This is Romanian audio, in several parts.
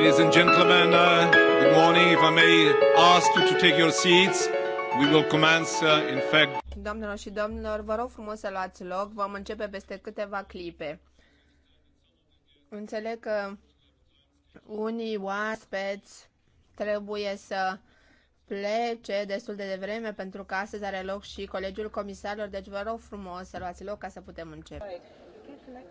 Ladies and gentlemen, uh, good morning. If I may ask you to take your seats, we will commence uh, in fact. Doamnelor și domnilor, vă rog frumos să luați loc. Vom începe peste câteva clipe. Înțeleg că unii oaspeți trebuie să plece destul de devreme pentru că astăzi are loc și colegiul comisarilor, deci vă rog frumos să luați loc ca să putem începe. Right.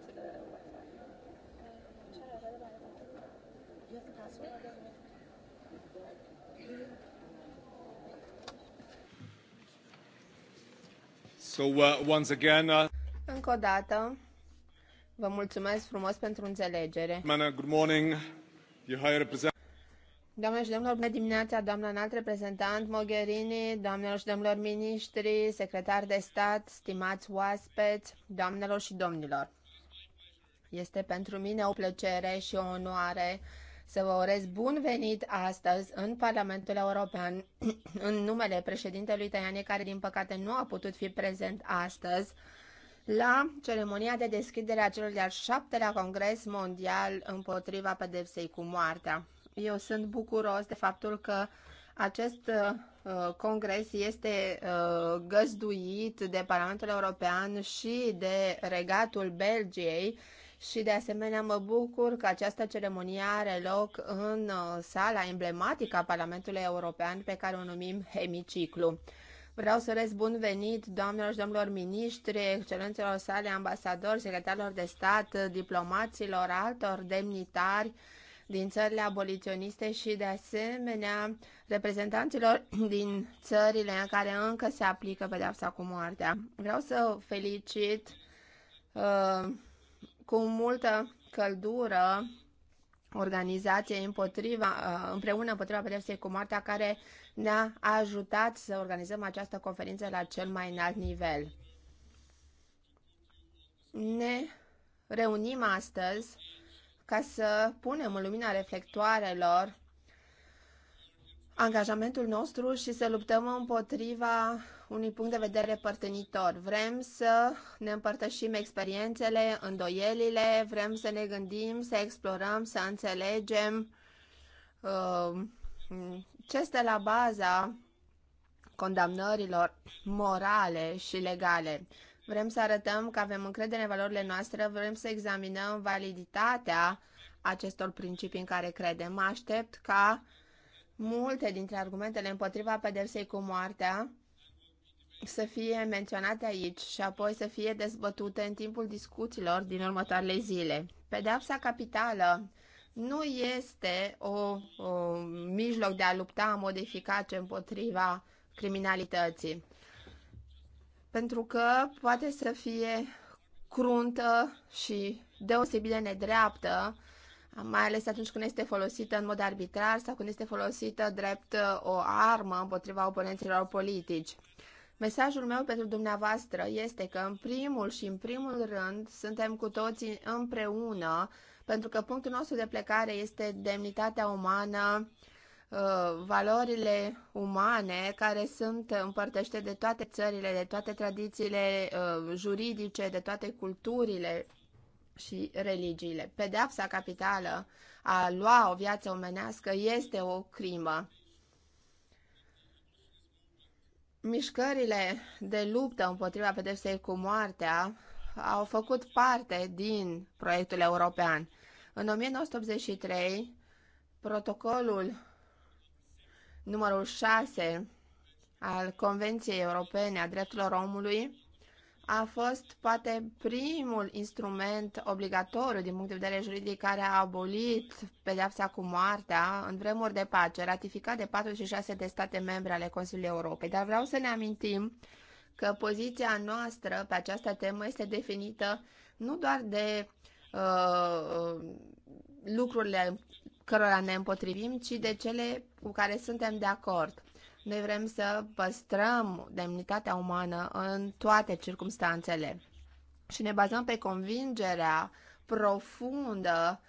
So, uh, once again, uh... Încă o dată, vă mulțumesc frumos pentru înțelegere. Mana, good morning. You high represent... Doamne și domnilor, bună dimineața, doamna înalt reprezentant Mogherini, doamnelor și domnilor miniștri, secretari de stat, stimați oaspeți, doamnelor și domnilor. Este pentru mine o plăcere și o onoare să vă urez bun venit astăzi în Parlamentul European în numele președintelui Tajani, care din păcate nu a putut fi prezent astăzi la ceremonia de deschidere a celor de-al șaptelea Congres Mondial împotriva pedepsei cu moartea. Eu sunt bucuros de faptul că acest uh, congres este uh, găzduit de Parlamentul European și de Regatul Belgiei, și de asemenea mă bucur că această ceremonie are loc în uh, sala emblematică a Parlamentului European pe care o numim Hemiciclu. Vreau să urez bun venit doamnelor și domnilor miniștri, excelențelor sale, ambasadori, secretarilor de stat, diplomaților, altor demnitari din țările aboliționiste și de asemenea reprezentanților din țările în care încă se aplică pedeapsa cu moartea. Vreau să felicit uh, cu multă căldură organizație împotriva, uh, împreună împotriva pedepsei cu moartea care ne-a ajutat să organizăm această conferință la cel mai înalt nivel. Ne reunim astăzi ca să punem în lumina reflectoarelor angajamentul nostru și să luptăm împotriva unui punct de vedere părtenitor. Vrem să ne împărtășim experiențele, îndoielile, vrem să ne gândim, să explorăm, să înțelegem uh, ce este la baza condamnărilor morale și legale. Vrem să arătăm că avem încredere în valorile noastre, vrem să examinăm validitatea acestor principii în care credem. Mă aștept ca multe dintre argumentele împotriva pedepsei cu moartea să fie menționate aici și apoi să fie dezbătute în timpul discuțiilor din următoarele zile. Pedeapsa capitală nu este o, o mijloc de a lupta în mod eficace împotriva criminalității, pentru că poate să fie cruntă și deosebit de nedreaptă, mai ales atunci când este folosită în mod arbitrar sau când este folosită drept uh, o armă împotriva oponenților politici. Mesajul meu pentru dumneavoastră este că în primul și în primul rând suntem cu toții împreună, pentru că punctul nostru de plecare este demnitatea umană, uh, valorile umane care sunt împărtășite de toate țările, de toate tradițiile uh, juridice, de toate culturile și religiile. Pedeapsa capitală a lua o viață omenească este o crimă. Mișcările de luptă împotriva pedepsei cu moartea au făcut parte din proiectul european. În 1983, protocolul numărul 6 al Convenției Europene a Drepturilor Omului a fost poate primul instrument obligatoriu din punct de vedere juridic care a abolit pedeapsa cu moartea în vremuri de pace, ratificat de 46 de state membre ale Consiliului Europei. Dar vreau să ne amintim că poziția noastră pe această temă este definită nu doar de uh, lucrurile cărora ne împotrivim, ci de cele cu care suntem de acord. Noi vrem să păstrăm demnitatea umană în toate circumstanțele și ne bazăm pe convingerea profundă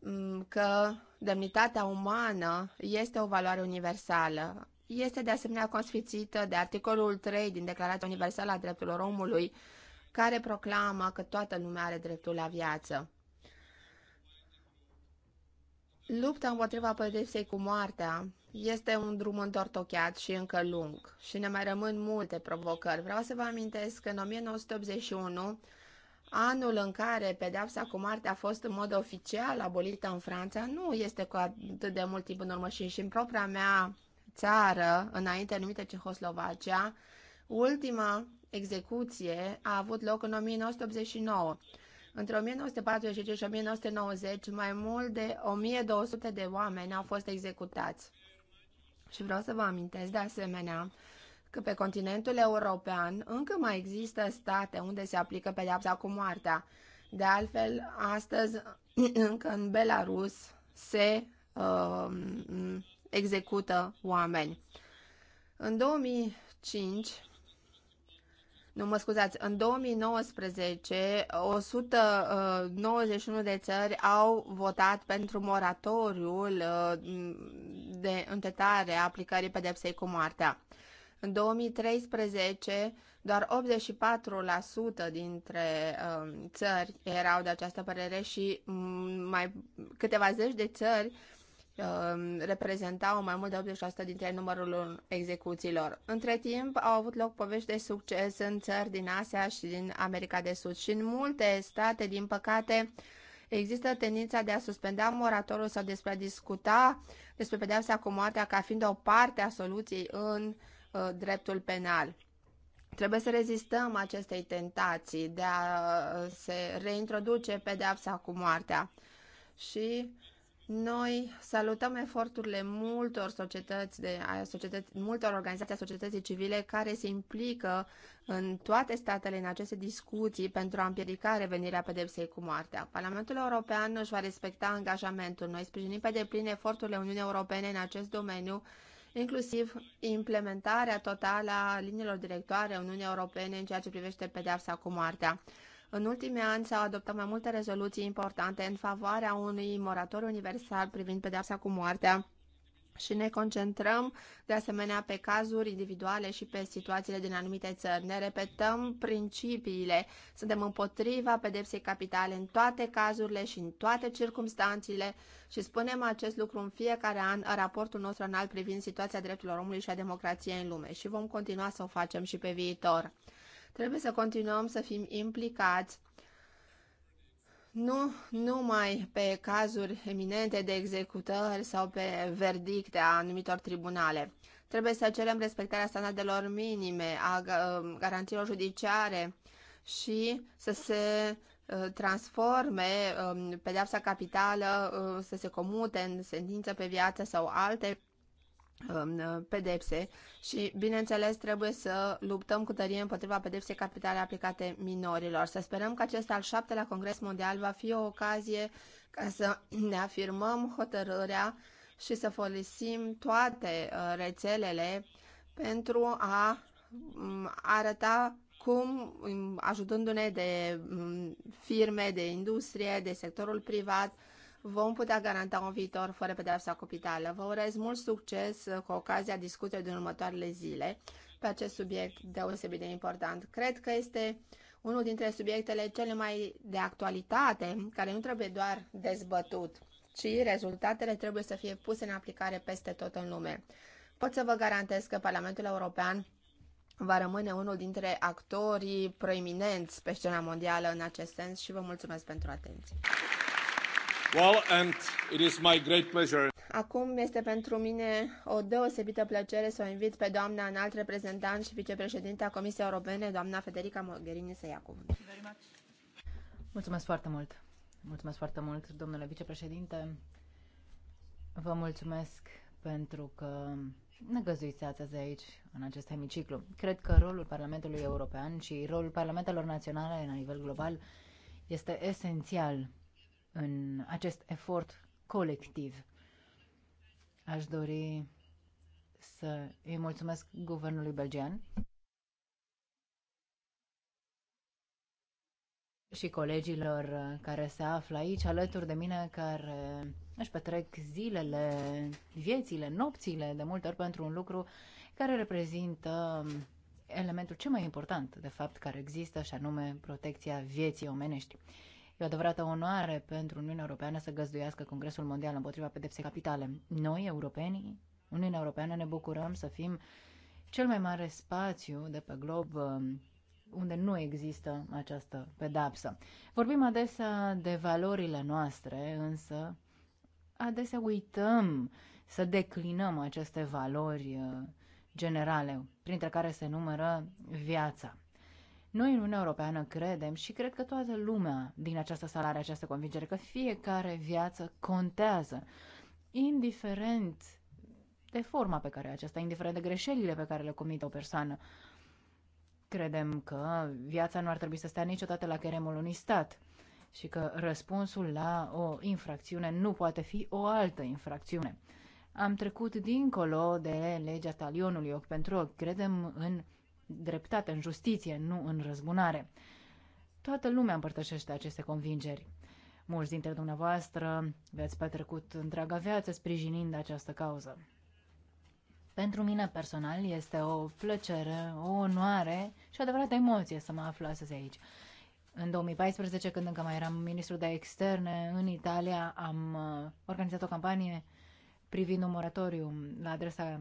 mm, că demnitatea umană este o valoare universală. Este de asemenea consfițită de articolul 3 din Declarația Universală a Drepturilor Omului, care proclamă că toată lumea are dreptul la viață. Lupta împotriva pedepsei cu moartea este un drum întortocheat și încă lung și ne mai rămân multe provocări. Vreau să vă amintesc că în 1981, anul în care pedeapsa cu moarte a fost în mod oficial abolită în Franța, nu este cu atât de mult timp în urmă și, și în propria mea țară, înainte numită Cehoslovacia, ultima execuție a avut loc în 1989. Între 1945 și 1990, mai mult de 1200 de oameni au fost executați. Și vreau să vă amintesc de asemenea că pe continentul european încă mai există state unde se aplică pedeapsa cu moartea. De altfel, astăzi încă în Belarus se uh, execută oameni. În 2005, nu mă scuzați, în 2019 191 uh, de țări au votat pentru moratoriul uh, de întetare a aplicării pedepsei cu moartea. În 2013, doar 84% dintre um, țări erau de această părere și mm, mai câteva zeci de țări Um, reprezentau mai mult de 80% dintre numărul execuțiilor. Între timp, au avut loc povești de succes în țări din Asia și din America de Sud și în multe state, din păcate, există tendința de a suspenda moratorul sau despre a discuta despre pedeapsa cu moartea ca fiind o parte a soluției în uh, dreptul penal. Trebuie să rezistăm acestei tentații de a uh, se reintroduce pedeapsa cu moartea. Și uh, noi salutăm eforturile multor societăți, de, a societăți, multor organizații a societății civile care se implică în toate statele în aceste discuții pentru a împiedica revenirea pedepsei cu moartea. Parlamentul European își va respecta angajamentul. Noi sprijinim pe deplin eforturile Uniunii Europene în acest domeniu, inclusiv implementarea totală a liniilor directoare Uniunii Europene în ceea ce privește pedepsa cu moartea. În ultimii ani s-au adoptat mai multe rezoluții importante în favoarea unui morator universal privind pedeapsa cu moartea și ne concentrăm de asemenea pe cazuri individuale și pe situațiile din anumite țări. Ne repetăm principiile. Suntem împotriva pedepsei capitale în toate cazurile și în toate circumstanțele și spunem acest lucru în fiecare an în raportul nostru anual privind situația drepturilor omului și a democrației în lume și vom continua să o facem și pe viitor. Trebuie să continuăm să fim implicați nu numai pe cazuri eminente de executări sau pe verdicte a anumitor tribunale. Trebuie să cerem respectarea standardelor minime, a ă, garanțiilor judiciare și să se ă, transforme ă, pedeapsa capitală, să se comute în sentință pe viață sau alte Um, pedepse și, bineînțeles, trebuie să luptăm cu tărie împotriva pedepsei capitale aplicate minorilor. Să sperăm că acest al șaptelea Congres Mondial va fi o ocazie ca să ne afirmăm hotărârea și să folosim toate uh, rețelele pentru a um, arăta cum, um, ajutându-ne de firme, de industrie, de sectorul privat, vom putea garanta un viitor fără pedeapsa capitală. Vă urez mult succes cu ocazia discuției din următoarele zile pe acest subiect deosebit de important. Cred că este unul dintre subiectele cele mai de actualitate, care nu trebuie doar dezbătut, ci rezultatele trebuie să fie puse în aplicare peste tot în lume. Pot să vă garantez că Parlamentul European va rămâne unul dintre actorii proeminenți pe scena mondială în acest sens și vă mulțumesc pentru atenție. Well, and it is my great pleasure. Acum este pentru mine o deosebită plăcere să o invit pe doamna înalt reprezentant și vicepreședinta Comisiei Europene, doamna Federica Mogherini, să ia cuvântul. Mulțumesc foarte mult. Mulțumesc foarte mult, domnule vicepreședinte. Vă mulțumesc pentru că ne găzuiți astăzi aici, în acest hemiciclu. Cred că rolul Parlamentului European și rolul Parlamentelor Naționale la nivel global este esențial în acest efort colectiv. Aș dori să îi mulțumesc guvernului belgian și colegilor care se află aici alături de mine, care își petrec zilele, viețile, nopțile de multe ori pentru un lucru care reprezintă elementul cel mai important, de fapt, care există, și anume protecția vieții omenești. E o adevărată onoare pentru Uniunea Europeană să găzduiască Congresul Mondial împotriva pedepsei capitale. Noi, europenii, Uniunea Europeană, ne bucurăm să fim cel mai mare spațiu de pe glob um, unde nu există această pedapsă. Vorbim adesea de valorile noastre, însă adesea uităm să declinăm aceste valori uh, generale, printre care se numără viața. Noi în Uniunea Europeană credem și cred că toată lumea din această sală are această convingere că fiecare viață contează, indiferent de forma pe care aceasta, indiferent de greșelile pe care le comite o persoană. Credem că viața nu ar trebui să stea niciodată la cheremul unui stat și că răspunsul la o infracțiune nu poate fi o altă infracțiune. Am trecut dincolo de legea talionului ochi pentru ochi. Credem în dreptate, în justiție, nu în răzbunare. Toată lumea împărtășește aceste convingeri. Mulți dintre dumneavoastră veți petrecut întreaga viață sprijinind această cauză. Pentru mine personal este o plăcere, o onoare și adevărată emoție să mă aflu astăzi aici. În 2014, când încă mai eram ministru de externe în Italia, am uh, organizat o campanie privind un moratoriu la adresa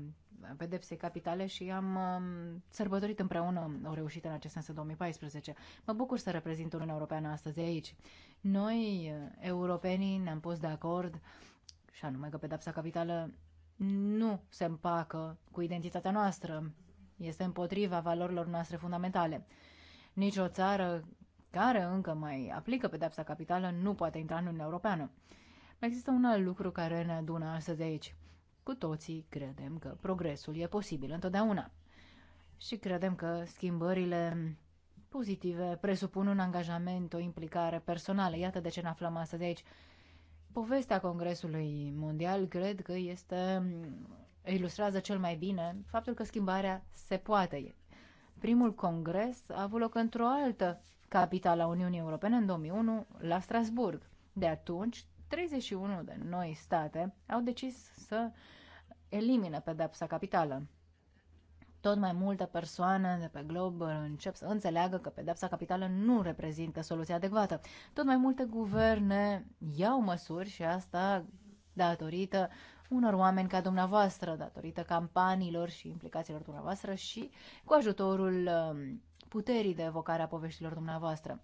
pedepsei capitale și am um, sărbătorit împreună o reușită în acest sens în 2014. Mă bucur să reprezint Uniunea Europeană astăzi aici. Noi, uh, europenii, ne-am pus de acord și anume că pedepsa capitală nu se împacă cu identitatea noastră, este împotriva valorilor noastre fundamentale. Nici o țară care încă mai aplică pedepsa capitală nu poate intra în Uniunea Europeană. Mai există un alt lucru care ne adună astăzi aici. Cu toții credem că progresul e posibil întotdeauna și credem că schimbările pozitive presupun un angajament, o implicare personală. Iată de ce ne aflăm astăzi aici. Povestea Congresului Mondial cred că este ilustrează cel mai bine faptul că schimbarea se poate. Primul congres a avut loc într-o altă capitală a Uniunii Europene în 2001, la Strasburg. De atunci, 31 de noi state au decis să elimină pedepsa capitală. Tot mai multe persoane de pe glob încep să înțeleagă că pedepsa capitală nu reprezintă soluția adecvată. Tot mai multe guverne iau măsuri și asta datorită unor oameni ca dumneavoastră, datorită campaniilor și implicațiilor dumneavoastră și cu ajutorul um, puterii de evocare a poveștilor dumneavoastră.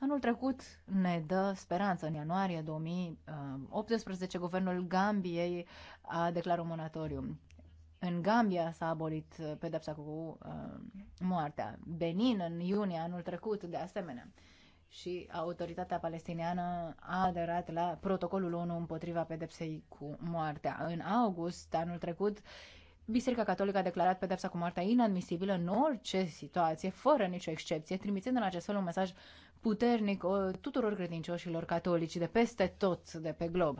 Anul trecut ne dă speranță. În ianuarie 2018, guvernul Gambiei a declarat un monatoriu. În Gambia s-a abolit pedepsa cu uh, moartea. Benin, în iunie anul trecut, de asemenea. Și autoritatea palestiniană a aderat la protocolul 1 împotriva pedepsei cu moartea. În august anul trecut, Biserica Catolică a declarat pedepsa cu moartea inadmisibilă în orice situație, fără nicio excepție, trimițând în acest fel un mesaj puternic tuturor credincioșilor catolici de peste tot de pe glob.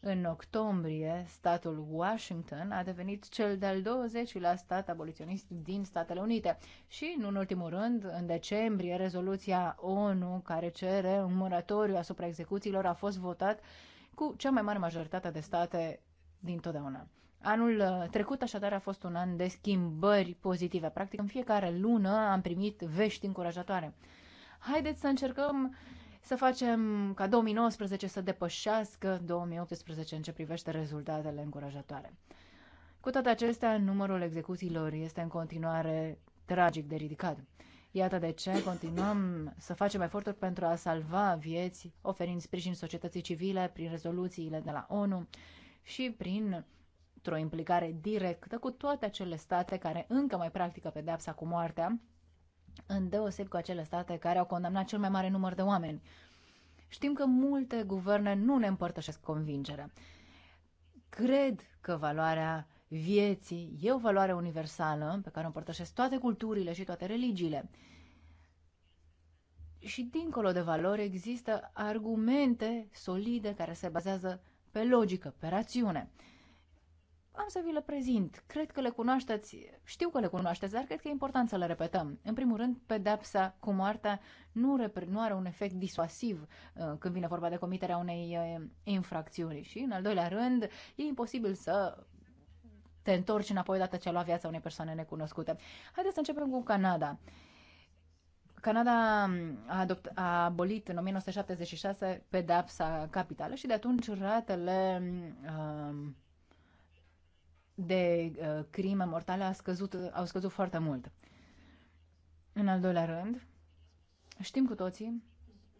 În octombrie, statul Washington a devenit cel de-al 20-lea stat aboliționist din Statele Unite și, în ultimul rând, în decembrie, rezoluția ONU care cere un moratoriu asupra execuțiilor a fost votat cu cea mai mare majoritate de state din totdeauna. Anul uh, trecut, așadar, a fost un an de schimbări pozitive. Practic, în fiecare lună am primit vești încurajatoare. Haideți să încercăm să facem ca 2019 să depășească 2018 în ce privește rezultatele încurajatoare. Cu toate acestea, numărul execuțiilor este în continuare tragic de ridicat. Iată de ce continuăm să facem eforturi pentru a salva vieți, oferind sprijin societății civile prin rezoluțiile de la ONU și prin o implicare directă cu toate acele state care încă mai practică pedeapsa cu moartea îndeoseb cu acele state care au condamnat cel mai mare număr de oameni. Știm că multe guverne nu ne împărtășesc convingerea. Cred că valoarea vieții e o valoare universală pe care o împărtășesc toate culturile și toate religiile. Și dincolo de valori există argumente solide care se bazează pe logică, pe rațiune am să vi le prezint. Cred că le cunoașteți, știu că le cunoașteți, dar cred că e important să le repetăm. În primul rând, pedepsa cu moartea nu, nu are un efect disuasiv uh, când vine vorba de comiterea unei uh, infracțiuni. Și, în al doilea rând, e imposibil să te întorci înapoi odată ce a luat viața unei persoane necunoscute. Haideți să începem cu Canada. Canada a, adopt, a abolit în 1976 pedapsa capitală și de atunci ratele uh, de uh, crime mortale a scăzut, au scăzut foarte mult. În al doilea rând, știm cu toții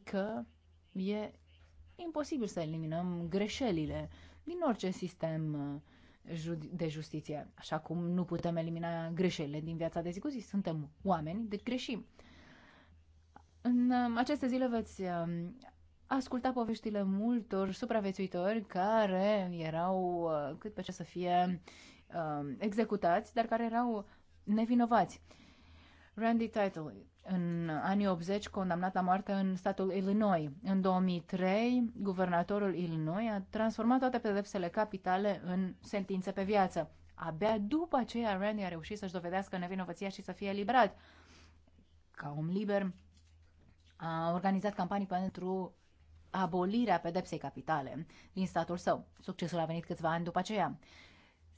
că e imposibil să eliminăm greșelile din orice sistem uh, de justiție. Așa cum nu putem elimina greșelile din viața de zi cu zi, suntem oameni, deci greșim. În uh, aceste zile veți uh, asculta poveștile multor supraviețuitori care erau uh, cât pe ce să fie um, executați, dar care erau nevinovați. Randy Title, în anii 80, condamnat la moarte în statul Illinois. În 2003, guvernatorul Illinois a transformat toate pedepsele capitale în sentințe pe viață. Abia după aceea, Randy a reușit să-și dovedească nevinovăția și să fie eliberat. Ca om liber, a organizat campanii pentru abolirea pedepsei capitale din statul său. Succesul a venit câțiva ani după aceea.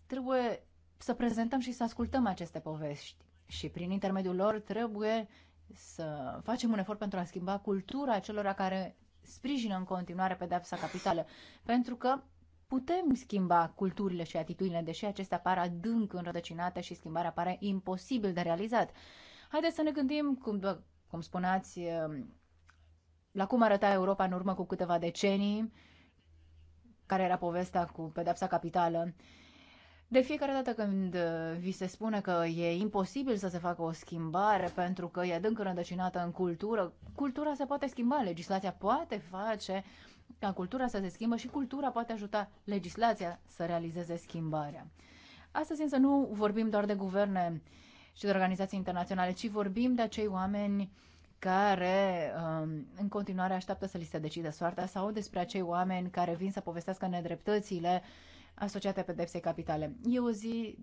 Trebuie să prezentăm și să ascultăm aceste povești și prin intermediul lor trebuie să facem un efort pentru a schimba cultura celor care sprijină în continuare pedepsa capitală, pentru că putem schimba culturile și atitudinile, deși acestea par adânc înrădăcinate și schimbarea pare imposibil de realizat. Haideți să ne gândim, cum, cum spuneați, la cum arăta Europa în urmă cu câteva decenii, care era povestea cu pedepsa capitală. De fiecare dată când uh, vi se spune că e imposibil să se facă o schimbare pentru că e adânc înrădăcinată în cultură, cultura se poate schimba, legislația poate face ca cultura să se schimbă și cultura poate ajuta legislația să realizeze schimbarea. Astăzi însă nu vorbim doar de guverne și de organizații internaționale, ci vorbim de acei oameni uh, care um, în continuare așteaptă să li se decide soarta sau despre acei oameni care vin să povestească nedreptățile asociate pedepsei capitale. E o zi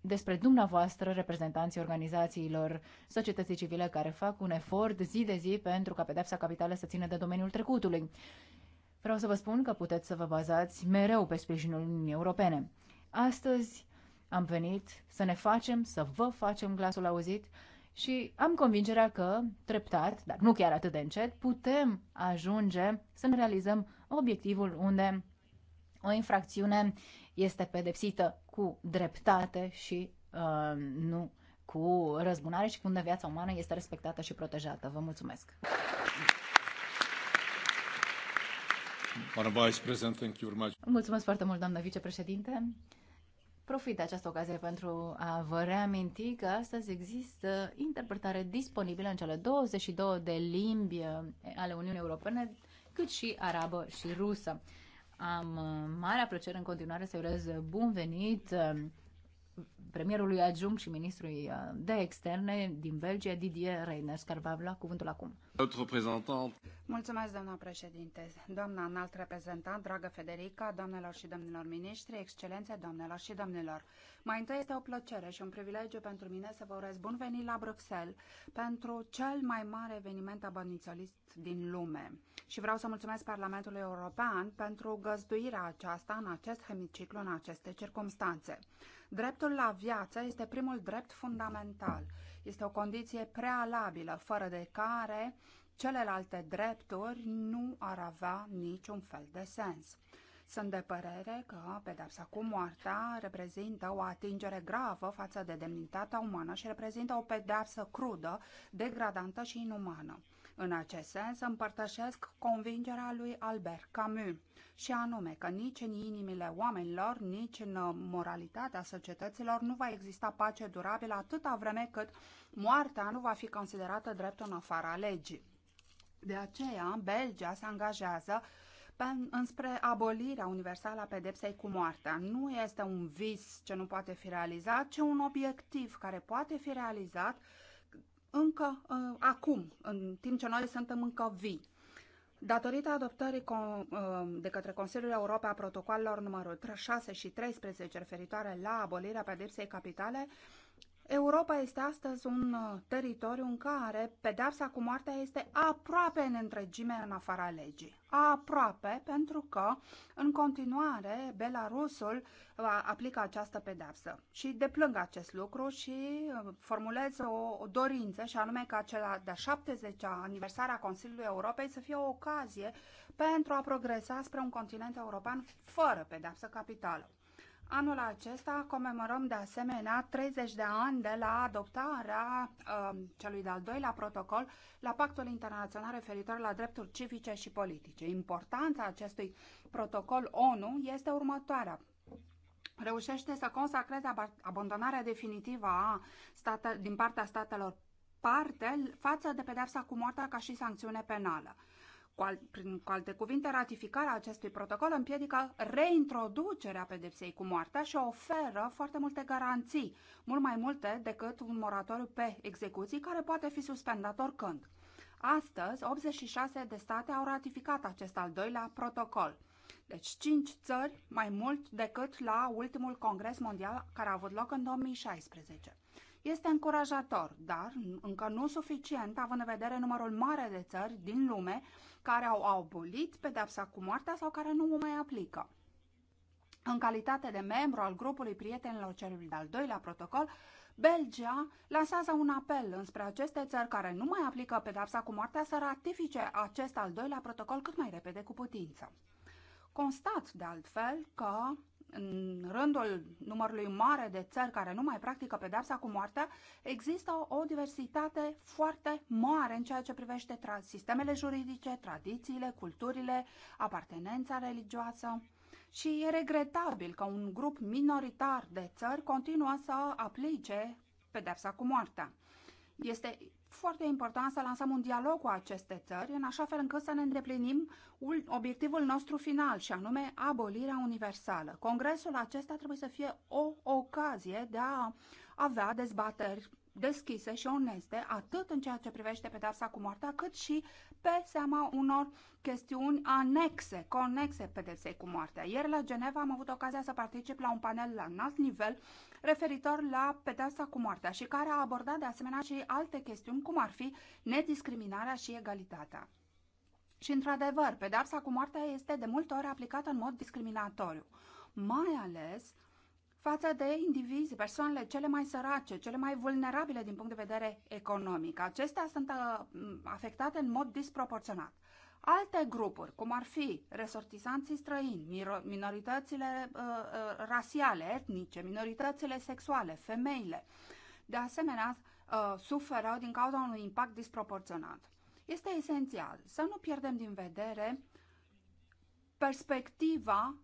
despre dumneavoastră, reprezentanții organizațiilor societății civile care fac un efort zi de zi pentru ca pedepsa capitală să țină de domeniul trecutului. Vreau să vă spun că puteți să vă bazați mereu pe sprijinul Uniunii Europene. Astăzi am venit să ne facem, să vă facem glasul auzit, și am convingerea că, treptat, dar nu chiar atât de încet, putem ajunge să ne realizăm obiectivul unde o infracțiune este pedepsită cu dreptate și uh, nu cu răzbunare și unde viața umană este respectată și protejată. Vă mulțumesc! Mulțumesc foarte mult, doamnă vicepreședinte. Profit de această ocazie pentru a vă reaminti că astăzi există interpretare disponibilă în cele 22 de limbi uh, ale Uniunii Europene, cât și arabă și rusă. Am uh, mare plăcere în continuare să urez bun venit uh, premierului adjunct și ministrului uh, de externe din Belgia, Didier Reiners, care va avea cuvântul acum. Mulțumesc, doamna președinte, doamna înalt reprezentant, dragă Federica, doamnelor și domnilor miniștri, excelențe, doamnelor și domnilor. Mai întâi este o plăcere și un privilegiu pentru mine să vă urez bun venit la Bruxelles pentru cel mai mare eveniment aboniționist din lume. Și vreau să mulțumesc Parlamentului European pentru găzduirea aceasta în acest hemiciclu, în aceste circunstanțe. Dreptul la viață este primul drept fundamental. Este o condiție prealabilă, fără de care celelalte drepturi nu ar avea niciun fel de sens. Sunt de părere că pedepsa cu moartea reprezintă o atingere gravă față de demnitatea umană și reprezintă o pedepsă crudă, degradantă și inumană. În acest sens împărtășesc convingerea lui Albert Camus și anume că nici în inimile oamenilor, nici în moralitatea societăților nu va exista pace durabilă atâta vreme cât moartea nu va fi considerată drept în afara legii. De aceea, Belgia se angajează înspre abolirea universală a pedepsei cu moartea. Nu este un vis ce nu poate fi realizat, ci un obiectiv care poate fi realizat încă uh, acum, în timp ce noi suntem încă vii. Datorită adoptării uh, de către Consiliul Europei a protocolelor numărul 6 și 13 referitoare la abolirea pedepsei capitale, Europa este astăzi un uh, teritoriu în care pedepsa cu moartea este aproape în întregime în afara legii. Aproape, pentru că în continuare Belarusul uh, aplică această pedepsă. Și deplâng acest lucru și uh, formulez o, o dorință, și anume ca acela de 70-a aniversare a Consiliului Europei să fie o ocazie pentru a progresa spre un continent european fără pedepsă capitală. Anul acesta comemorăm de asemenea 30 de ani de la adoptarea uh, celui de-al doilea protocol la Pactul Internațional referitor la drepturi civice și politice. Importanța acestui protocol ONU este următoarea reușește să consacreze abandonarea definitivă a state, din partea statelor parte față de pedeapsa cu moartea ca și sancțiune penală. Cu al, prin, cu alte cuvinte, ratificarea acestui protocol împiedică reintroducerea pedepsei cu moartea și oferă foarte multe garanții, mult mai multe decât un moratoriu pe execuții care poate fi suspendat oricând. Astăzi, 86 de state au ratificat acest al doilea protocol. Deci 5 țări mai mult decât la ultimul congres mondial care a avut loc în 2016. Este încurajator, dar încă nu suficient, având în vedere numărul mare de țări din lume care au abolit pedepsa cu moartea sau care nu o mai aplică. În calitate de membru al grupului prietenilor celui de-al doilea protocol, Belgia lansează un apel înspre aceste țări care nu mai aplică pedepsa cu moartea să ratifice acest al doilea protocol cât mai repede cu putință. Constat, de altfel, că în rândul numărului mare de țări care nu mai practică pedepsa cu moartea, există o diversitate foarte mare în ceea ce privește sistemele juridice, tradițiile, culturile, apartenența religioasă. Și e regretabil că un grup minoritar de țări continuă să aplice pedepsa cu moartea. Este foarte important să lansăm un dialog cu aceste țări, în așa fel încât să ne îndeplinim obiectivul nostru final, și anume abolirea universală. Congresul acesta trebuie să fie o ocazie de a avea dezbateri deschise și oneste, atât în ceea ce privește pedepsa cu moartea, cât și pe seama unor chestiuni anexe, conexe pedepsei cu moartea. Ieri la Geneva am avut ocazia să particip la un panel la înalt nivel referitor la pedeapsa cu moartea și care a abordat de asemenea și alte chestiuni, cum ar fi nediscriminarea și egalitatea. Și într-adevăr, pedeapsa cu moartea este de multe ori aplicată în mod discriminatoriu, mai ales față de indivizi, persoanele cele mai sărace, cele mai vulnerabile din punct de vedere economic. Acestea sunt uh, afectate în mod disproporționat. Alte grupuri, cum ar fi resortizanții străini, minoritățile uh, uh, rasiale, etnice, minoritățile sexuale, femeile, de asemenea, uh, suferă din cauza unui impact disproporționat. Este esențial să nu pierdem din vedere perspectiva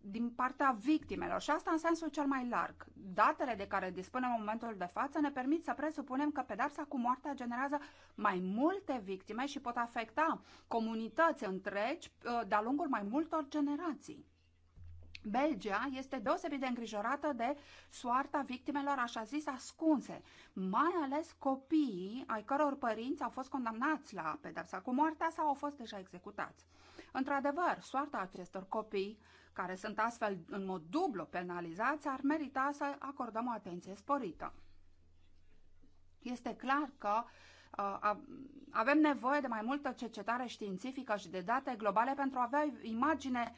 din partea victimelor și asta în sensul cel mai larg. Datele de care dispunem în momentul de față ne permit să presupunem că pedepsa cu moartea generează mai multe victime și pot afecta comunități întregi uh, de-a lungul mai multor generații. Belgia este deosebit de îngrijorată de soarta victimelor așa zis ascunse, mai ales copiii ai căror părinți au fost condamnați la pedepsa cu moartea sau au fost deja executați. Într-adevăr, soarta acestor copii care sunt astfel în mod dublu penalizați, ar merita să acordăm o atenție sporită. Este clar că uh, avem nevoie de mai multă cercetare științifică și de date globale pentru a avea imagine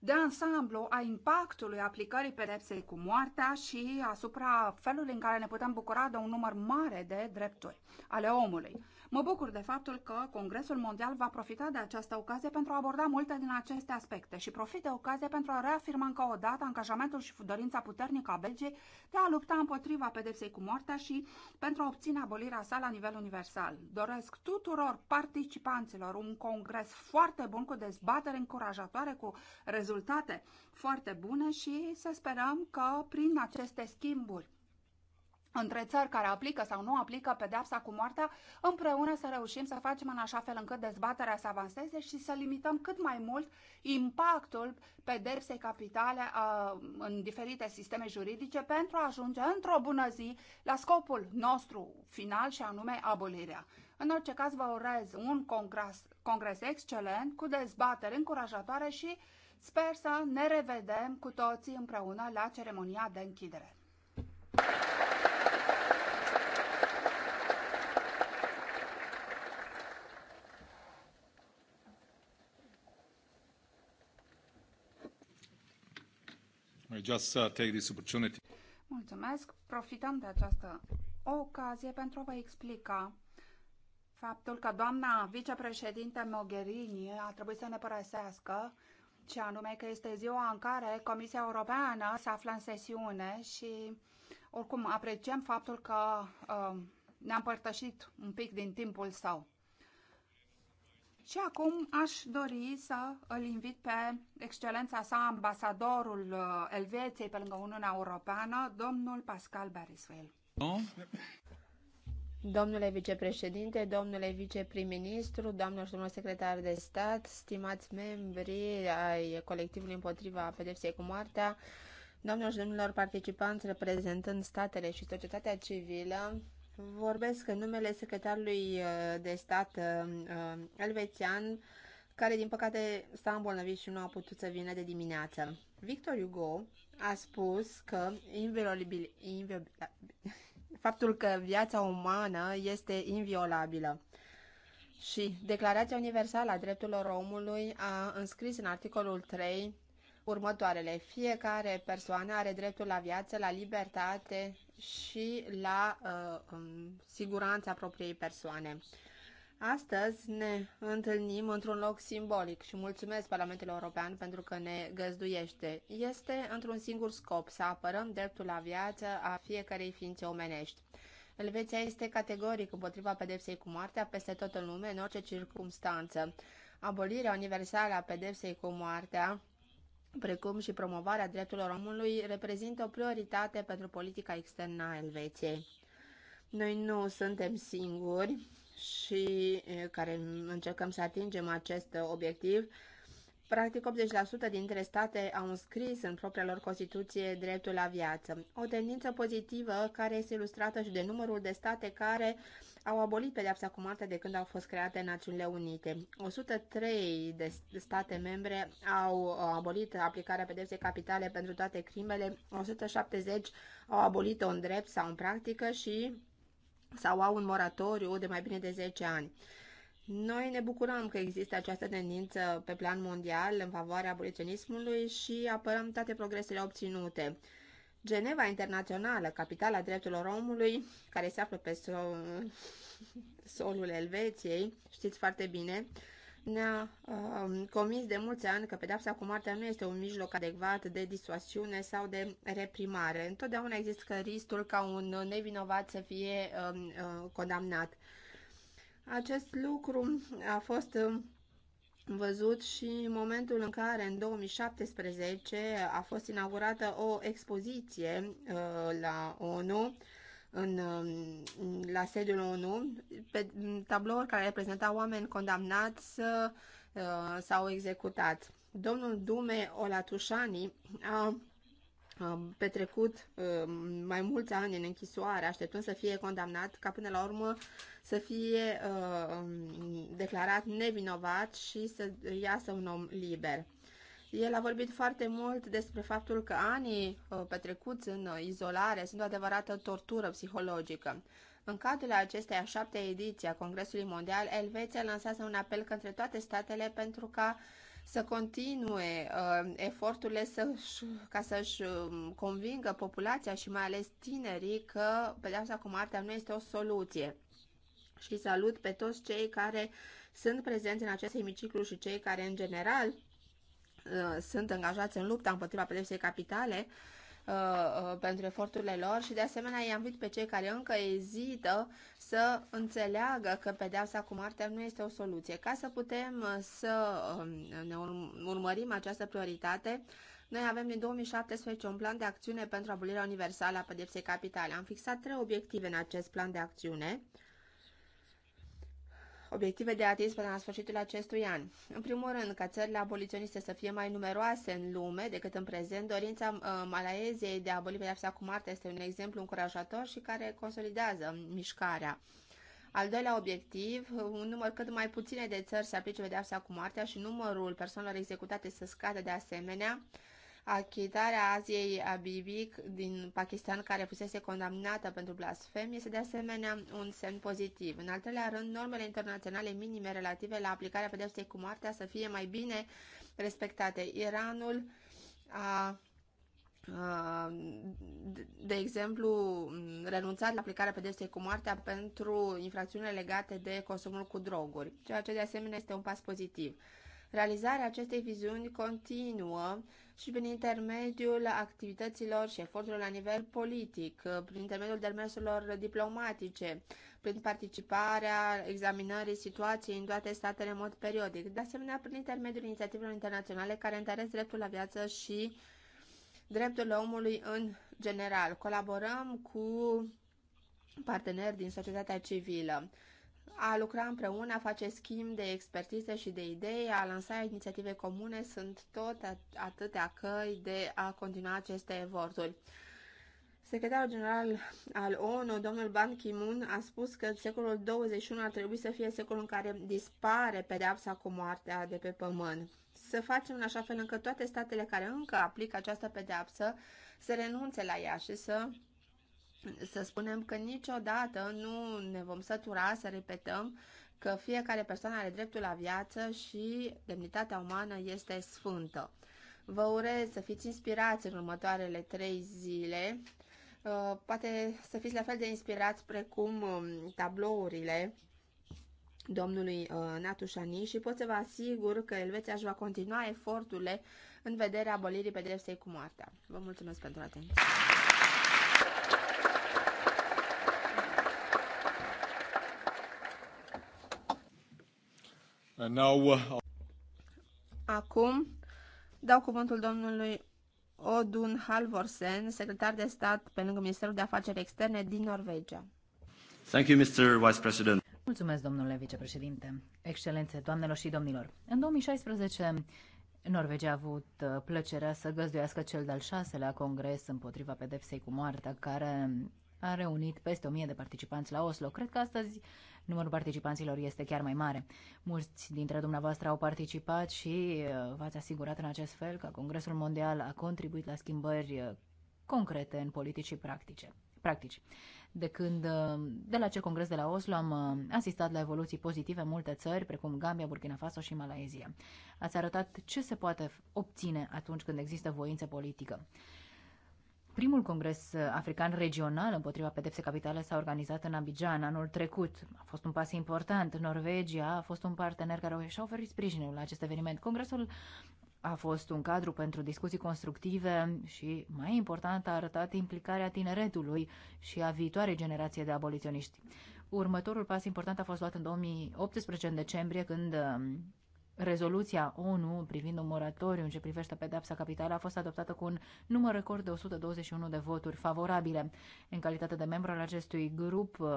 de ansamblu a impactului aplicării pedepsei cu moartea și asupra felului în care ne putem bucura de un număr mare de drepturi ale omului. Mă bucur de faptul că Congresul Mondial va profita de această ocazie pentru a aborda multe din aceste aspecte și profit de ocazie pentru a reafirma încă o dată angajamentul și dorința puternică a Belgiei de a lupta împotriva pedepsei cu moartea și pentru a obține abolirea sa la nivel universal. Doresc tuturor participanților un congres foarte bun cu dezbatere încurajatoare, cu rezultate rezultate foarte bune și să sperăm că prin aceste schimburi între țări care aplică sau nu aplică pedepsa cu moartea, împreună să reușim să facem în așa fel încât dezbaterea să avanseze și să limităm cât mai mult impactul pedepsei capitale uh, în diferite sisteme juridice pentru a ajunge într-o bună zi la scopul nostru final și anume abolirea. În orice caz vă urez un congres, congres excelent cu dezbateri încurajatoare și uh, Sper să ne revedem cu toții împreună la ceremonia de închidere. Just uh, take this opportunity. Mulțumesc. Profităm de această ocazie pentru a vă explica faptul că doamna vicepreședinte Mogherini a trebuit să ne părăsească și anume că este ziua în care Comisia Europeană se află în sesiune și oricum apreciem faptul că uh, ne-a împărtășit un pic din timpul său. Și acum aș dori să îl invit pe excelența sa ambasadorul uh, Elveției pe lângă Uniunea Europeană, domnul Pascal Beriswell. No? Domnule vicepreședinte, domnule viceprim-ministru, doamnă și domnul secretar de stat, stimați membri ai colectivului împotriva pedepsei cu moartea, doamnelor și domnilor participanți reprezentând statele și societatea civilă, vorbesc în numele secretarului uh, de stat uh, uh, elvețian, care din păcate s-a îmbolnăvit și nu a putut să vină de dimineață. Victor Hugo a spus că inviolabil, inviolabil, faptul că viața umană este inviolabilă. Și Declarația Universală a Drepturilor Omului a înscris în articolul 3 următoarele. Fiecare persoană are dreptul la viață, la libertate și la uh, um, siguranța propriei persoane. Astăzi ne întâlnim într-un loc simbolic și mulțumesc Parlamentul European pentru că ne găzduiește. Este într-un singur scop, să apărăm dreptul la viață a fiecarei ființe omenești. Elveția este categoric împotriva pedepsei cu moartea peste tot în lume, în orice circunstanță. Abolirea universală a pedepsei cu moartea precum și promovarea drepturilor omului, reprezintă o prioritate pentru politica externă a Elveției. Noi nu suntem singuri și care încercăm să atingem acest obiectiv. Practic 80% dintre state au înscris în propria lor Constituție dreptul la viață. O tendință pozitivă care este ilustrată și de numărul de state care au abolit pedeapsa cu moartea de când au fost create Națiunile Unite. 103 de state membre au abolit aplicarea pedepsei capitale pentru toate crimele, 170 au abolit-o în drept sau în practică și sau au un moratoriu de mai bine de 10 ani. Noi ne bucurăm că există această tendință pe plan mondial în favoarea aboliționismului și apărăm toate progresele obținute. Geneva Internațională, capitala drepturilor omului, care se află pe so solul Elveției, știți foarte bine, ne-a uh, um, comis de mulți ani că pedepsa cu moartea nu este un mijloc adecvat de disuasiune sau de reprimare. Întotdeauna există riscul ca un nevinovat să fie uh, uh, condamnat. Acest lucru a fost um, văzut și momentul în care în 2017 a fost inaugurată o expoziție uh, la ONU în, um, la sediul ONU, pe tablouri care reprezentau oameni condamnați uh, sau executat. Domnul Dume Olatușani a petrecut um, mai mulți ani în închisoare, așteptând să fie condamnat, ca până la urmă să fie uh, um, declarat nevinovat și să iasă un om liber. El a vorbit foarte mult despre faptul că anii uh, petrecuți în uh, izolare sunt o adevărată tortură psihologică. În cadrul acestei a șaptea ediții a Congresului Mondial, Elveția lansează un apel către toate statele pentru ca să continue uh, eforturile să ca să-și um, convingă populația și mai ales tinerii că pedeapsa cu moartea nu este o soluție. Și salut pe toți cei care sunt prezenți în acest emiciclu și cei care, în general, Uh, sunt angajați în lupta împotriva pedepsei capitale uh, uh, pentru eforturile lor și de asemenea i-am văzut pe cei care încă ezită să înțeleagă că pedeapsa cu moartea nu este o soluție. Ca să putem să um, ne urmărim această prioritate, noi avem din 2017 un plan de acțiune pentru abolirea universală a pedepsei capitale. Am fixat trei obiective în acest plan de acțiune obiective de atins până la sfârșitul acestui an. În primul rând, ca țările aboliționiste să fie mai numeroase în lume decât în prezent, dorința uh, Malaeziei de a aboli pedepsa cu moartea este un exemplu încurajator și care consolidează mișcarea. Al doilea obiectiv, un număr cât mai puține de țări să aplice pedepsa cu moartea și numărul persoanelor executate să scadă de asemenea, Achitarea Aziei Abibic din Pakistan, care fusese condamnată pentru blasfemie, este de asemenea un semn pozitiv. În al treilea rând, normele internaționale minime relative la aplicarea pedepsei cu moartea să fie mai bine respectate. Iranul a de exemplu, renunțat la aplicarea pedepsei cu moartea pentru infracțiunile legate de consumul cu droguri, ceea ce de asemenea este un pas pozitiv. Realizarea acestei viziuni continuă și prin intermediul activităților și eforturilor la nivel politic, prin intermediul demersurilor diplomatice, prin participarea examinării situației în toate statele în mod periodic, de asemenea prin intermediul inițiativelor internaționale care întăresc dreptul la viață și dreptul omului în general. Colaborăm cu parteneri din societatea civilă. A lucra împreună, a face schimb de expertize și de idei, a lansa inițiative comune sunt tot atâtea căi de a continua aceste eforturi. Secretarul general al ONU, domnul Ban Ki-moon, a spus că secolul 21 ar trebui să fie secolul în care dispare pedeapsa cu moartea de pe pământ. Să facem în așa fel încât toate statele care încă aplică această pedeapsă să renunțe la ea și să să spunem că niciodată nu ne vom sătura să repetăm că fiecare persoană are dreptul la viață și demnitatea umană este sfântă. Vă urez să fiți inspirați în următoarele trei zile, uh, poate să fiți la fel de inspirați precum um, tablourile domnului uh, Natușani și pot să vă asigur că Elveția își va continua eforturile în vederea abolirii pedepsei cu moartea. Vă mulțumesc pentru atenție! Uh, Acum dau cuvântul domnului Odun Halvorsen, secretar de stat pe lângă Ministerul de Afaceri Externe din Norvegia. Thank you, Mr. Vice President. Mulțumesc, domnule vicepreședinte. Excelențe, doamnelor și domnilor. În 2016, Norvegia a avut uh, plăcerea să găzduiască cel de-al șaselea congres împotriva pedepsei cu moartea, care a reunit peste o mie de participanți la Oslo. Cred că astăzi numărul participanților este chiar mai mare. Mulți dintre dumneavoastră au participat și uh, v-ați asigurat în acest fel că Congresul Mondial a contribuit la schimbări uh, concrete în politici și practice. Practici. De când, uh, de la acel congres de la Oslo, am asistat la evoluții pozitive în multe țări, precum Gambia, Burkina Faso și Malaezia. Ați arătat ce se poate obține atunci când există voință politică. Primul congres uh, african regional împotriva pedepse capitale s-a organizat în Abidjan anul trecut. A fost un pas important. Norvegia a fost un partener care și-a oferit sprijinul la acest eveniment. Congresul a fost un cadru pentru discuții constructive și, mai important, a arătat implicarea tineretului și a viitoarei generație de aboliționiști. Următorul pas important a fost luat în 2018, în decembrie, când um, rezoluția ONU privind un moratoriu în ce privește pedepsa capitală a fost adoptată cu un număr record de 121 de voturi favorabile. În calitate de membru al acestui grup, uh,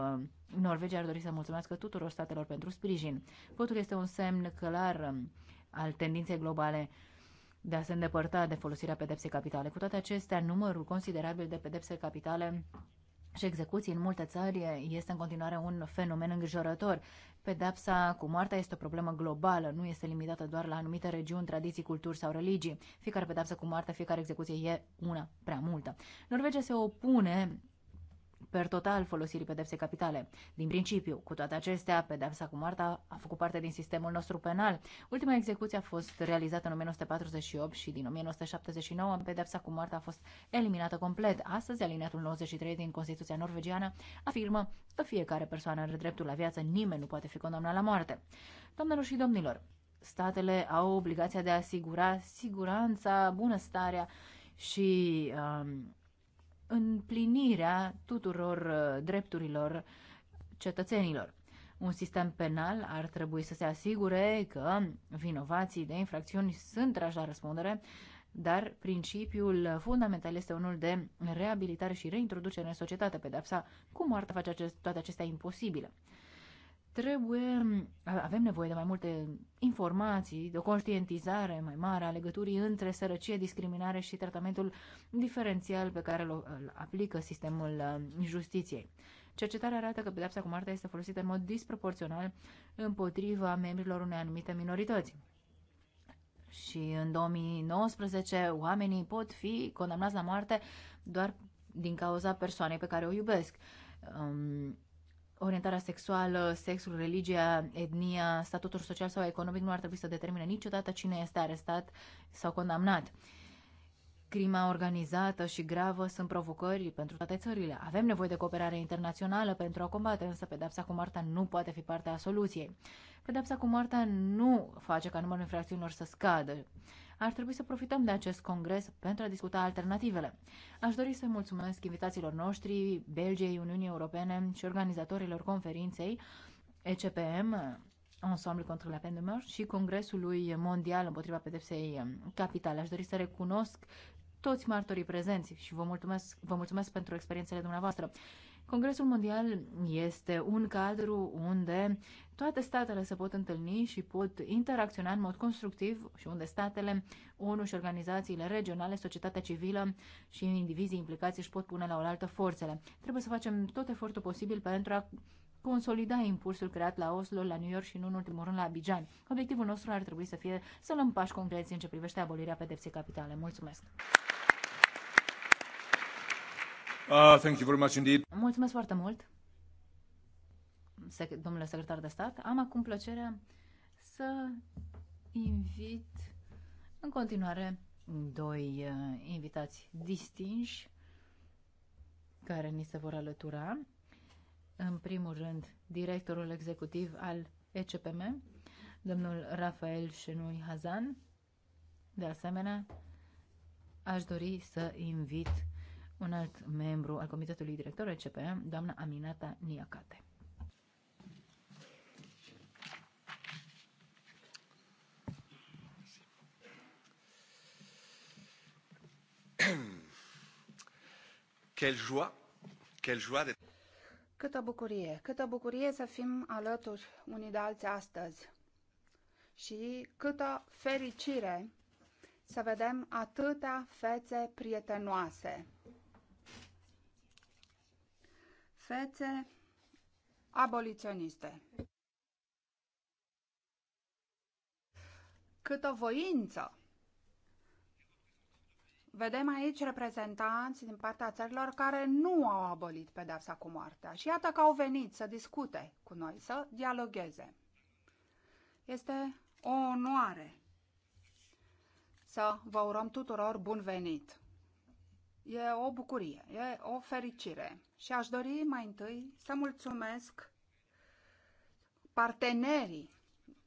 Norvegia ar dori să mulțumească tuturor statelor pentru sprijin. Votul este un semn clar um, al tendinței globale de a se îndepărta de folosirea pedepsei capitale. Cu toate acestea, numărul considerabil de pedepse capitale și execuții în multe țări este în continuare un fenomen îngrijorător. Pedepsa cu moartea este o problemă globală, nu este limitată doar la anumite regiuni, tradiții, culturi sau religii. Fiecare pedepsă cu moartea, fiecare execuție e una prea multă. Norvegia se opune per total folosirii pedepsei capitale. Din principiu, cu toate acestea, pedepsa cu moartea a făcut parte din sistemul nostru penal. Ultima execuție a fost realizată în 1948 și din 1979 pedepsa cu moartea a fost eliminată complet. Astăzi, alineatul 93 din Constituția norvegiană afirmă că fiecare persoană are dreptul la viață, nimeni nu poate fi condamnat la moarte. Doamnelor și domnilor, statele au obligația de a asigura siguranța, bunăstarea și um, împlinirea tuturor uh, drepturilor cetățenilor. Un sistem penal ar trebui să se asigure că vinovații de infracțiuni sunt trași la răspundere, dar principiul fundamental este unul de reabilitare și reintroducere în societate. Pedepsa cu moartea face acest, toate acestea imposibile trebuie, mm, avem nevoie de mai multe informații, de o conștientizare mai mare a legăturii între sărăcie, discriminare și tratamentul diferențial pe care îl aplică sistemul mm, justiției. Cercetarea arată că pedepsa cu moartea este folosită în mod disproporțional împotriva membrilor unei anumite minorități. Și în 2019 oamenii pot fi condamnați la moarte doar din cauza persoanei pe care o iubesc orientarea sexuală, sexul, religia, etnia, statutul social sau economic nu ar trebui să determine niciodată cine este arestat sau condamnat. Crima organizată și gravă sunt provocări pentru toate țările. Avem nevoie de cooperare internațională pentru a combate, însă pedepsa cu moartea nu poate fi partea soluției. Pedepsa cu moartea nu face ca numărul infracțiunilor să scadă. Ar trebui să profităm de acest congres pentru a discuta alternativele. Aș dori să mulțumesc invitațiilor noștri, Belgiei, Uniunii Europene și organizatorilor conferinței ECPM, Ensemble contre la peine de mort și Congresului Mondial împotriva pedepsei capitale. Aș dori să recunosc toți martorii prezenți și vă mulțumesc, vă mulțumesc pentru experiențele dumneavoastră. Congresul Mondial este un cadru unde toate statele se pot întâlni și pot interacționa în mod constructiv și unde statele, ONU și organizațiile regionale, societatea civilă și indivizii implicați își pot pune la oaltă forțele. Trebuie să facem tot efortul posibil pentru a consolida impulsul creat la Oslo, la New York și nu în ultimul rând la Abidjan. Obiectivul nostru ar trebui să fie să luăm pași concreți în ce privește abolirea pedepsei capitale. Mulțumesc! Ah, thank you very much indeed. Mulțumesc foarte mult, sec- domnule secretar de stat. Am acum plăcerea să invit în continuare doi uh, invitați distinși care ni se vor alătura. În primul rând, directorul executiv al ECPM, domnul Rafael Șenui Hazan. De asemenea, aș dori să invit un alt membru al Comitetului Director ECP, doamna Aminata Niacate. Quelle joie, quelle joie de... Câtă bucurie, câtă bucurie să fim alături unii de alții astăzi și câtă fericire să vedem atâtea fețe prietenoase fețe aboliționiste. Cât o voință! Vedem aici reprezentanți din partea țărilor care nu au abolit pedeapsa cu moartea și iată că au venit să discute cu noi, să dialogueze. Este o onoare să vă urăm tuturor bun venit! E o bucurie, e o fericire. Și aș dori mai întâi să mulțumesc partenerii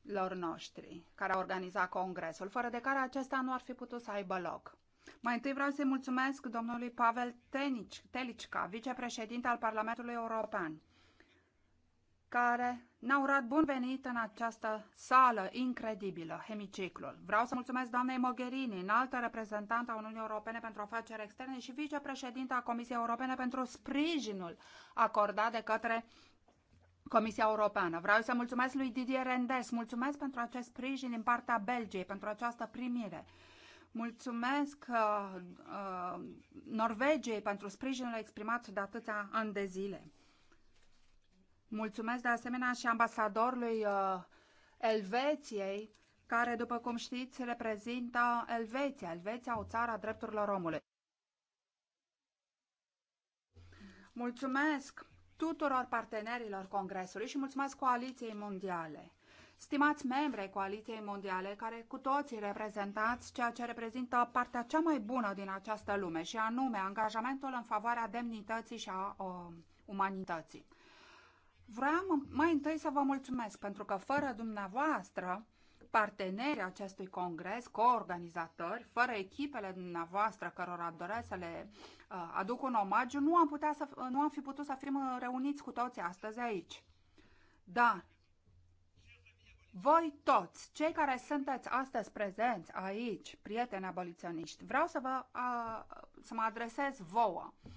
lor noștri care au organizat congresul, fără de care acesta nu ar fi putut să aibă loc. Mai întâi vreau să-i mulțumesc domnului Pavel Telicca, vicepreședinte al Parlamentului European, care ne au urat bun venit în această sală incredibilă, hemiciclul. Vreau să mulțumesc doamnei Mogherini, înaltă reprezentantă a Uniunii Europene pentru afaceri externe și vicepreședinta a Comisiei Europene pentru sprijinul acordat de către Comisia Europeană. Vreau să mulțumesc lui Didier Rendes, mulțumesc pentru acest sprijin din partea Belgiei, pentru această primire. Mulțumesc uh, uh, Norvegiei pentru sprijinul exprimat de atâția ani de zile. Mulțumesc de asemenea și ambasadorului uh, Elveției, care, după cum știți, reprezintă Elveția, Elveția, o țară a drepturilor omului. Mulțumesc tuturor partenerilor Congresului și mulțumesc Coaliției Mondiale. Stimați membri Coaliției Mondiale, care cu toții reprezentați ceea ce reprezintă partea cea mai bună din această lume, și anume angajamentul în favoarea demnității și a uh, umanității. Vreau mai întâi să vă mulțumesc pentru că fără dumneavoastră, partenerii acestui congres, coorganizatori, fără echipele dumneavoastră cărora doresc să le uh, aduc un omagiu, nu am, putea să, nu am fi putut să fim uh, reuniți cu toți astăzi aici. Dar voi toți, cei care sunteți astăzi prezenți aici, prieteni aboliționiști, vreau să, vă, a, uh, să mă adresez vouă. Uh,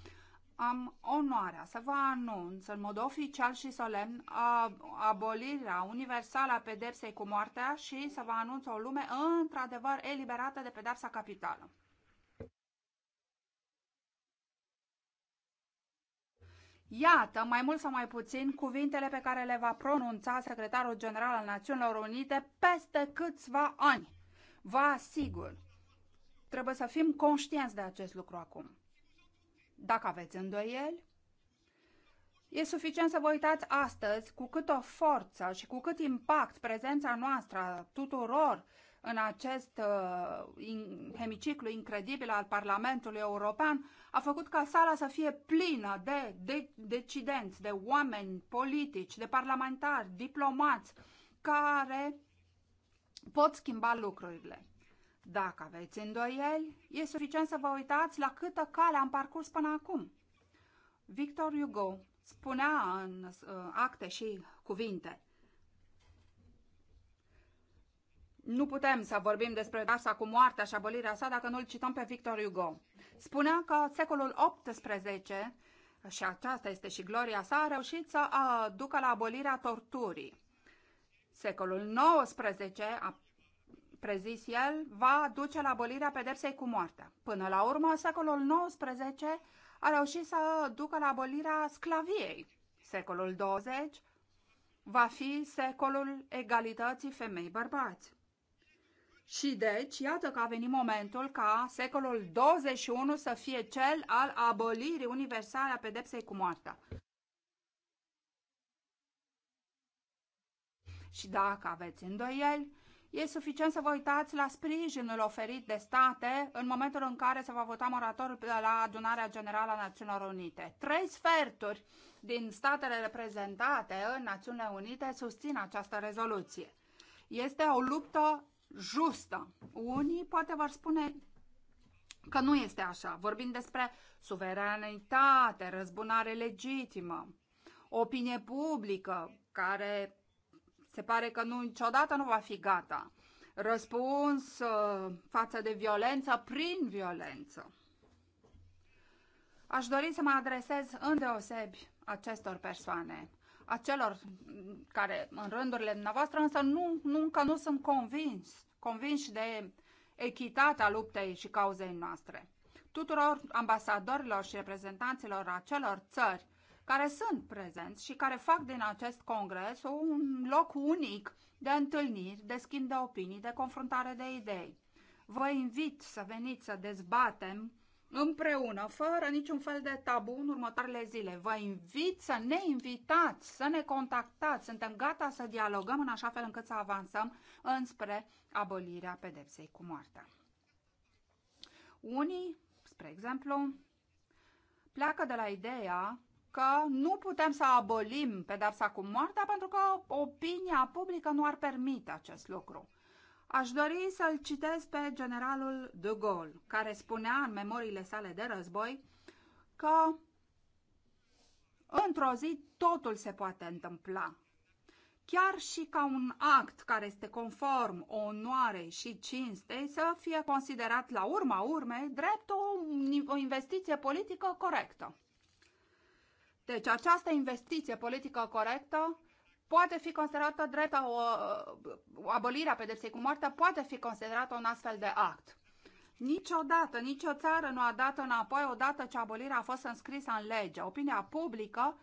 am onoarea să vă anunț în mod oficial și solemn abolirea universală a pedepsei cu moartea și să vă anunț o lume într-adevăr eliberată de pedepsa capitală. Iată, mai mult sau mai puțin, cuvintele pe care le va pronunța secretarul general al Națiunilor Unite peste câțiva ani. Vă asigur, trebuie să fim conștienți de acest lucru acum. Dacă aveți îndoieli, e suficient să vă uitați astăzi cu o forță și cu cât impact prezența noastră tuturor în acest uh, in, hemiciclu incredibil al Parlamentului European a făcut ca sala să fie plină de, de decidenți, de oameni politici, de parlamentari, diplomați, care pot schimba lucrurile. Dacă aveți îndoieli, e suficient să vă uitați la câtă cale am parcurs până acum. Victor Hugo spunea în uh, acte și cuvinte Nu putem să vorbim despre rasa cu moartea și abolirea sa dacă nu-l cităm pe Victor Hugo. Spunea că secolul XVIII, și aceasta este și gloria sa, a reușit să uh, ducă la abolirea torturii. Secolul XIX a prezis el, va duce la abolirea pedepsei cu moartea. Până la urmă, secolul XIX a reușit să ducă la abolirea sclaviei. Secolul 20 va fi secolul egalității femei-bărbați. Și deci, iată că a venit momentul ca secolul 21 să fie cel al abolirii universale a pedepsei cu moartea. Și dacă aveți îndoieli, E suficient să vă uitați la sprijinul oferit de state în momentul în care se va vota moratoriul la adunarea generală a Națiunilor Unite. Trei sferturi din statele reprezentate în Națiunile Unite susțin această rezoluție. Este o luptă justă. Unii poate vor spune că nu este așa. Vorbim despre suveranitate, răzbunare legitimă, opinie publică care se pare că nu, niciodată nu va fi gata. Răspuns uh, față de violență prin violență. Aș dori să mă adresez îndeosebi acestor persoane, acelor care în rândurile dumneavoastră însă nu, nu, încă nu sunt convins, convinși de echitatea luptei și cauzei noastre. Tuturor ambasadorilor și reprezentanților acelor țări care sunt prezenți și care fac din acest congres un loc unic de întâlniri, de schimb de opinii, de confruntare de idei. Vă invit să veniți să dezbatem împreună, fără niciun fel de tabu în următoarele zile. Vă invit să ne invitați, să ne contactați. Suntem gata să dialogăm în așa fel încât să avansăm înspre abolirea pedepsei cu moartea. Unii, spre exemplu, pleacă de la ideea că nu putem să abolim pedepsa cu moartea pentru că opinia publică nu ar permite acest lucru. Aș dori să-l citez pe generalul de Gaulle, care spunea în memoriile sale de război că într-o zi totul se poate întâmpla. Chiar și ca un act care este conform onoarei și cinstei să fie considerat la urma urmei drept o, o investiție politică corectă. Deci această investiție politică corectă poate fi considerată drept o, o abolire a pedepsei cu moartea, poate fi considerată un astfel de act. Niciodată, nicio țară nu a dat înapoi odată ce abolirea a fost înscrisă în lege. Opinia publică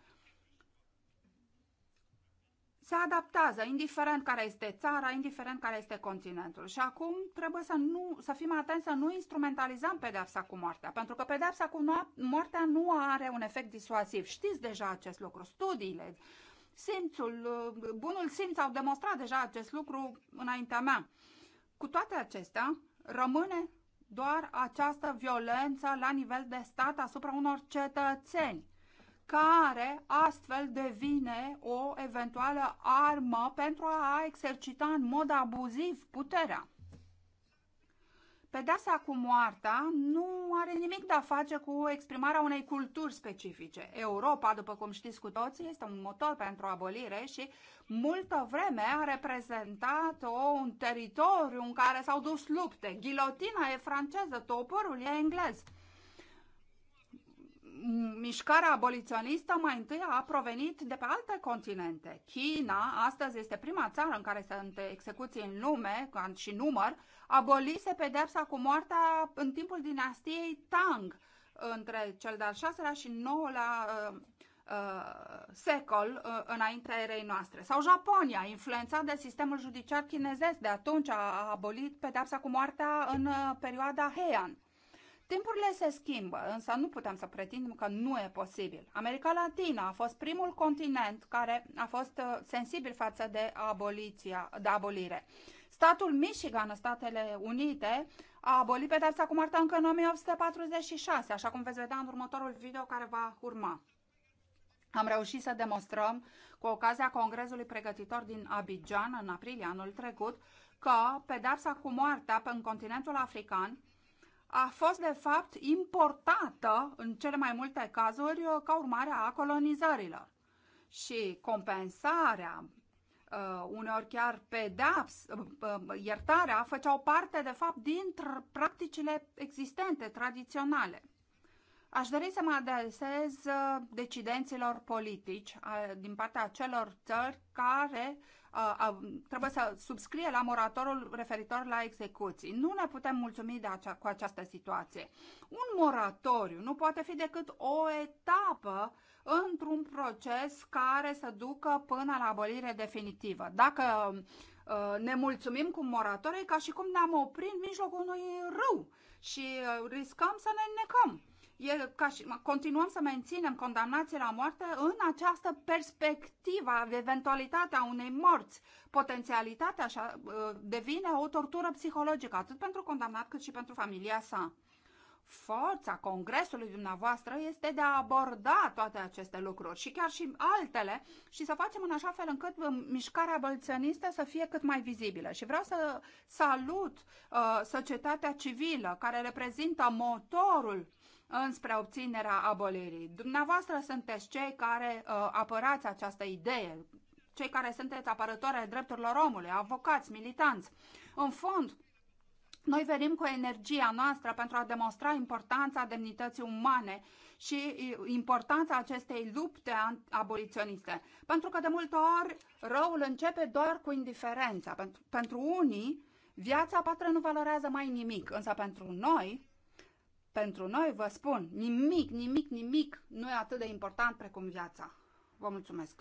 se adaptează, indiferent care este țara, indiferent care este continentul. Și acum trebuie să, nu, să fim atenți să nu instrumentalizăm pedepsa cu moartea, pentru că pedepsa cu moartea nu are un efect disuasiv. Știți deja acest lucru, studiile, simțul, bunul simț au demonstrat deja acest lucru înaintea mea. Cu toate acestea, rămâne doar această violență la nivel de stat asupra unor cetățeni care astfel devine o eventuală armă pentru a exercita în mod abuziv puterea. Pedeapsa cu moartea nu are nimic de a face cu exprimarea unei culturi specifice. Europa, după cum știți cu toții, este un motor pentru abolire și multă vreme a reprezentat o, un teritoriu în care s-au dus lupte. Ghilotina e franceză, toporul e englez mișcarea aboliționistă mai întâi a provenit de pe alte continente. China, astăzi, este prima țară în care sunt execuții în lume și număr, abolise pedepsa cu moartea în timpul dinastiei Tang, între cel de-al șaselea și nouălea uh, uh, secol uh, înaintea erei noastre. Sau Japonia, influențat de sistemul judiciar chinezesc de atunci, a abolit pedepsa cu moartea în uh, perioada Heian. Timpurile se schimbă, însă nu putem să pretindem că nu e posibil. America Latina a fost primul continent care a fost uh, sensibil față de, aboliția, de abolire. Statul Michigan, Statele Unite, a abolit pedepsa cu moartea încă în 1846, așa cum veți vedea în următorul video care va urma. Am reușit să demonstrăm, cu ocazia Congresului Pregătitor din Abidjan, în aprilie anul trecut, că pedepsa cu moartea în continentul african a fost de fapt importată în cele mai multe cazuri ca urmare a colonizărilor. Și compensarea, uh, uneori chiar pedaps, uh, uh, iertarea, făceau parte de fapt din practicile existente, tradiționale. Aș dori să mă adresez decidenților politici din partea celor țări care a, trebuie să subscrie la moratorul referitor la execuții. Nu ne putem mulțumi de acea, cu această situație. Un moratoriu nu poate fi decât o etapă într-un proces care să ducă până la abolire definitivă. Dacă ă, ne mulțumim cu moratorii ca și cum ne-am oprit în mijlocul unui râu și ă, riscăm să ne necăm e ca și, continuăm să menținem condamnații la moarte în această perspectivă, eventualitatea unei morți, potențialitatea așa, ă, devine o tortură psihologică, atât pentru condamnat cât și pentru familia sa. Forța congresului dumneavoastră este de a aborda toate aceste lucruri și chiar și altele și să facem în așa fel încât ă, mișcarea bălțănistă să fie cât mai vizibilă. Și vreau să salut uh, societatea civilă care reprezintă motorul înspre obținerea abolirii. Dumneavoastră sunteți cei care uh, apărați această idee, cei care sunteți apărători ai drepturilor omului, avocați, militanți. În fond, noi venim cu energia noastră pentru a demonstra importanța demnității umane și uh, importanța acestei lupte aboliționiste. Pentru că de multe ori răul începe doar cu indiferența. Pentru, pentru unii, viața patră nu valorează mai nimic, însă pentru noi, pentru noi, vă spun, nimic, nimic, nimic nu e atât de important precum viața. Vă mulțumesc!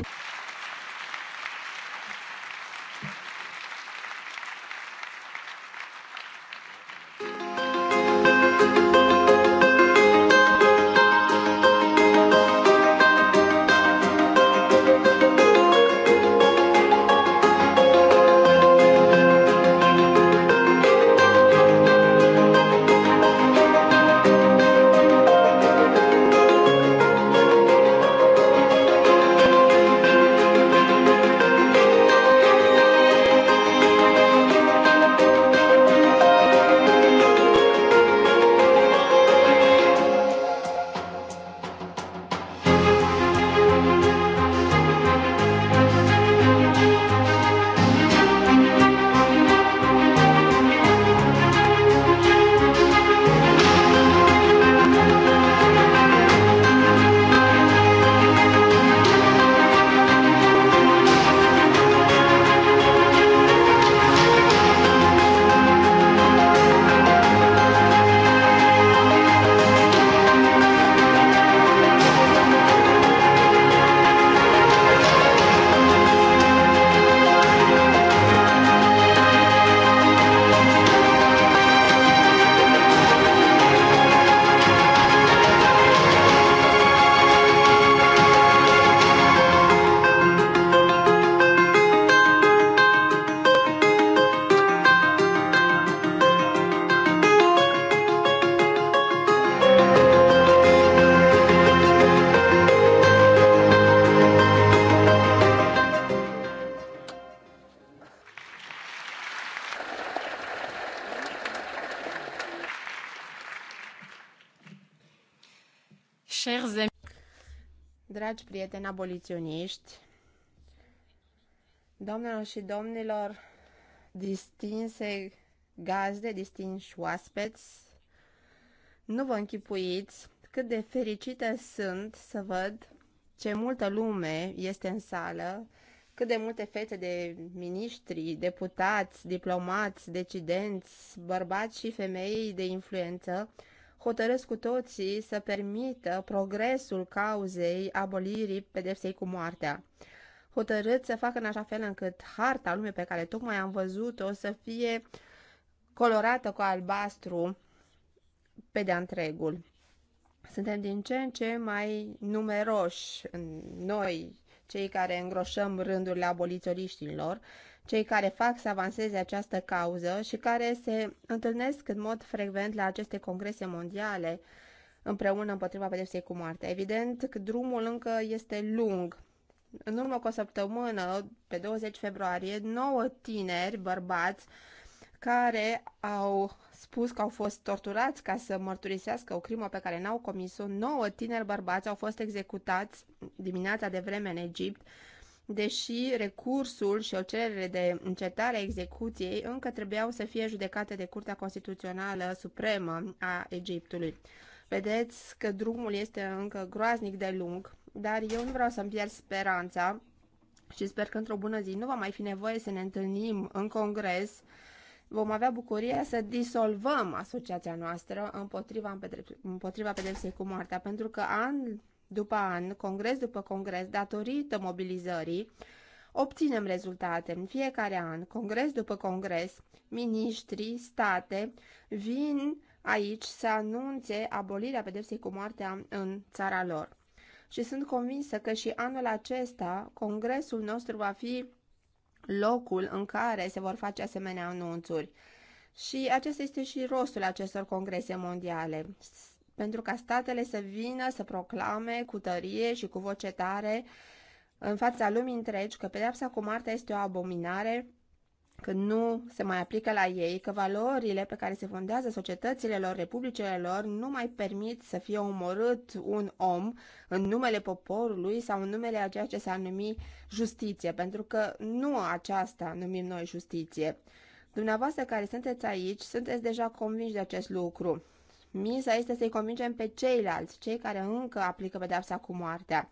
dragi prieteni aboliționiști, domnilor și domnilor, distinse gazde, distinși oaspeți, nu vă închipuiți cât de fericită sunt să văd ce multă lume este în sală, cât de multe fețe de miniștri, deputați, diplomați, decidenți, bărbați și femei de influență hotărăsc cu toții să permită progresul cauzei abolirii pedepsei cu moartea. Hotărât să facă în așa fel încât harta lumii pe care tocmai am văzut-o să fie colorată cu albastru pe de întregul. Suntem din ce în ce mai numeroși noi, cei care îngroșăm rândurile aboliționiștilor cei care fac să avanseze această cauză și care se întâlnesc în mod frecvent la aceste congrese mondiale împreună împotriva pedepsei cu moartea. Evident, că drumul încă este lung. În urmă cu o săptămână, pe 20 februarie, nouă tineri bărbați care au spus că au fost torturați ca să mărturisească o crimă pe care n-au comis-o. Nouă tineri bărbați au fost executați dimineața de vreme în Egipt deși recursul și o cerere de încetare a execuției încă trebuiau să fie judecate de Curtea Constituțională Supremă a Egiptului. Vedeți că drumul este încă groaznic de lung, dar eu nu vreau să-mi pierd speranța și sper că într-o bună zi nu va mai fi nevoie să ne întâlnim în congres. Vom avea bucuria să disolvăm asociația noastră împotriva, împotriva pedepsei cu moartea, pentru că an după an, congres după congres, datorită mobilizării, obținem rezultate. În fiecare an, congres după congres, miniștri, state vin aici să anunțe abolirea pedepsei cu moartea în țara lor. Și sunt convinsă că și anul acesta congresul nostru va fi locul în care se vor face asemenea anunțuri. Și acesta este și rostul acestor congrese mondiale pentru ca statele să vină să proclame cu tărie și cu voce tare în fața lumii întregi că pedepsa cu moartea este o abominare, că nu se mai aplică la ei, că valorile pe care se fondează societățile lor, republicile lor, nu mai permit să fie omorât un om în numele poporului sau în numele a ceea ce s a numit justiție, pentru că nu aceasta numim noi justiție. Dumneavoastră care sunteți aici, sunteți deja convinși de acest lucru. Miza este să-i convingem pe ceilalți, cei care încă aplică pedepsa cu moartea.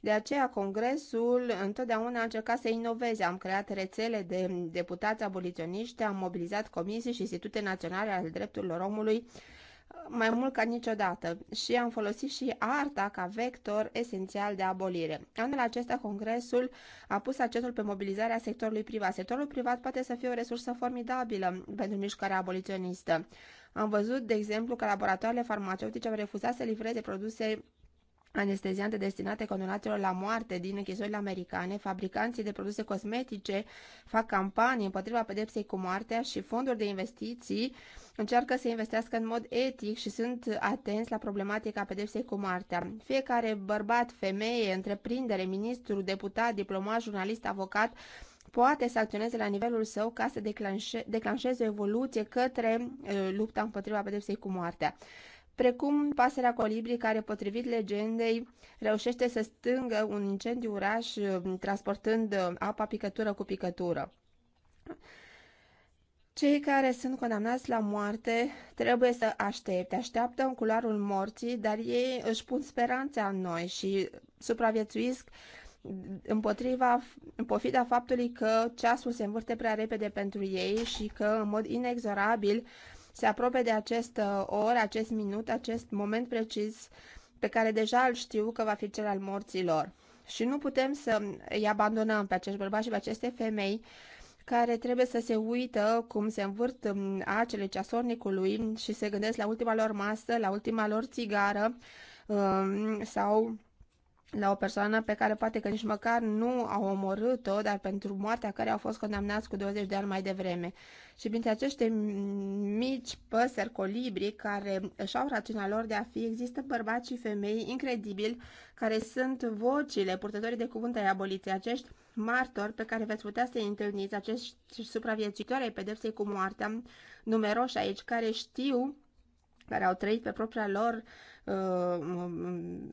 De aceea, Congresul întotdeauna a încercat să inoveze. Am creat rețele de deputați aboliționiști, am mobilizat comisii și institute naționale ale drepturilor omului uh, mai mult ca niciodată și am folosit și arta ca vector esențial de abolire. Anul acesta, Congresul a pus accentul pe mobilizarea sectorului privat. Sectorul privat poate să fie o resursă formidabilă pentru mișcarea aboliționistă. Am văzut, de exemplu, că laboratoarele farmaceutice au refuzat să livreze produse anesteziante destinate condonaților la moarte din închisorile americane, fabricanții de produse cosmetice fac campanii împotriva pedepsei cu moartea și fonduri de investiții încearcă să investească în mod etic și sunt atenți la problematica pedepsei cu moartea. Fiecare bărbat, femeie, întreprindere, ministru, deputat, diplomat, jurnalist, avocat, poate să acționeze la nivelul său ca să declanșe, declanșeze o evoluție către uh, lupta împotriva pedepsei cu moartea precum pasărea colibri care, potrivit legendei, reușește să stângă un incendiu uraș uh, transportând uh, apa picătură cu picătură. Cei care sunt condamnați la moarte trebuie să aștepte, așteaptă în culoarul morții, dar ei își pun speranța în noi și supraviețuiesc împotriva, în pofida faptului că ceasul se învârte prea repede pentru ei și că, în mod inexorabil, se apropie de acest uh, or, acest minut, acest moment precis pe care deja îl știu că va fi cel al morților. Și nu putem să îi abandonăm pe acești bărbați și pe aceste femei care trebuie să se uită cum se învârt um, acele ceasornicului și se gândesc la ultima lor masă, la ultima lor țigară um, sau la o persoană pe care poate că nici măcar nu au omorât-o, dar pentru moartea care au fost condamnați cu 20 de ani mai devreme. Și printre acești mici păsări colibri care își au rațiunea lor de a fi, există bărbați și femei incredibili care sunt vocile, purtătorii de cuvânt ai aboliției, acești martori pe care veți putea să-i întâlniți, acești supraviețuitori ai pedepsei cu moartea, numeroși aici, care știu, care au trăit pe propria lor uh,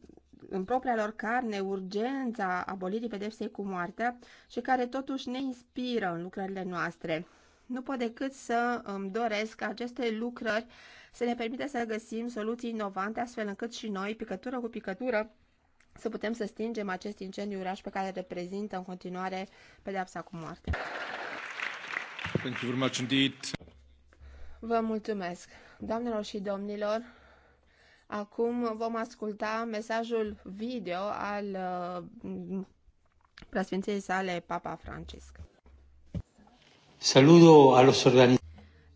în propria lor carne urgența abolirii pedepsei cu moartea și care totuși ne inspiră în lucrările noastre. Nu pot decât să îmi doresc ca aceste lucrări să ne permită să găsim soluții inovante, astfel încât și noi, picătură cu picătură, să putem să stingem acest incendiu uraș pe care reprezintă în continuare pedepsa cu moartea. Vă mulțumesc, doamnelor și domnilor! Acum vom asculta mesajul video al uh, preasfinției sale Papa Francisc. Saludo a los organizatori.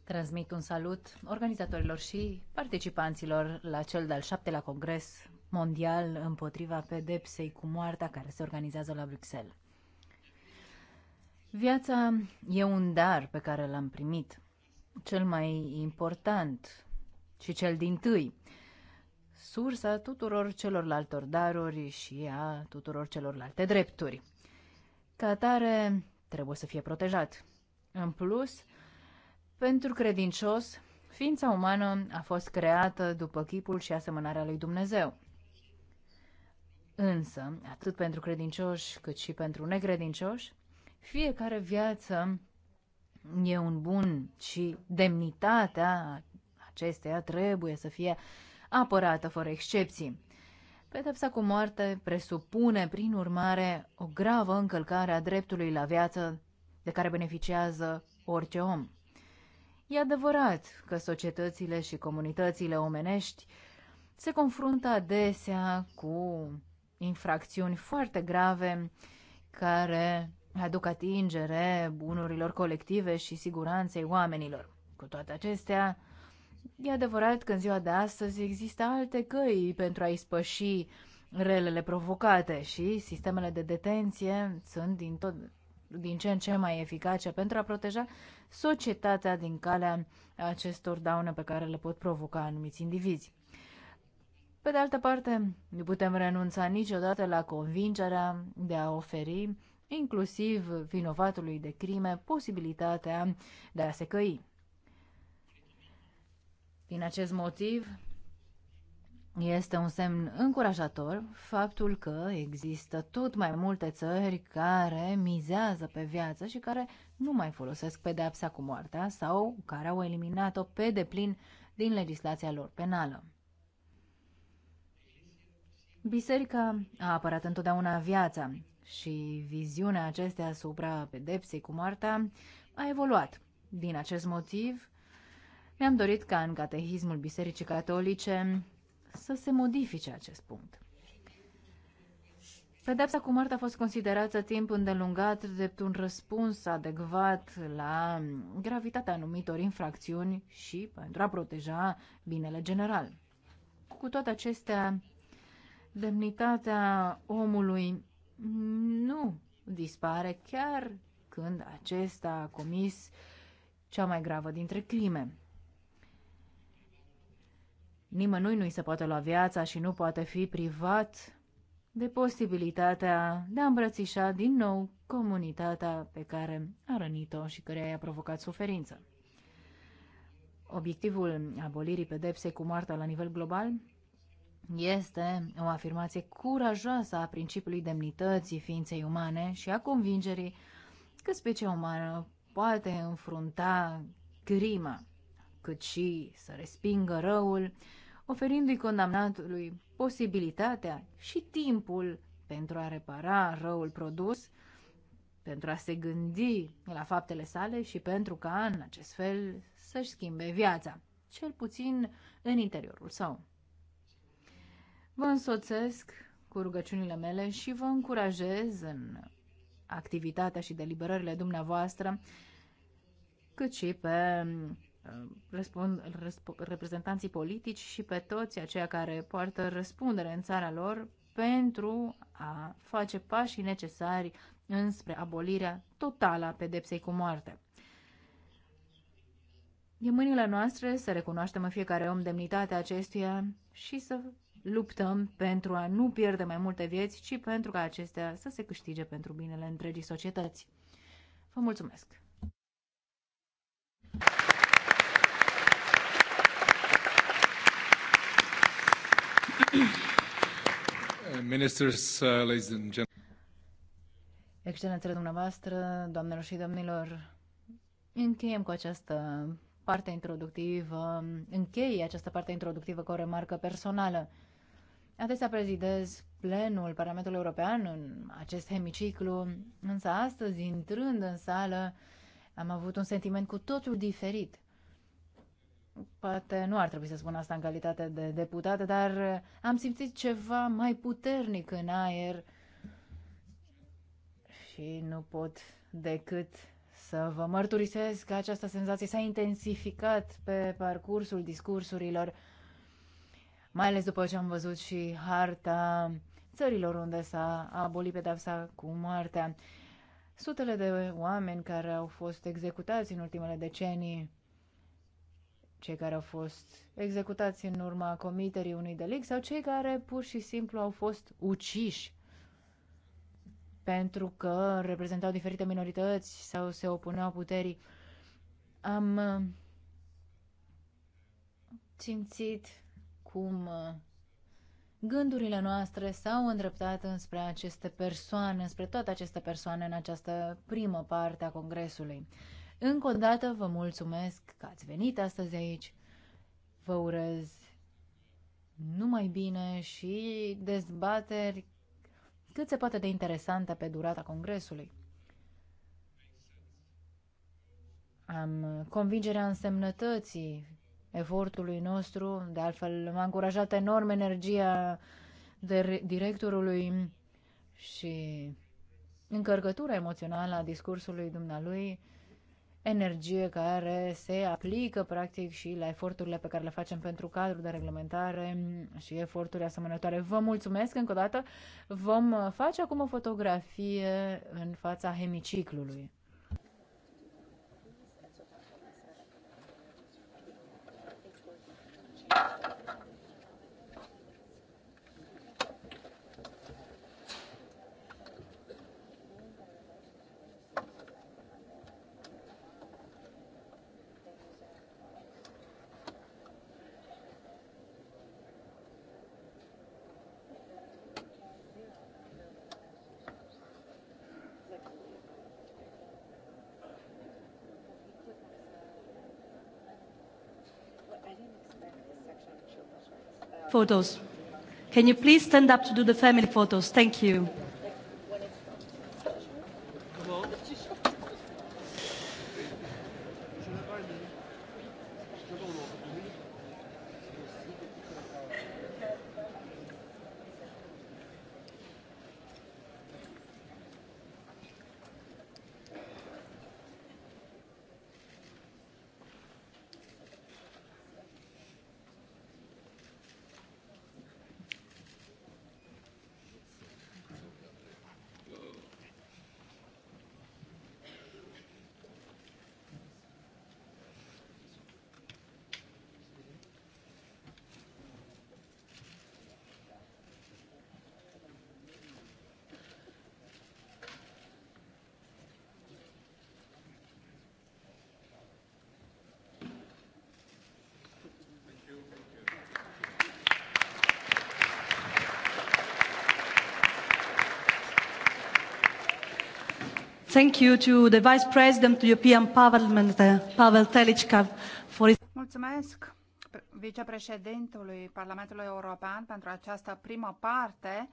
Transmit un salut organizatorilor și participanților la cel de-al șaptelea congres mondial împotriva pedepsei cu moartea care se organizează la Bruxelles. Viața e un dar pe care l-am primit, cel mai important și cel din tâi sursa tuturor celorlalte daruri și a tuturor celorlalte drepturi. Ca atare, trebuie să fie protejat. În plus, pentru credincios, ființa umană a fost creată după chipul și asemănarea lui Dumnezeu. Însă, atât pentru credincioși cât și pentru necredincioși, fiecare viață e un bun și demnitatea acesteia trebuie să fie apărată fără excepții. Pedepsa cu moarte presupune, prin urmare, o gravă încălcare a dreptului la viață de care beneficiază orice om. E adevărat că societățile și comunitățile omenești se confruntă adesea cu infracțiuni foarte grave care aduc atingere bunurilor colective și siguranței oamenilor. Cu toate acestea, E adevărat că în ziua de astăzi există alte căi pentru a ispăși relele provocate și sistemele de detenție sunt din, tot, din ce în ce mai eficace pentru a proteja societatea din calea acestor daune pe care le pot provoca anumiți indivizi. Pe de altă parte, nu putem renunța niciodată la convingerea de a oferi, inclusiv vinovatului de crime, posibilitatea de a se căi. Din acest motiv, este un semn încurajator faptul că există tot mai multe țări care mizează pe viață și care nu mai folosesc pedepsa cu moartea sau care au eliminat-o pe deplin din legislația lor penală. Biserica a apărat întotdeauna viața și viziunea acestea asupra pedepsei cu moartea a evoluat. Din acest motiv, mi-am dorit ca în Catehismul Bisericii Catolice să se modifice acest punct. Pedepsa cu moartea a fost considerată timp îndelungat drept un răspuns adecvat la gravitatea anumitor infracțiuni și pentru a proteja binele general. Cu toate acestea, demnitatea omului nu dispare chiar când acesta a comis cea mai gravă dintre crime. Nimănui nu-i se poate lua viața și nu poate fi privat de posibilitatea de a îmbrățișa din nou comunitatea pe care a rănit-o și care i-a provocat suferință. Obiectivul abolirii pedepsei cu moartea la nivel global este o afirmație curajoasă a principiului demnității ființei umane și a convingerii că specia umană poate înfrunta crima, cât și să respingă răul, oferindu-i condamnatului posibilitatea și timpul pentru a repara răul produs, pentru a se gândi la faptele sale și pentru ca, în acest fel, să-și schimbe viața, cel puțin în interiorul său. Vă însoțesc cu rugăciunile mele și vă încurajez în activitatea și deliberările dumneavoastră, cât și pe răspund, reprezentanții politici și pe toți aceia care poartă răspundere în țara lor pentru a face pașii necesari înspre abolirea totală a pedepsei cu moarte. E mâinile noastre să recunoaștem în fiecare om demnitatea acestuia și să luptăm pentru a nu pierde mai multe vieți, ci pentru ca acestea să se câștige pentru binele întregii societăți. Vă mulțumesc! Ministers, uh, ladies and gentlemen. Excelențele dumneavoastră, doamnelor și domnilor, încheiem cu această parte introductivă, închei această parte introductivă cu o remarcă personală. Adesea prezidez plenul Parlamentului European în acest hemiciclu, însă astăzi, intrând în sală, am avut un sentiment cu totul diferit poate nu ar trebui să spun asta în calitate de deputată, dar eh, am simțit ceva mai puternic în aer și nu pot decât să vă mărturisesc că această senzație s-a intensificat pe parcursul discursurilor, mai ales după ce am văzut și harta țărilor unde s-a abolit pedapsa cu moartea. Sutele de oameni care au fost executați în ultimele decenii cei care au fost executați în urma comiterii unui delict sau cei care pur și simplu au fost uciși pentru că reprezentau diferite minorități sau se opuneau puterii. Am uh, simțit cum uh, gândurile noastre s-au îndreptat înspre aceste persoane, înspre toate aceste persoane în această primă parte a Congresului. Încă o dată vă mulțumesc că ați venit astăzi aici. Vă urez numai bine și dezbateri cât se poate de interesante pe durata congresului. Am convingerea însemnătății efortului nostru, de altfel m-a încurajat enorm energia de directorului și încărcătura emoțională a discursului dumnealui energie care se aplică practic și la eforturile pe care le facem pentru cadrul de reglementare și eforturi asemănătoare. Vă mulțumesc încă o dată. Vom uh, face acum o fotografie în fața hemiciclului. photos. Can you please stand up to do the family photos? Thank you. Thank you to the Vice President of European Parliament, Pavel Telicca, for his... Mulțumesc vicepreședintului Parlamentului European pentru această primă parte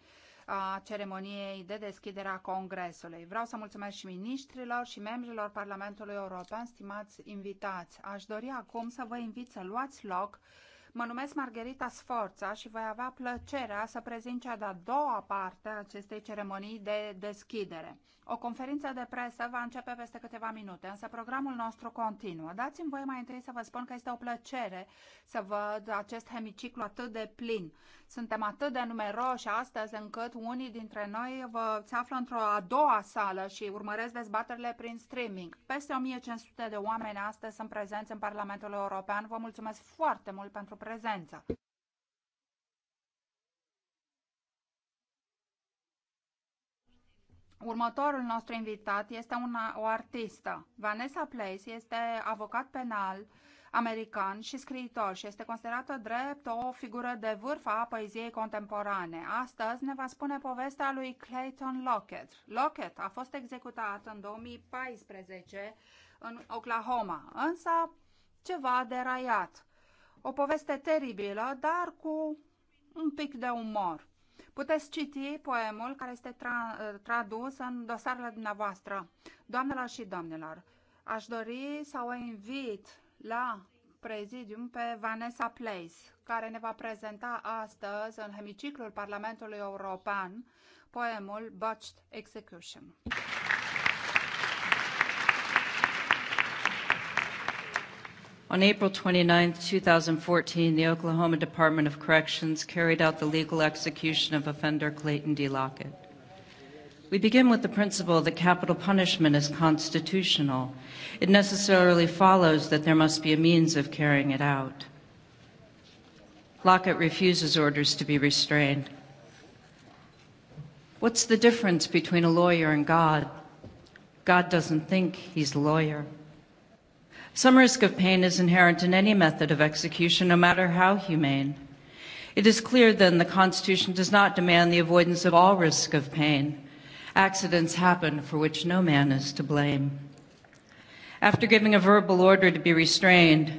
a ceremoniei de deschidere a Congresului. Vreau să mulțumesc și ministrilor și membrilor Parlamentului European, stimați invitați. Aș dori acum să vă invit să luați loc Mă numesc Margherita Sforța și voi avea plăcerea să prezint cea de-a doua parte a acestei ceremonii de deschidere. O conferință de presă va începe peste câteva minute, însă programul nostru continuă. Dați-mi voi mai întâi să vă spun că este o plăcere să văd acest hemiciclu atât de plin. Suntem atât de numeroși astăzi încât unii dintre noi vă se află într-o a doua sală și urmăresc dezbaterile prin streaming. Peste 1500 de oameni astăzi sunt prezenți în Parlamentul European. Vă mulțumesc foarte mult pentru prezență. Următorul nostru invitat este una, o artistă. Vanessa Place este avocat penal american și scriitor și este considerată drept o figură de vârf a poeziei contemporane. Astăzi ne va spune povestea lui Clayton Lockett. Lockett a fost executat în 2014 în Oklahoma, însă ceva deraiat. O poveste teribilă, dar cu un pic de umor. Puteți citi poemul care este tra- tradus în dosarele dumneavoastră. Doamnelor și domnilor, aș dori să o invit la prezidium pe Vanessa Place, care ne va prezenta astăzi în hemiciclul Parlamentului European poemul Botched Execution. On April 29, 2014, the Oklahoma Department of Corrections carried out the legal execution of offender Clayton D. Lockett. We begin with the principle that capital punishment is constitutional. It necessarily follows that there must be a means of carrying it out. Lockett refuses orders to be restrained. What's the difference between a lawyer and God? God doesn't think he's a lawyer. Some risk of pain is inherent in any method of execution, no matter how humane. It is clear, then, the Constitution does not demand the avoidance of all risk of pain. Accidents happen for which no man is to blame. After giving a verbal order to be restrained,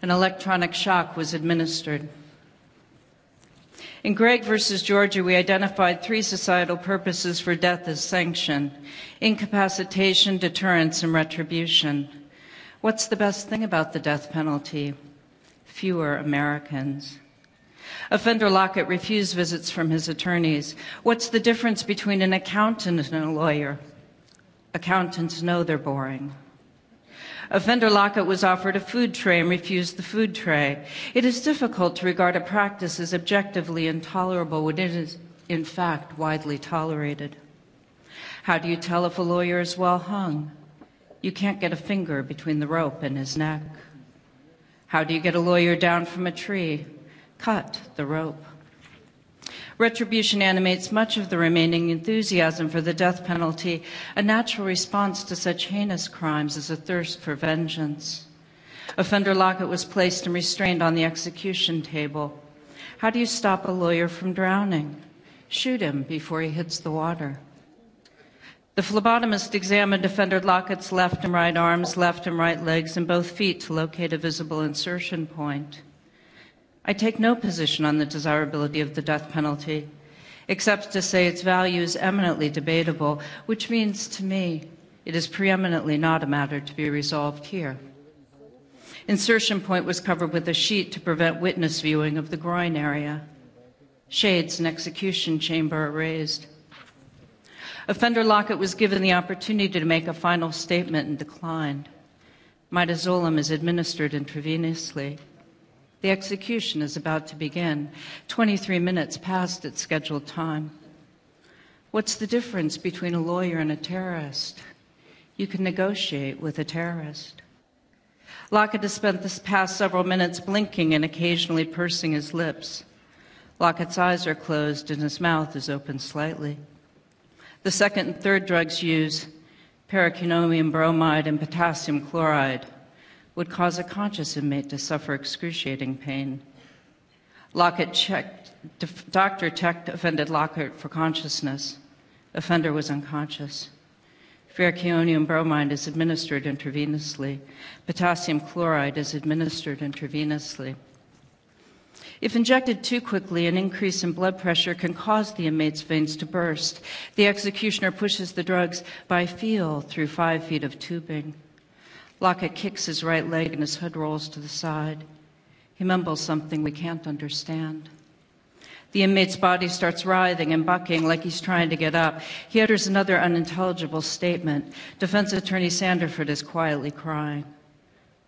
an electronic shock was administered. In Gregg versus Georgia, we identified three societal purposes for death as sanction incapacitation, deterrence, and retribution. What's the best thing about the death penalty? Fewer Americans. Offender Lockett refused visits from his attorneys. What's the difference between an accountant and a lawyer? Accountants know they're boring. Offender Lockett was offered a food tray and refused the food tray. It is difficult to regard a practice as objectively intolerable when it is, in fact, widely tolerated. How do you tell if a lawyer is well hung? You can't get a finger between the rope and his neck. How do you get a lawyer down from a tree? cut the rope. Retribution animates much of the remaining enthusiasm for the death penalty, a natural response to such heinous crimes as a thirst for vengeance. Offender Lockett was placed and restrained on the execution table. How do you stop a lawyer from drowning? Shoot him before he hits the water. The phlebotomist examined offender Lockett's left and right arms, left and right legs, and both feet to locate a visible insertion point. I take no position on the desirability of the death penalty, except to say its value is eminently debatable, which means to me it is preeminently not a matter to be resolved here. Insertion point was covered with a sheet to prevent witness viewing of the groin area. Shades and execution chamber are raised. Offender Lockett was given the opportunity to make a final statement and declined. Midazolam is administered intravenously. The execution is about to begin, 23 minutes past its scheduled time. What's the difference between a lawyer and a terrorist? You can negotiate with a terrorist. Lockett has spent the past several minutes blinking and occasionally pursing his lips. Lockett's eyes are closed and his mouth is open slightly. The second and third drugs use paraquinomium bromide and potassium chloride, would cause a conscious inmate to suffer excruciating pain. Lockett checked, doctor checked offended Lockhart for consciousness. Offender was unconscious. Ferrocheonium bromide is administered intravenously. Potassium chloride is administered intravenously. If injected too quickly, an increase in blood pressure can cause the inmate's veins to burst. The executioner pushes the drugs by feel through five feet of tubing. Locke kicks his right leg and his hood rolls to the side. He mumbles something we can't understand. The inmate's body starts writhing and bucking like he's trying to get up. He utters another unintelligible statement. Defense attorney Sanderford is quietly crying.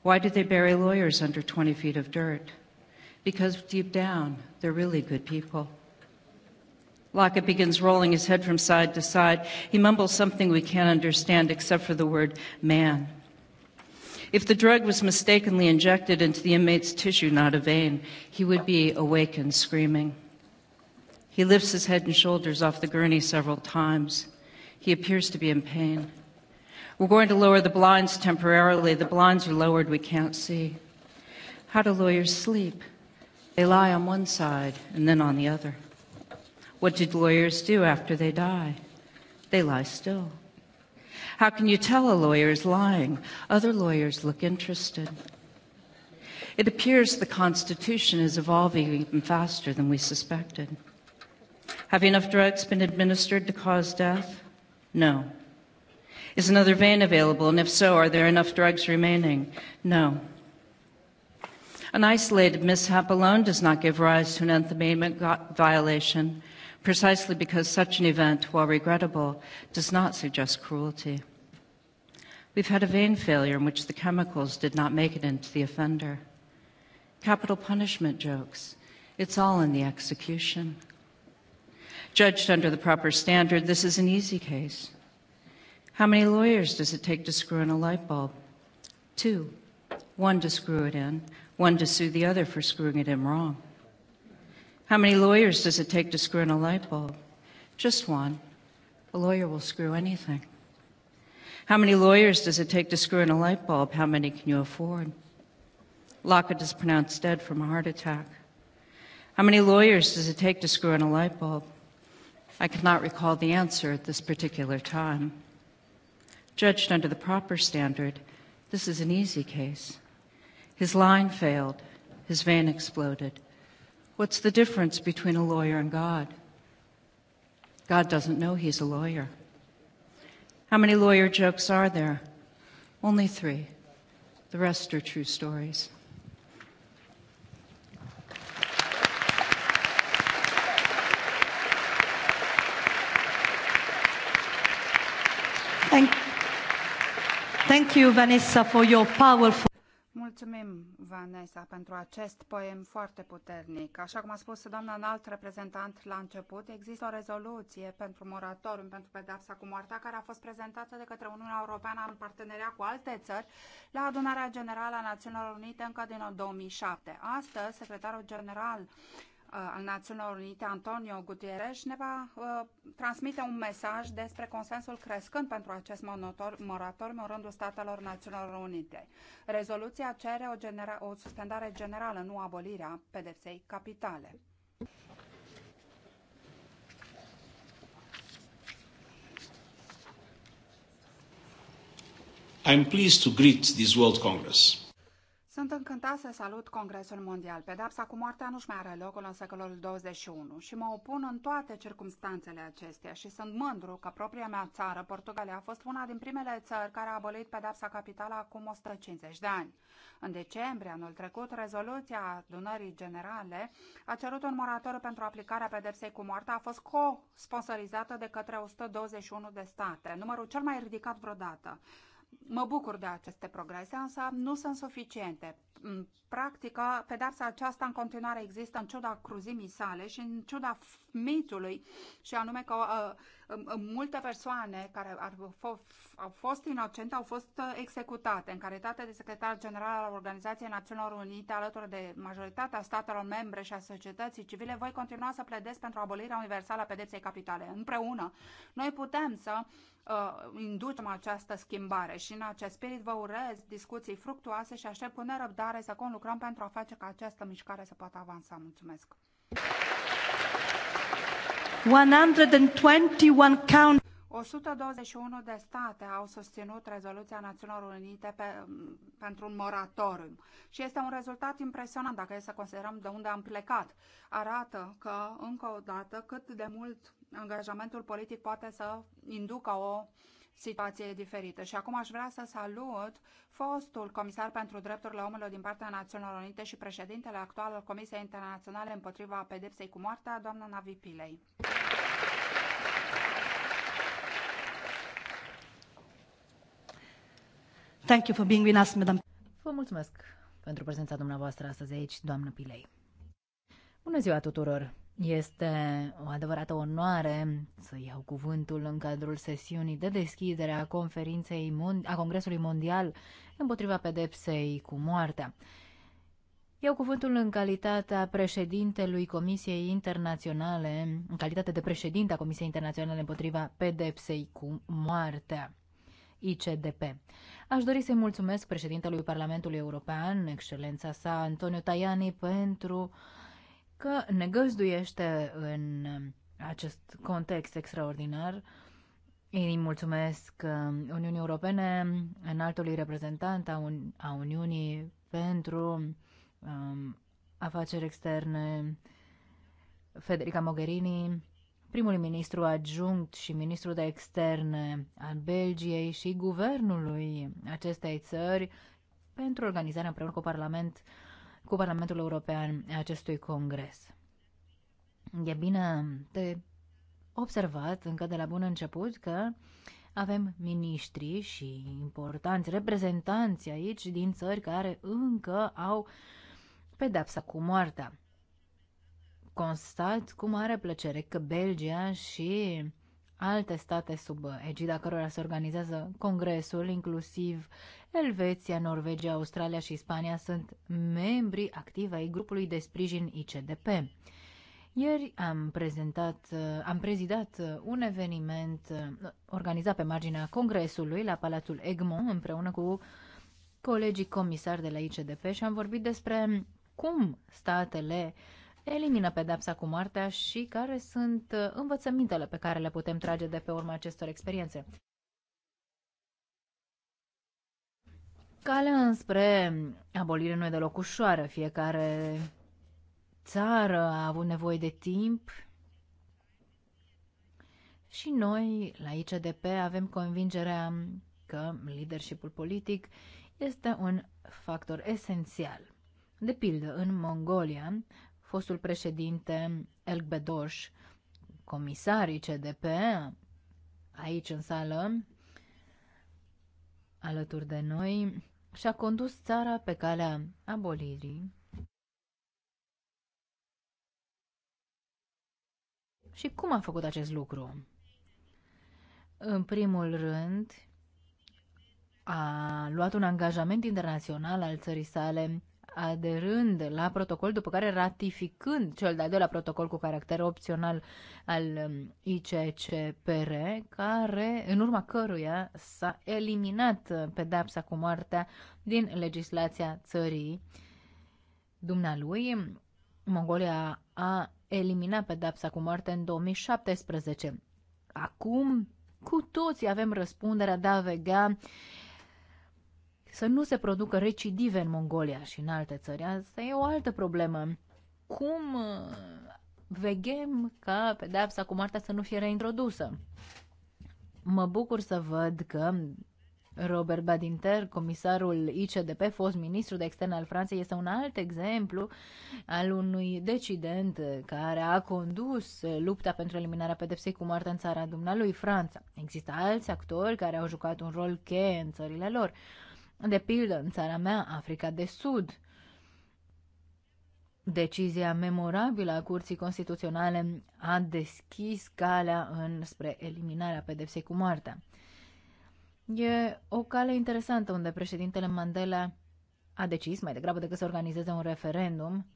Why do they bury lawyers under 20 feet of dirt? Because deep down, they're really good people. Lockett begins rolling his head from side to side. He mumbles something we can't understand except for the word man. If the drug was mistakenly injected into the inmate's tissue, not a vein, he would be awakened screaming. He lifts his head and shoulders off the gurney several times. He appears to be in pain. We're going to lower the blinds temporarily. The blinds are lowered, we can't see. How do lawyers sleep? They lie on one side and then on the other. What do lawyers do after they die? They lie still. How can you tell a lawyer is lying? Other lawyers look interested. It appears the Constitution is evolving even faster than we suspected. Have enough drugs been administered to cause death? No. Is another vein available? And if so, are there enough drugs remaining? No. An isolated mishap alone does not give rise to an Nth Amendment violation precisely because such an event, while regrettable, does not suggest cruelty. We've had a vein failure in which the chemicals did not make it into the offender. Capital punishment jokes. It's all in the execution. Judged under the proper standard, this is an easy case. How many lawyers does it take to screw in a light bulb? Two. One to screw it in, one to sue the other for screwing it in wrong. How many lawyers does it take to screw in a light bulb? Just one. A lawyer will screw anything. How many lawyers does it take to screw in a light bulb? How many can you afford? Lockett is pronounced dead from a heart attack. How many lawyers does it take to screw in a light bulb? I cannot recall the answer at this particular time. Judged under the proper standard, this is an easy case. His line failed, his vein exploded, What's the difference between a lawyer and God? God doesn't know he's a lawyer. How many lawyer jokes are there? Only three. The rest are true stories. Thank, thank you, Vanessa, for your powerful. Mulțumim, Vanessa, pentru acest poem foarte puternic. Așa cum a spus doamna înalt reprezentant la început, există o rezoluție pentru moratorium, pentru pedepsa cu moartea, care a fost prezentată de către Uniunea Europeană în parteneria cu alte țări la adunarea generală a Națiunilor Unite încă din 2007. Astăzi, secretarul general Uh, al Națiunilor Unite, Antonio Guterres, ne va uh, transmite un mesaj despre consensul crescând pentru acest moratoriu în rândul statelor Națiunilor Unite. Rezoluția cere o, genera- o suspendare generală, nu abolirea pedepsei capitale. I'm pleased to greet this World Congress. Sunt încântat să salut Congresul Mondial. Pedapsa cu moartea nu-și mai are locul în secolul 21 și mă opun în toate circumstanțele acestea și sunt mândru că propria mea țară, Portugalia, a fost una din primele țări care a abolit pedapsa capitală acum 150 de ani. În decembrie anul trecut, rezoluția adunării generale a cerut un moratoriu pentru aplicarea pedepsei cu moartea a fost co-sponsorizată de către 121 de state, numărul cel mai ridicat vreodată. Mă bucur de aceste progrese, însă nu sunt suficiente practică, pedapsa aceasta în continuare există în ciuda cruzimii sale și în ciuda mitului și anume că uh, multe persoane care ar, au fost inocente au fost uh, executate. În calitate de secretar general al Organizației Națiunilor Unite, alături de majoritatea statelor membre și a societății civile, voi continua să pledez pentru abolirea universală a pedepsei capitale. Împreună, noi putem să uh, inducem această schimbare și în acest spirit vă urez discuții fructuoase și aștept cu nerăbdare cooperare, să conlucrăm pentru a face ca această mișcare să poată avansa. Mulțumesc! 121 de state au susținut rezoluția Națiunilor Unite pe, pentru un moratoriu și este un rezultat impresionant dacă e să considerăm de unde am plecat. Arată că, încă o dată, cât de mult angajamentul politic poate să inducă o uh, situație diferită. Și acum aș vrea să salut fostul comisar pentru drepturile omului din partea Națiunilor Unite și președintele actual al Comisiei Internaționale împotriva pedepsei cu moartea, doamna Navi Pilei. Thank you for being with us, madam. Vă mulțumesc pentru prezența dumneavoastră astăzi aici, doamnă Pilei. Bună ziua tuturor! Este o adevărată onoare să iau cuvântul în cadrul sesiunii de deschidere a conferinței a Congresului Mondial împotriva pedepsei cu moartea. Iau cuvântul în calitatea președintelui Comisiei Internaționale, în calitate de președinte a Comisiei Internaționale împotriva pedepsei cu moartea. ICDP. Aș dori să-i mulțumesc președintelui Parlamentului European, excelența sa Antonio Tajani, pentru uh, că ne găzduiește în um, acest context extraordinar. Îi mulțumesc um, Uniunii Europene, înaltului reprezentant a, a Uniunii pentru um, afaceri externe, Federica Mogherini, primul ministru adjunct și ministru de externe al Belgiei și guvernului acestei țări pentru organizarea împreună cu Parlamentul cu Parlamentul European acestui congres. E bine de observat încă de la bun început că avem miniștri și importanți reprezentanți aici din țări care încă au pedepsa cu moartea. Constat cu mare plăcere că Belgia și alte state sub egida cărora se organizează congresul, inclusiv Elveția, Norvegia, Australia și Spania, sunt membri activi ai grupului de sprijin ICDP. Ieri am prezentat, am prezidat un eveniment organizat pe marginea congresului la Palatul Egmont împreună cu colegii comisari de la ICDP și am vorbit despre cum statele uh, elimină pedepsa cu moartea și care sunt uh, învățămintele pe care le putem trage de pe urma acestor experiențe. Calea înspre abolire nu e deloc ușoară. Fiecare țară a avut nevoie de timp și noi, la ICDP, avem convingerea că leadershipul politic este un factor esențial. De pildă, în Mongolia, fostul președinte Elk Bedoș, comisarii CDP, aici în sală, alături de noi, și-a condus țara pe calea abolirii Și cum a făcut acest lucru? În primul rând, a luat un angajament internațional al țării sale aderând la protocol, după care ratificând cel de-al doilea protocol cu caracter opțional al um, ICCPR, care, în urma căruia s-a eliminat uh, pedapsa cu moartea din legislația țării dumnealui. Mongolia a eliminat pedapsa cu moarte în 2017. Acum, cu toții avem răspunderea de a vega să nu se producă recidive în Mongolia și în alte țări. Asta e o altă problemă. Cum uh, veghem ca pedepsa cu moartea să nu fie reintrodusă? Mă bucur să văd că Robert Badinter, comisarul ICDP, fost ministru de externe al Franței, este un alt exemplu al unui decident care a condus lupta pentru eliminarea pedepsei cu moartea în țara dumnealui, Franța. Există alți actori care au jucat un rol cheie în țările lor. De pildă, în țara mea, Africa de Sud, Decizia memorabilă a Curții Constituționale a deschis calea înspre eliminarea pedepsei cu moartea. E o cale interesantă unde președintele Mandela a decis, mai degrabă decât să organizeze un referendum,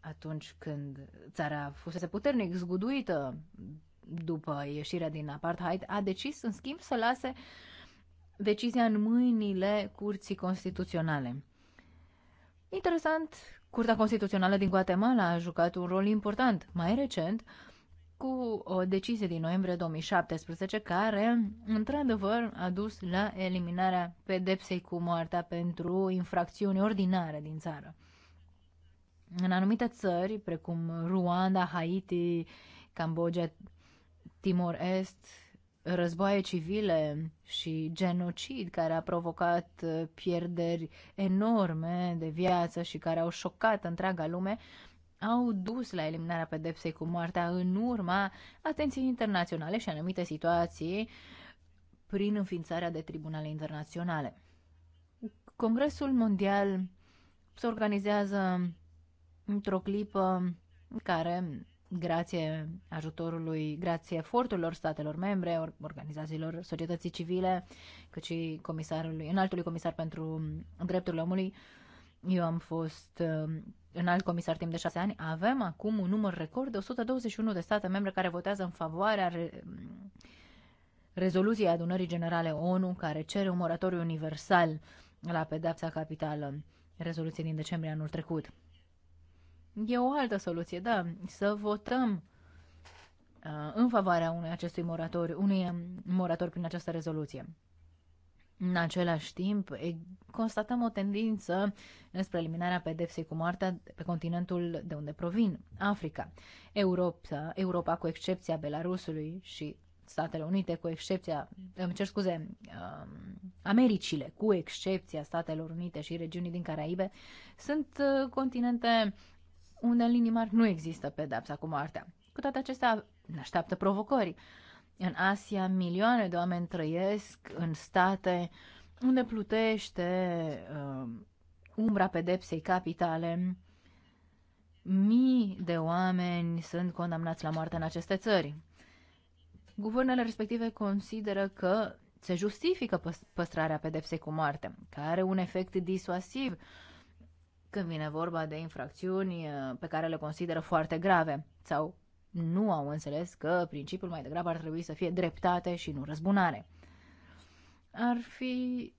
atunci când țara fusese puternic zguduită după ieșirea din apartheid, a decis, în schimb, să lase uh, decizia în mâinile Curții Constituționale. Interesant, Curtea Constituțională din Guatemala a jucat un rol important mai recent cu o decizie din noiembrie 2017 care, într-adevăr, a dus la eliminarea pedepsei cu moartea pentru infracțiuni ordinare din țară. În anumite țări, precum Ruanda, Haiti, Cambodgia, Timor Est, războaie civile și genocid care a provocat uh, pierderi enorme de viață și care au șocat întreaga lume, au dus la eliminarea pedepsei cu moartea în urma atenției internaționale și anumite situații prin înființarea de tribunale internaționale. Congresul Mondial se organizează într-o clipă în care grație ajutorului, grație eforturilor statelor membre, organizațiilor societății civile, cât și comisarului, înaltului comisar pentru drepturile omului, eu am fost uh, în alt comisar timp de șase ani, avem acum un număr record de 121 de state membre care votează în favoarea re- rezoluției adunării generale ONU care cere un moratoriu universal la pedepsa capitală, rezoluție din decembrie anul trecut. E o altă soluție, da, să votăm uh, în favoarea unui acestui morator, unui um, morator prin această rezoluție. În același timp, constatăm o tendință spre eliminarea pedepsei cu moartea pe continentul de unde provin, Africa. Europa, Europa cu excepția Belarusului și Statele Unite, cu excepția, îmi cer scuze, um, Americile, cu excepția Statelor Unite și regiunii din Caraibe, sunt uh, continente unde în linii mari nu există pedapsa cu moartea. Cu toate acestea, ne așteaptă provocări. În Asia, milioane de oameni trăiesc în state unde plutește uh, umbra pedepsei capitale. Mii de oameni sunt condamnați la moarte în aceste țări. Guvernele respective consideră că se justifică păstrarea pedepsei cu moarte, care are un efect disuasiv când vine vorba de infracțiuni uh, pe care le consideră foarte grave sau nu au înțeles că principiul mai degrabă ar trebui să fie dreptate și nu răzbunare. Ar fi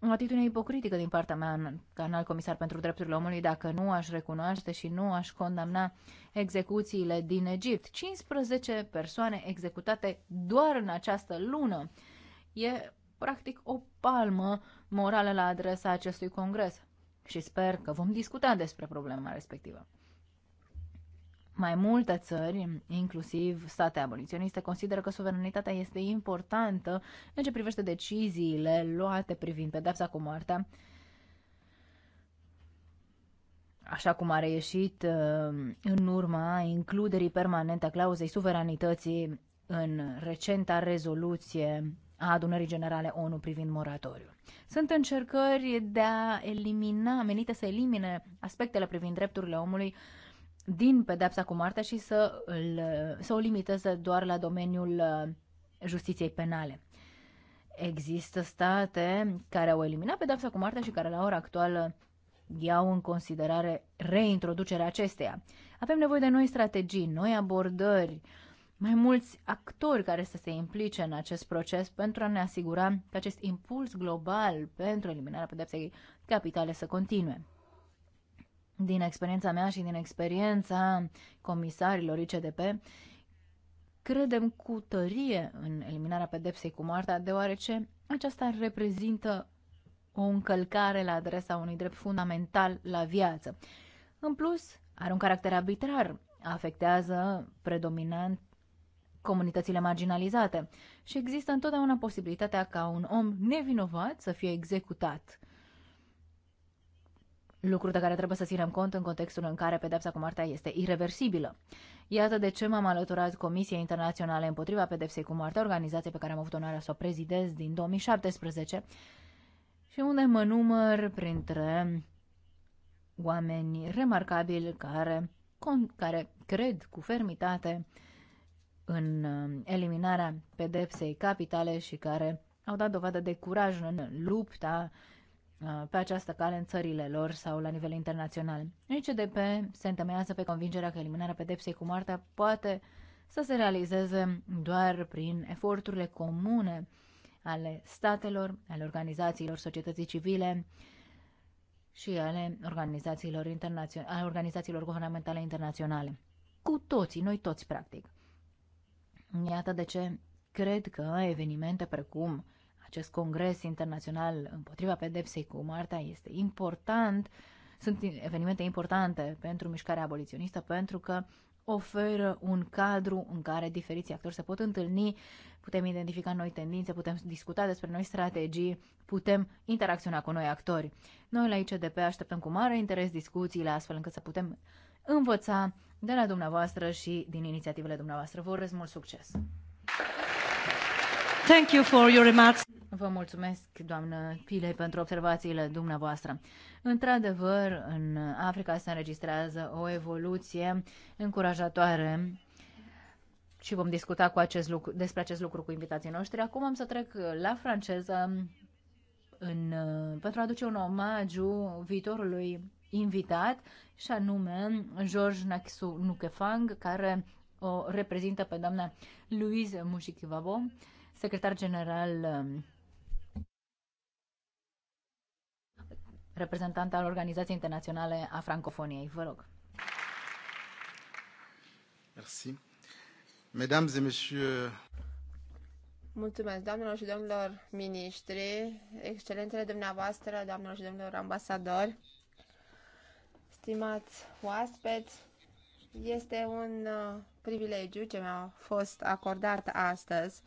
o atitudine ipocritică din partea mea ca înalt comisar pentru drepturile omului dacă nu aș recunoaște și nu aș condamna execuțiile din Egipt. 15 persoane executate doar în această lună. E practic o palmă morală la adresa acestui congres și sper că vom discuta despre problema respectivă. Mai multe țări, inclusiv state aboliționiste, consideră că suveranitatea este importantă în ce privește deciziile luate privind pedepsa cu moartea, așa cum a reieșit uh, în urma includerii permanente a clauzei suveranității în recenta rezoluție a adunării generale ONU privind moratoriu. Sunt încercări de a elimina, menite să elimine aspectele privind drepturile omului din pedepsa cu moartea și să, îl, să o limiteze doar la domeniul uh, justiției penale. Există state care au eliminat pedepsa cu moartea și care la ora actuală iau în considerare reintroducerea acesteia. Avem nevoie de noi strategii, noi abordări, uh, mai mulți actori care să se implice în acest proces pentru a ne asigura că acest impuls global pentru eliminarea pedepsei capitale să continue. Din experiența mea și din experiența comisarilor ICDP, credem cu tărie în eliminarea pedepsei cu moartea, deoarece aceasta reprezintă o încălcare la adresa unui drept fundamental la viață. În plus, are un caracter arbitrar, afectează predominant comunitățile marginalizate și există întotdeauna posibilitatea ca un om nevinovat să fie executat. Lucru de care trebuie să ținem cont în contextul în care pedepsa cu moartea este irreversibilă. Iată de ce m-am alăturat Comisiei Internaționale împotriva pedepsei cu moartea, organizație pe care am avut onoarea să o prezidez din 2017 și unde mă număr printre oameni remarcabili care, care cred cu fermitate în um, eliminarea pedepsei capitale și care au dat dovadă de curaj în lupta uh, pe această cale în țările lor sau la nivel internațional. ICDP se întemeiază pe convingerea că eliminarea pedepsei cu moartea poate să se realizeze doar prin eforturile comune ale statelor, ale organizațiilor societății civile și ale organizațiilor, ale organizațiilor guvernamentale internaționale. Cu toții, noi toți, practic. Iată de ce cred că evenimente precum acest congres internațional împotriva pedepsei cu moartea este important, sunt evenimente importante pentru mișcarea aboliționistă pentru că oferă un cadru în care diferiți actori se pot întâlni, putem identifica noi tendințe, putem discuta despre noi strategii, putem interacționa cu noi actori. Noi la ICDP așteptăm cu mare interes discuțiile astfel încât să putem învăța de la dumneavoastră și din inițiativele dumneavoastră. Vă urez mult succes! Thank you for your remarks. Vă mulțumesc, doamnă Pile, pentru observațiile dumneavoastră. Într-adevăr, în Africa se înregistrează o evoluție încurajatoare și vom discuta cu acest lucru, despre acest lucru cu invitații noștri. Acum am să trec la franceză în, pentru a aduce un omagiu viitorului invitat, și anume George Naxu Nukefang, care o reprezintă pe doamna Louise Mushikivabo, secretar general um, reprezentant al Organizației Internaționale a Francofoniei. Vă rog. Merci. Mesdames et messieurs, Mulțumesc, doamnelor și domnilor miniștri, excelentele dumneavoastră, doamnelor și domnilor ambasadori stimați oaspeți, este un uh, privilegiu ce mi-a fost acordat astăzi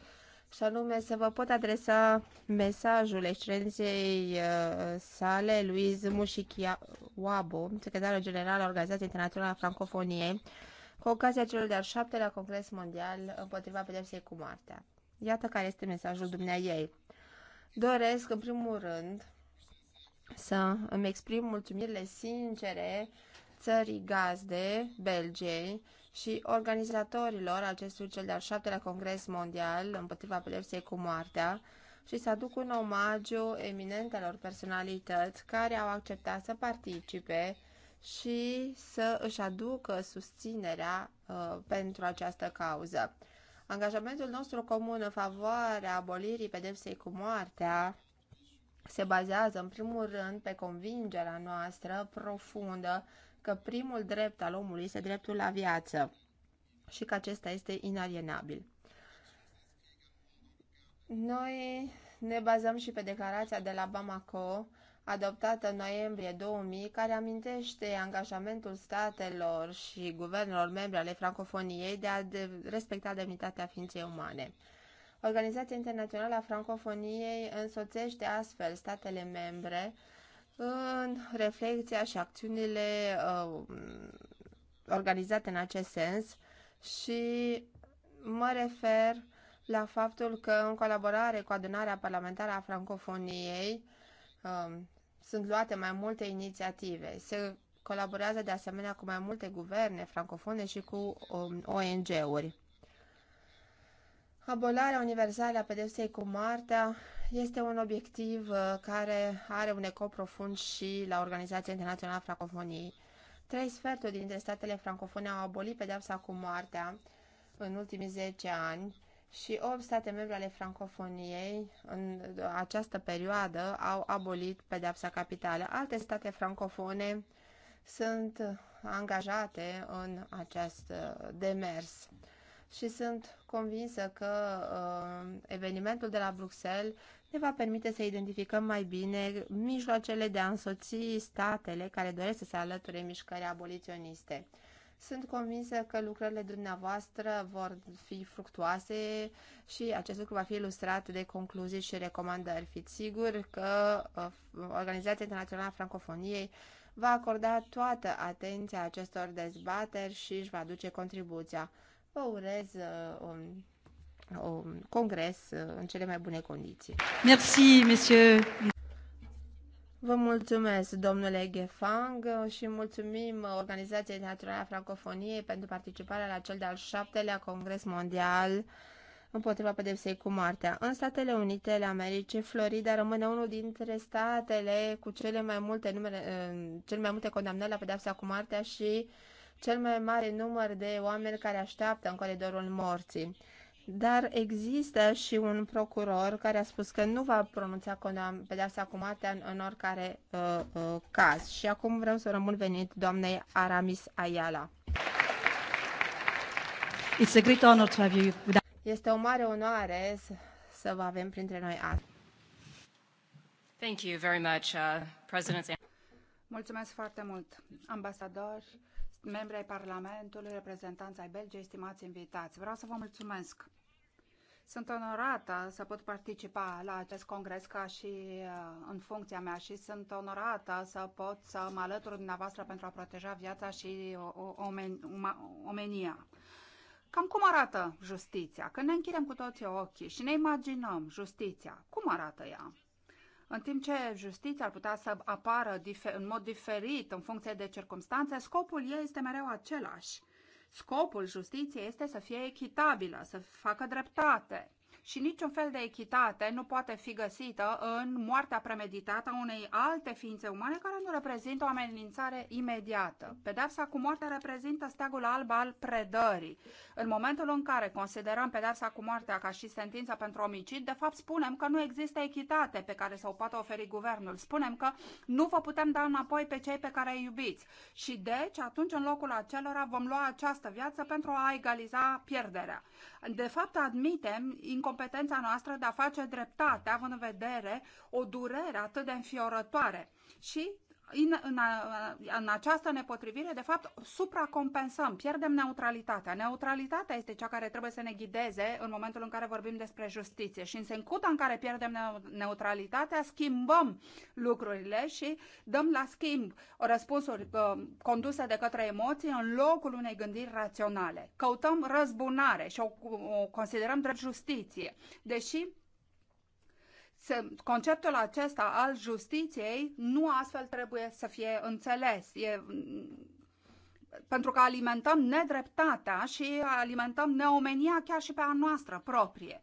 și anume să vă pot adresa mesajul excelenței uh, sale Luiz Mușichia Wabu, secretarul general al Organizației Internaționale a Francofoniei, cu ocazia celor de-al șaptelea Congres Mondial împotriva pedepsei cu moartea. Iată care este mesajul dumneai ei. Doresc, în primul rând, să îmi exprim mulțumirile sincere țării gazde, Belgiei și organizatorilor acestui cel de-al șaptelea congres mondial împotriva pedepsei cu moartea și să aduc un omagiu eminentelor personalități care au acceptat să participe și să își aducă susținerea uh, pentru această cauză. Angajamentul nostru comun în favoarea abolirii pedepsei cu moartea se bazează în primul rând pe convingerea noastră profundă că primul drept al omului este dreptul la viață și că acesta este inalienabil. Noi ne bazăm și pe declarația de la Bamako, adoptată în noiembrie 2000, care amintește angajamentul statelor și guvernelor membre ale francofoniei de a respecta demnitatea ființei umane. Organizația Internațională a Francofoniei însoțește astfel statele membre în reflecția și acțiunile uh, organizate în acest sens și mă refer la faptul că în colaborare cu adunarea parlamentară a francofoniei uh, sunt luate mai multe inițiative. Se colaborează de asemenea cu mai multe guverne francofone și cu um, ONG-uri. Abolarea universală a pedepsei cu moartea este un obiectiv uh, care are un eco profund și la Organizația Internațională a Francofoniei. Trei sferturi dintre statele francofone au abolit pedepsa cu moartea în ultimii 10 ani și 8 state membre ale francofoniei în uh, această perioadă au abolit pedepsa capitală. Alte state francofone sunt angajate în acest uh, demers și sunt convinsă că uh, evenimentul de la Bruxelles ne va permite să identificăm mai bine mijloacele de a însoți statele care doresc să se alăture mișcării aboliționiste. Sunt convinsă că lucrările dumneavoastră vor fi fructuoase și acest lucru va fi ilustrat de concluzii și recomandări. Fiți sigur că uh, Organizația Internațională a Francofoniei va acorda toată atenția acestor dezbateri și își va duce contribuția vă urez uh, un, un congres uh, în cele mai bune condiții. Merci, monsieur. Vă mulțumesc, domnule Gefang, și mulțumim Organizației Naturale a Francofoniei pentru participarea la cel de-al șaptelea Congres Mondial împotriva pedepsei cu moartea. În Statele Unite ale Americii, Florida rămâne unul dintre statele cu cele mai multe, numere, uh, cele mai multe condamnări la pedepsa cu moartea și cel mai mare număr de oameni care așteaptă în coridorul morții. Dar există și un procuror care a spus că nu va pronunța pedeapsa cu moartea în, în oricare uh, uh, caz. Și acum vreau să rămân venit doamnei Aramis Ayala. It's a great honor to have you. Este o mare onoare să, să vă avem printre noi azi. Thank you very much, uh, President. Mulțumesc foarte mult, ambasador, membri ai Parlamentului, reprezentanți ai Belgiei, stimați invitați. Vreau să vă mulțumesc. Sunt onorată să pot participa la acest congres ca și uh, în funcția mea și sunt onorată să pot să mă alătur dumneavoastră pentru a proteja viața și uh, omenia. Cam cum arată justiția? Când ne închidem cu toții ochii și ne imaginăm justiția, cum arată ea? în timp ce justiția ar putea să apară în mod diferit în funcție de circunstanțe, scopul ei este mereu același. Scopul justiției este să fie echitabilă, să facă dreptate și niciun fel de echitate nu poate fi găsită în moartea premeditată a unei alte ființe umane care nu reprezintă o amenințare imediată. Pedepsa cu moartea reprezintă steagul alb al predării. În momentul în care considerăm pedepsa cu moartea ca și sentința pentru omicid, de fapt spunem că nu există echitate pe care să o poată oferi guvernul. Spunem că nu vă putem da înapoi pe cei pe care îi iubiți. Și deci, atunci, în locul acelora, vom lua această viață pentru a egaliza pierderea. De fapt, admitem incompetența noastră de a face dreptate, având în vedere o durere atât de înfiorătoare. Și în, în, în această nepotrivire, de fapt, supracompensăm, pierdem neutralitatea. Neutralitatea este cea care trebuie să ne ghideze în momentul în care vorbim despre justiție și în sencuta în care pierdem neutralitatea, schimbăm lucrurile și dăm la schimb răspunsuri uh, conduse de către emoții în locul unei gândiri raționale. Căutăm răzbunare și o, o considerăm drept justiție, deși conceptul acesta al justiției nu astfel trebuie să fie înțeles. E, pentru că alimentăm nedreptatea și alimentăm neomenia chiar și pe a noastră proprie.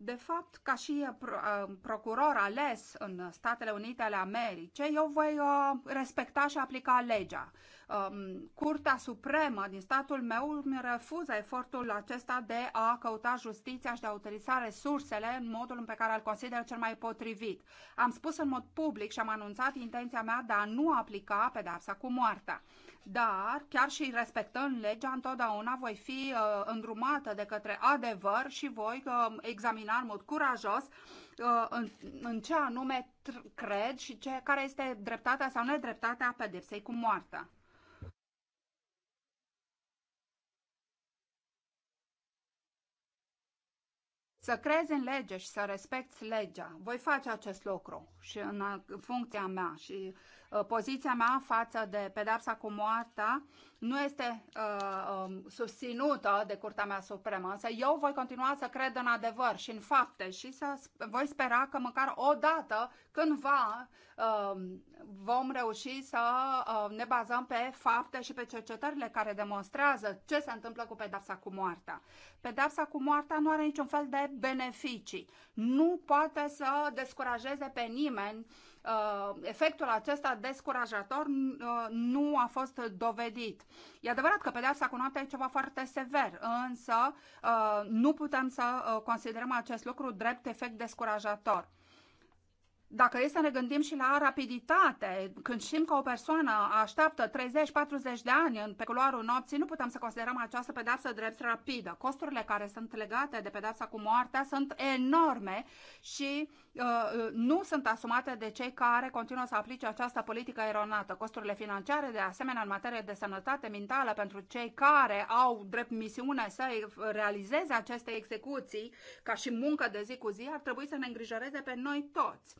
De fapt, ca și uh, uh, procuror ales în Statele Unite ale Americii, eu voi uh, respecta și aplica legea. Um, Curtea Supremă din statul meu îmi refuză efortul acesta de a căuta justiția și de a utiliza resursele în modul în pe care îl consider cel mai potrivit. Am spus în mod public și am anunțat intenția mea de a nu aplica pedapsa cu moartea dar chiar și respectând legea, întotdeauna voi fi uh, îndrumată de către adevăr și voi uh, examina în mod curajos uh, în, în ce anume cred și ce, care este dreptatea sau nedreptatea pedepsei cu moartea. Să crezi în lege și să respecti legea. Voi face acest lucru și în funcția mea și uh, Uh, poziția mea față de pedapsa cu moartea nu este uh, um, susținută de Curtea mea Supremă, însă eu voi continua să cred în adevăr și în fapte și să voi spera că măcar o dată, cândva, uh, vom reuși să uh, ne bazăm pe fapte și pe cercetările care demonstrează ce se întâmplă cu pedapsa cu moartea. Pedapsa cu moartea nu are niciun fel de beneficii. Nu poate să descurajeze pe nimeni uh, efectul acesta descurajator uh, nu a fost dovedit. E adevărat că pedeapsa cu noaptea e ceva foarte sever, însă uh, nu putem să uh, considerăm acest lucru drept efect descurajator dacă este să ne gândim și la rapiditate, când știm că o persoană așteaptă 30-40 de ani în pe culoarul nopții, nu putem să considerăm această pedeapsă drept rapidă. Costurile care sunt legate de pedeapsa cu moartea sunt enorme și Uh, uh, nu sunt asumate de cei care continuă să aplice această politică eronată. Costurile financiare, de asemenea, în materie de sănătate mentală pentru cei care au drept misiune să realizeze aceste execuții ca și muncă de zi cu zi, ar trebui să ne îngrijoreze pe noi toți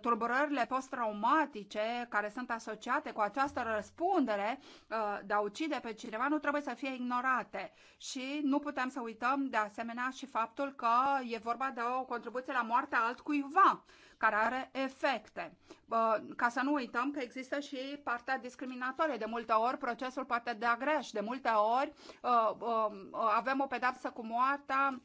tulburările post-traumatice care sunt asociate cu această răspundere uh, de a ucide pe cineva nu trebuie să fie ignorate și nu putem să uităm de asemenea și faptul că e vorba de o contribuție la moartea altcuiva care are efecte. Uh, ca să nu uităm că există și partea discriminatorie. De multe ori procesul poate de greș, de multe ori uh, avem o pedapsă cu moartea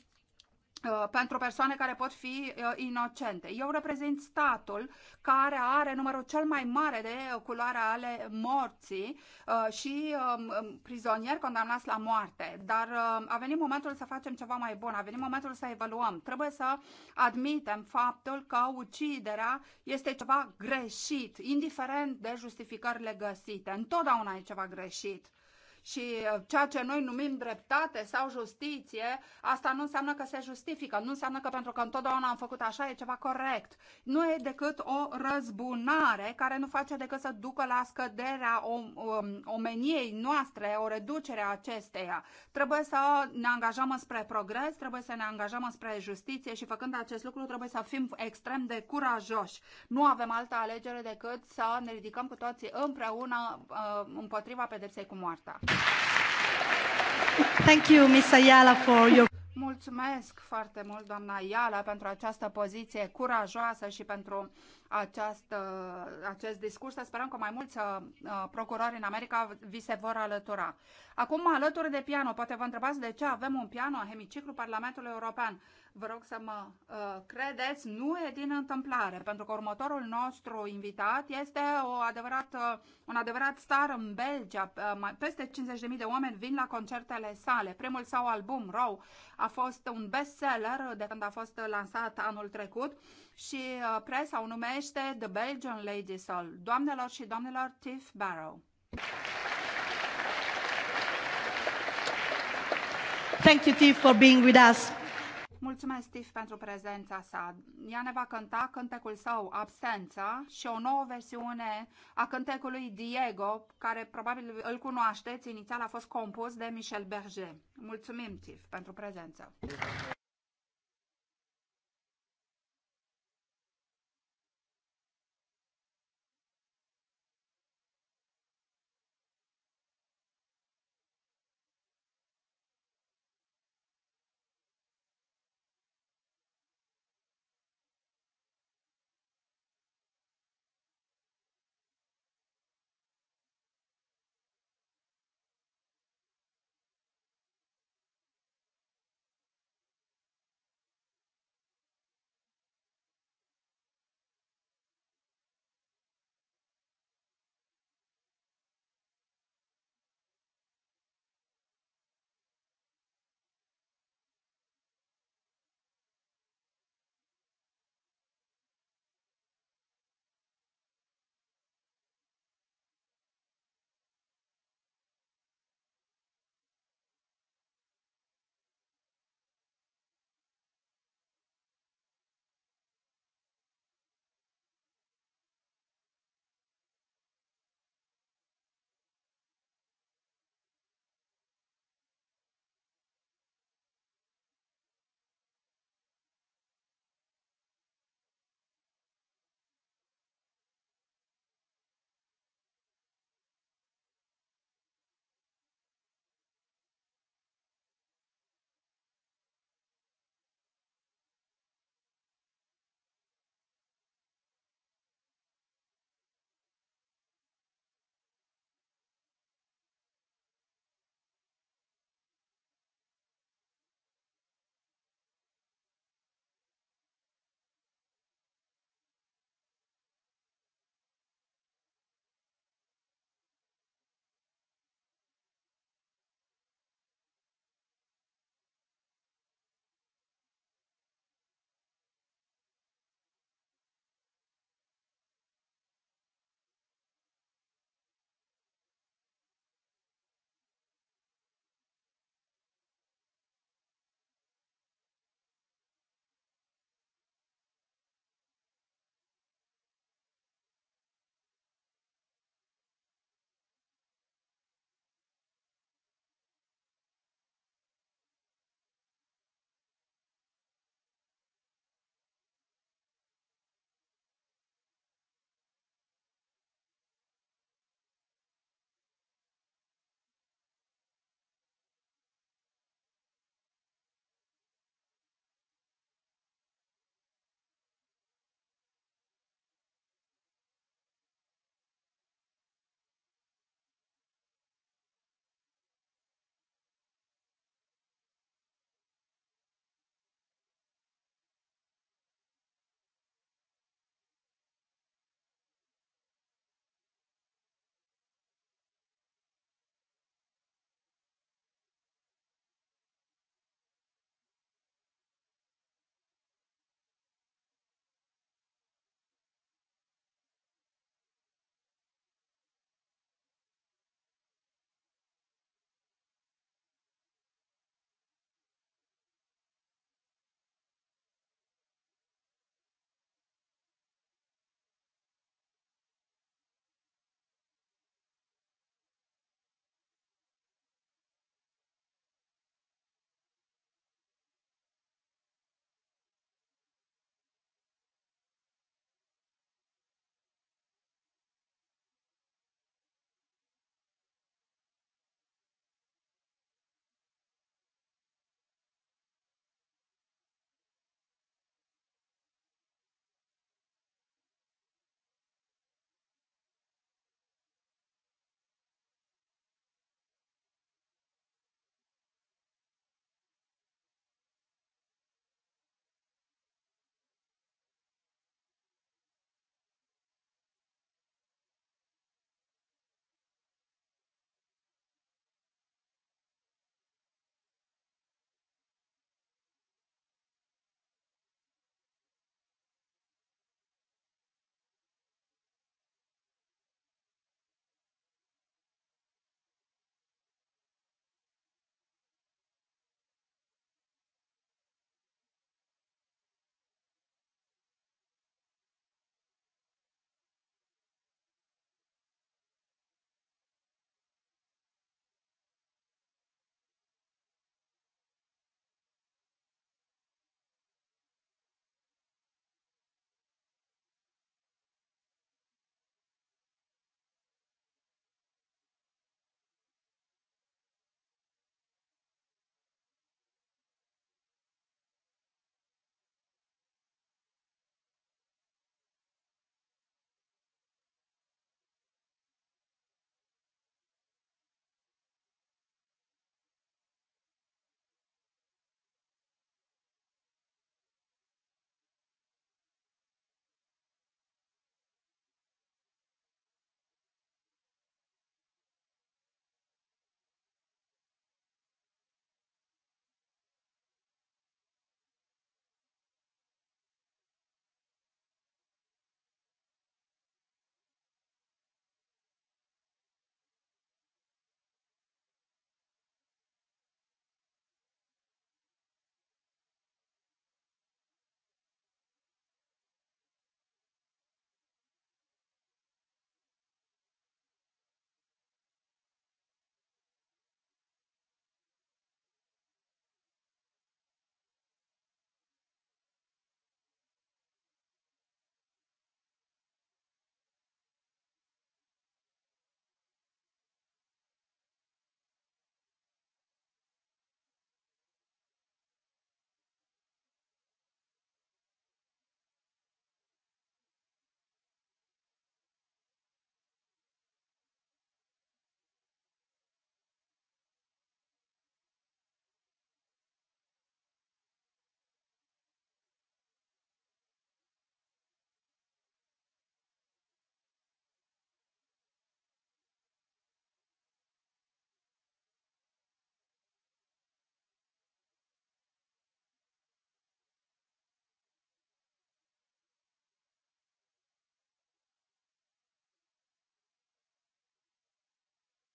Uh, pentru persoane care pot fi uh, inocente. Eu reprezint statul care are numărul cel mai mare de culoare ale morții uh, și um, um, prizonieri condamnați la moarte. Dar a venit momentul să facem ceva mai bun, a venit momentul să evaluăm. Trebuie să admitem faptul că uciderea este ceva greșit, indiferent de justificările găsite. Întotdeauna e ceva greșit și uh, ceea ce noi numim dreptate sau justiție, asta nu înseamnă că se justifică, nu înseamnă că pentru că întotdeauna am făcut așa e ceva corect. Nu e decât o răzbunare care nu face decât să ducă la scăderea um, omeniei noastre, o reducere a acesteia. Trebuie să ne angajăm spre progres, trebuie să ne angajăm spre justiție și făcând acest lucru trebuie să fim extrem de curajoși. Nu avem altă alegere decât să ne ridicăm cu toții împreună uh, împotriva pedepsei cu moartea. Thank you, Miss Ayala, for your... Mulțumesc foarte mult, doamna Iala, pentru această poziție curajoasă și pentru această, acest discurs. sperăm că mai mulți uh, procurori în America vi se vor alătura. Acum, alături de piano, poate vă întrebați de ce avem un piano în hemiciclu Parlamentului European. Vă rog să mă uh, credeți, nu e din întâmplare, pentru că următorul nostru invitat este o adevărată, uh, un adevărat star în Belgia. Uh, peste 50.000 de oameni vin la concertele sale. Primul său album, Row, a fost un bestseller de când a fost lansat anul trecut și uh, presa o numește The Belgian Lady Soul. Doamnelor și domnilor, Tiff Barrow. Thank you, Tiff, for being with us. Mulțumesc, Steve, pentru prezența sa. Ea ne va cânta cântecul său, Absența, și o nouă versiune a cântecului Diego, care probabil îl cunoașteți, inițial a fost compus de Michel Berger. Mulțumim, Steve, pentru prezență.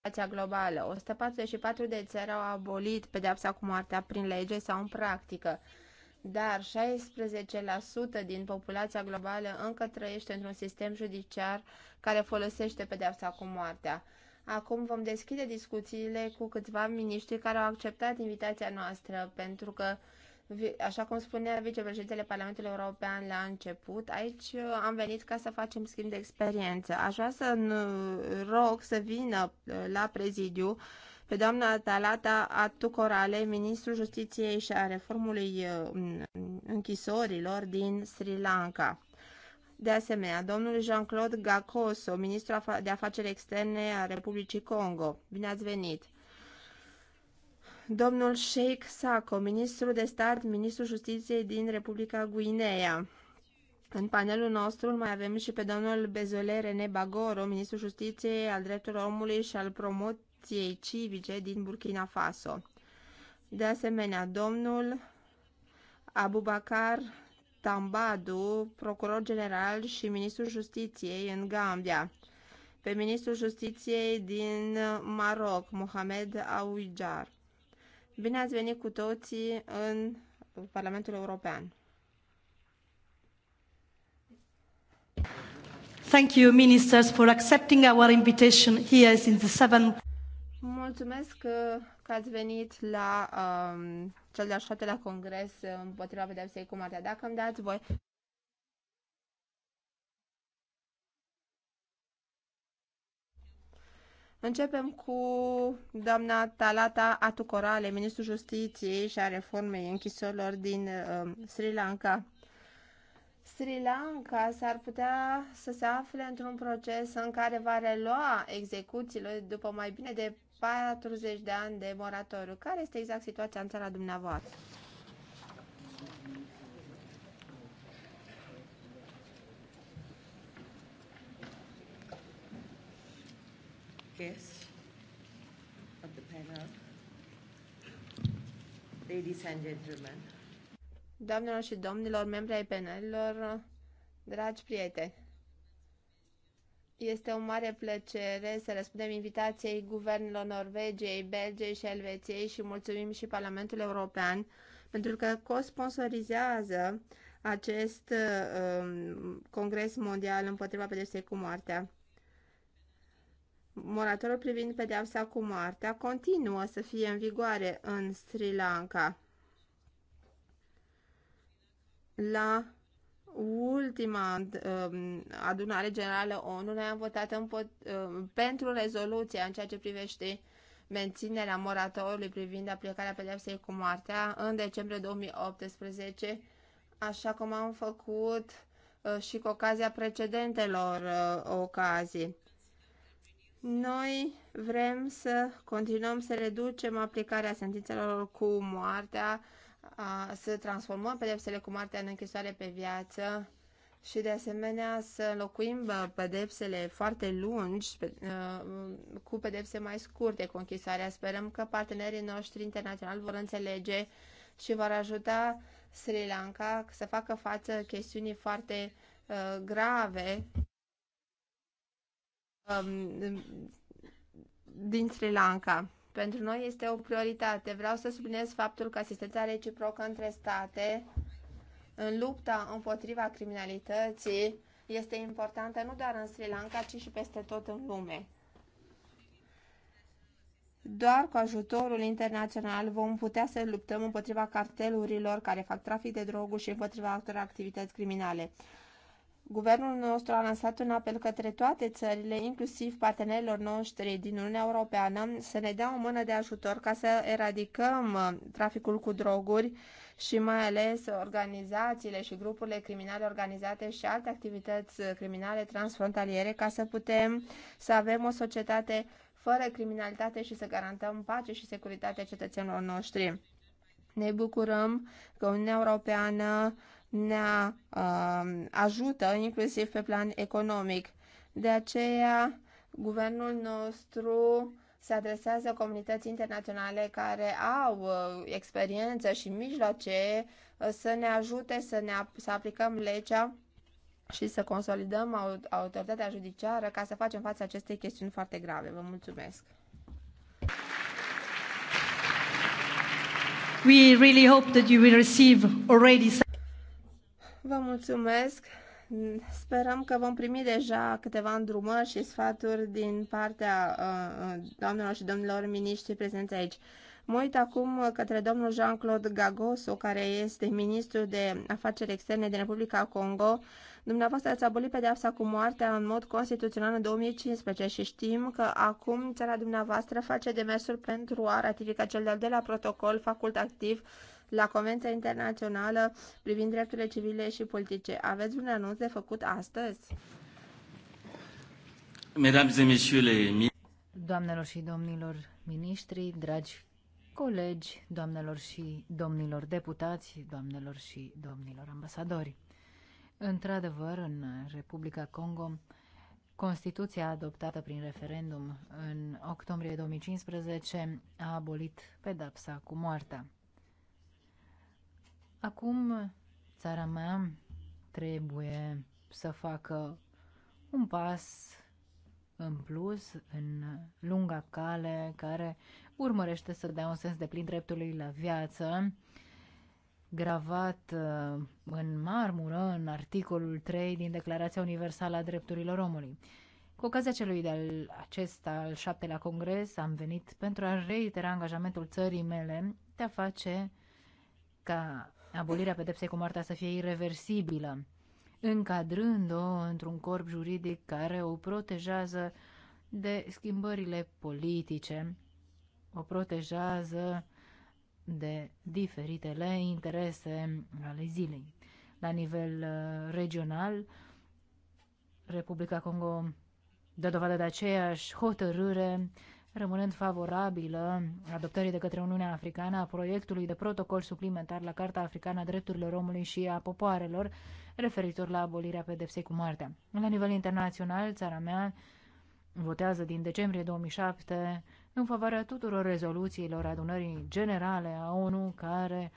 situația globală. 144 de țări au abolit pedepsa cu moartea prin lege sau în practică, dar 16% din populația globală încă trăiește într-un sistem judiciar care folosește pedepsa cu moartea. Acum vom deschide discuțiile cu câțiva miniștri care au acceptat invitația noastră pentru că Așa cum spunea vicepreședintele Parlamentului European la început, aici uh, am venit ca să facem schimb de experiență. Aș vrea să rog să vină uh, la prezidiu pe doamna Talata Atucorale, ministrul justiției și a reformului uh, închisorilor din Sri Lanka. De asemenea, domnul Jean-Claude Gacoso, ministrul de afaceri externe a Republicii Congo. Bine ați venit! domnul Sheikh Sako, ministru de stat, ministrul justiției din Republica Guinea. În panelul nostru mai avem și pe domnul Bezole René Bagoro, ministrul justiției, al drepturilor omului și al promoției civice din Burkina Faso. De asemenea, domnul Abubakar Tambadu, procuror general și ministrul justiției în Gambia pe ministrul justiției din Maroc, Mohamed Aouijar. Bine ați venit cu toții în Parlamentul European. Thank you, ministers, for accepting our invitation here in the seven... Mulțumesc că ați venit la um, cel de-al șaptelea congres împotriva pedepsei cu moartea. Dacă îmi dați voi. Începem cu doamna Talata Atucorale, ministrul justiției și a reformei închisorilor din uh, Sri Lanka. Sri Lanka s-ar putea să se afle într-un proces în care va relua execuțiile după mai bine de 40 de ani de moratoriu. Care este exact situația în țara dumneavoastră? guests of the panel, ladies and gentlemen. Doamnelor și domnilor, membri ai panelilor, dragi prieteni, este o mare plăcere să răspundem invitației guvernelor Norvegiei, Belgiei și Elveției și mulțumim și Parlamentul European pentru că co-sponsorizează acest uh, congres mondial împotriva pedepsei cu moartea moratoriul privind pedeapsa cu moartea continuă să fie în vigoare în Sri Lanka. La ultima um, adunare generală ONU noi am votat um, pentru rezoluția în ceea ce privește menținerea moratoriului privind aplicarea pedeapsei cu moartea în decembrie 2018, așa cum am făcut uh, și cu ocazia precedentelor uh, ocazii. Noi vrem să continuăm să reducem aplicarea sentințelor cu moartea, a, să transformăm pedepsele cu moartea în închisoare pe viață și de asemenea să înlocuim pedepsele foarte lungi ă, cu pedepse mai scurte cu închisoarea. Sperăm că partenerii noștri internaționali vor înțelege și vor ajuta Sri Lanka să facă față chestiunii foarte ă, grave Um, din Sri Lanka. Pentru noi este o prioritate. Vreau să subliniez faptul că asistența reciprocă între state în lupta împotriva criminalității este importantă nu doar în Sri Lanka, ci și peste tot în lume. Doar cu ajutorul internațional vom putea să luptăm împotriva cartelurilor care fac trafic de droguri și împotriva altor activități criminale. Guvernul nostru a lansat un apel către toate țările, inclusiv partenerilor noștri din Uniunea Europeană, să ne dea o mână de ajutor ca să eradicăm uh, traficul cu droguri și mai ales organizațiile și grupurile criminale organizate și alte activități uh, criminale transfrontaliere ca să putem să avem o societate fără criminalitate și să garantăm pace și securitatea cetățenilor noștri. Ne bucurăm că Uniunea Europeană ne uh, um, ajută inclusiv pe plan economic. De aceea, guvernul nostru se adresează comunității internaționale care au uh, experiență și mijloace uh, să ne ajute să, ne, să aplicăm legea și să consolidăm autoritatea judiciară ca să facem față acestei chestiuni foarte grave. Vă mulțumesc! We really hope that you will receive already Vă mulțumesc! Sperăm că vom primi deja câteva îndrumări și sfaturi din partea uh, uh, doamnelor și domnilor miniștri prezenți aici. Mă uit acum uh, către domnul Jean-Claude Gagosu, care este ministru de afaceri externe din Republica Congo. Dumneavoastră ați abolit pedeapsa cu moartea în mod constituțional în 2015 și știm că acum țara dumneavoastră face demersuri pentru a ratifica cel de-al doilea protocol facultativ la Convenția Internațională privind drepturile civile și politice. Aveți un anunț de făcut astăzi? Doamnelor și domnilor miniștri, dragi colegi, doamnelor și domnilor deputați, doamnelor și domnilor ambasadori. Într-adevăr, în Republica Congo, Constituția adoptată prin referendum în octombrie 2015 a abolit pedapsa cu moartea. Acum, țara mea trebuie să facă un pas în plus în lunga cale care urmărește să dea un sens de plin dreptului la viață, gravat uh, în marmură în articolul 3 din Declarația Universală a Drepturilor Omului. Cu ocazia celui de-al acesta, al șaptelea congres, am venit pentru a reitera angajamentul țării mele de a face ca abolirea pedepsei cu moartea să fie irreversibilă, încadrând-o într-un corp juridic care o protejează de schimbările politice, o protejează de diferitele interese ale zilei. La nivel uh, regional, Republica Congo dă dovadă de aceeași hotărâre rămânând favorabilă adoptării de către Uniunea Africană a proiectului de protocol suplimentar la Carta Africană a Drepturilor Omului și a Popoarelor, referitor la abolirea pedepsei cu moartea. La nivel internațional, țara mea votează din decembrie 2007 în favoarea tuturor rezoluțiilor adunării generale a ONU care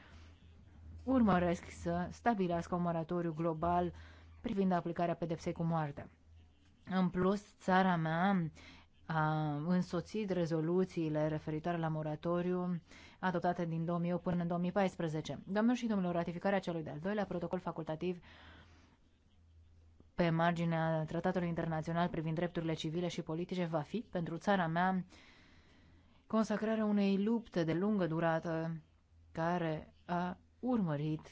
urmăresc să stabilească un moratoriu global privind aplicarea pedepsei cu moartea. În plus, țara mea a însoțit rezoluțiile referitoare la moratoriu adoptate din 2008 până în 2014. Doamnelor și domnilor, ratificarea celui de-al doilea protocol facultativ pe marginea Tratatului Internațional privind drepturile civile și politice va fi, pentru țara mea, consacrarea unei lupte de lungă durată care a urmărit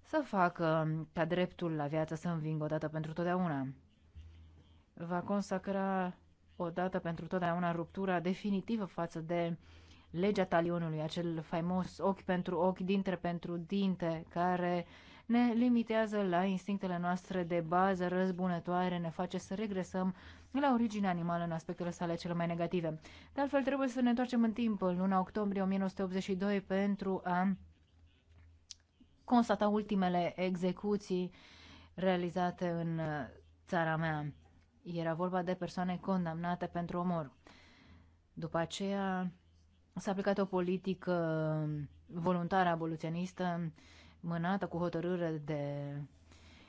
să facă ca dreptul la viață să învingă dată pentru totdeauna. Va consacra odată pentru totdeauna ruptura definitivă față de legea talionului, acel faimos ochi pentru ochi, dintre pentru dinte, care ne limitează la instinctele noastre de bază răzbunătoare, ne face să regresăm la originea animală în aspectele sale cele mai negative. De altfel, trebuie să ne întoarcem în timp, în luna octombrie 1982, pentru a constata ultimele execuții realizate în țara mea. Era vorba de persoane condamnate pentru omor. După aceea s-a aplicat o politică voluntară aboluționistă, mânată cu hotărâre de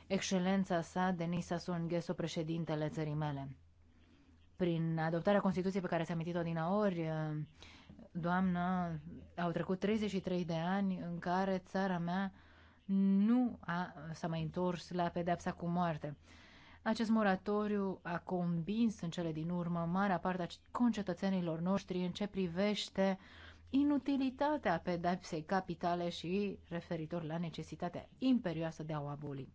excelența sa, Denisa Sassou președintele țării mele. Prin adoptarea Constituției pe care s-a amintit-o din aori, doamnă, au trecut 33 de ani în care țara mea nu a, s-a mai întors la pedepsa cu moarte. Acest moratoriu a convins în cele din urmă marea parte a concetățenilor noștri în ce privește inutilitatea pedepsei capitale și referitor la necesitatea imperioasă de a o aboli.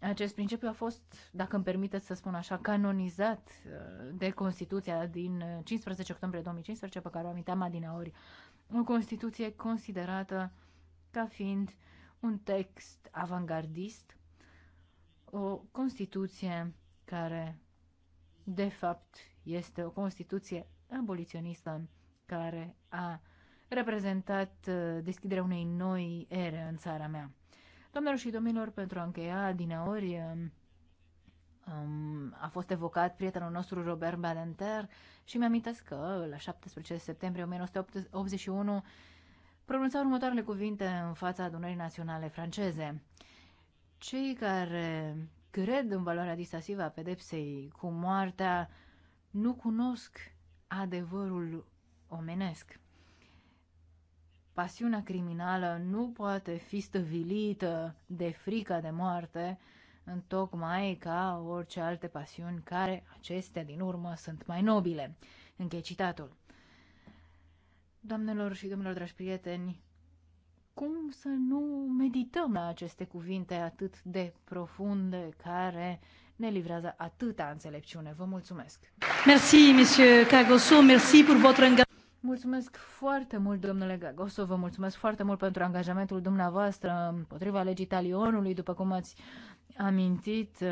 Acest principiu a fost, dacă îmi permiteți să spun așa, canonizat uh, de Constituția din 15 uh, octombrie 2015, pe care o aminteam adineori, o Constituție considerată ca fiind un text avangardist o Constituție care, de fapt, este o Constituție aboliționistă care a reprezentat uh, deschiderea unei noi ere în țara mea. Doamnelor și domnilor, pentru a încheia dinaori, um, um, a fost evocat prietenul nostru Robert Badenter și mi-amintesc că la 17 septembrie 1981 pronunța următoarele cuvinte în fața adunării naționale franceze. Cei care cred în valoarea distasivă a pedepsei cu moartea nu cunosc adevărul omenesc. Pasiunea criminală nu poate fi stăvilită de frica de moarte, întocmai ca orice alte pasiuni care acestea din urmă sunt mai nobile. Închei citatul. Doamnelor și domnilor dragi prieteni, cum să nu medităm la aceste cuvinte atât de profunde care ne livrează atâta înțelepciune. Vă mulțumesc! Merci, monsieur Cagoso, merci pour votre Mulțumesc foarte mult, domnule Gagoso, vă mulțumesc foarte mult pentru angajamentul dumneavoastră împotriva legii talionului, după cum ați amintit.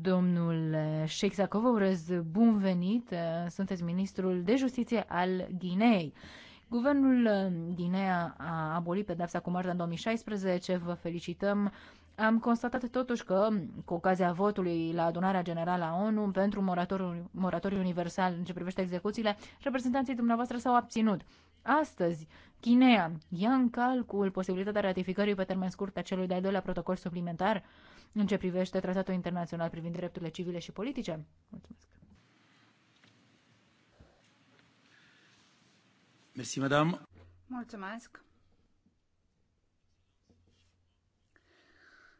Domnule Sheikh urez bun venit. Sunteți ministrul de justiție al Guineei. Guvernul Guinea a abolit pedepsa cu moartea în 2016. Vă felicităm. Am constatat totuși că, cu ocazia votului la adunarea generală a ONU pentru moratoriu, moratoriu universal în ce privește execuțiile, reprezentanții dumneavoastră s-au abținut astăzi. Chinea ia în calcul posibilitatea ratificării pe termen scurt a celui de-al doilea protocol suplimentar în ce privește tratatul internațional privind drepturile civile și politice? Mulțumesc. Mersi, madame. Mulțumesc.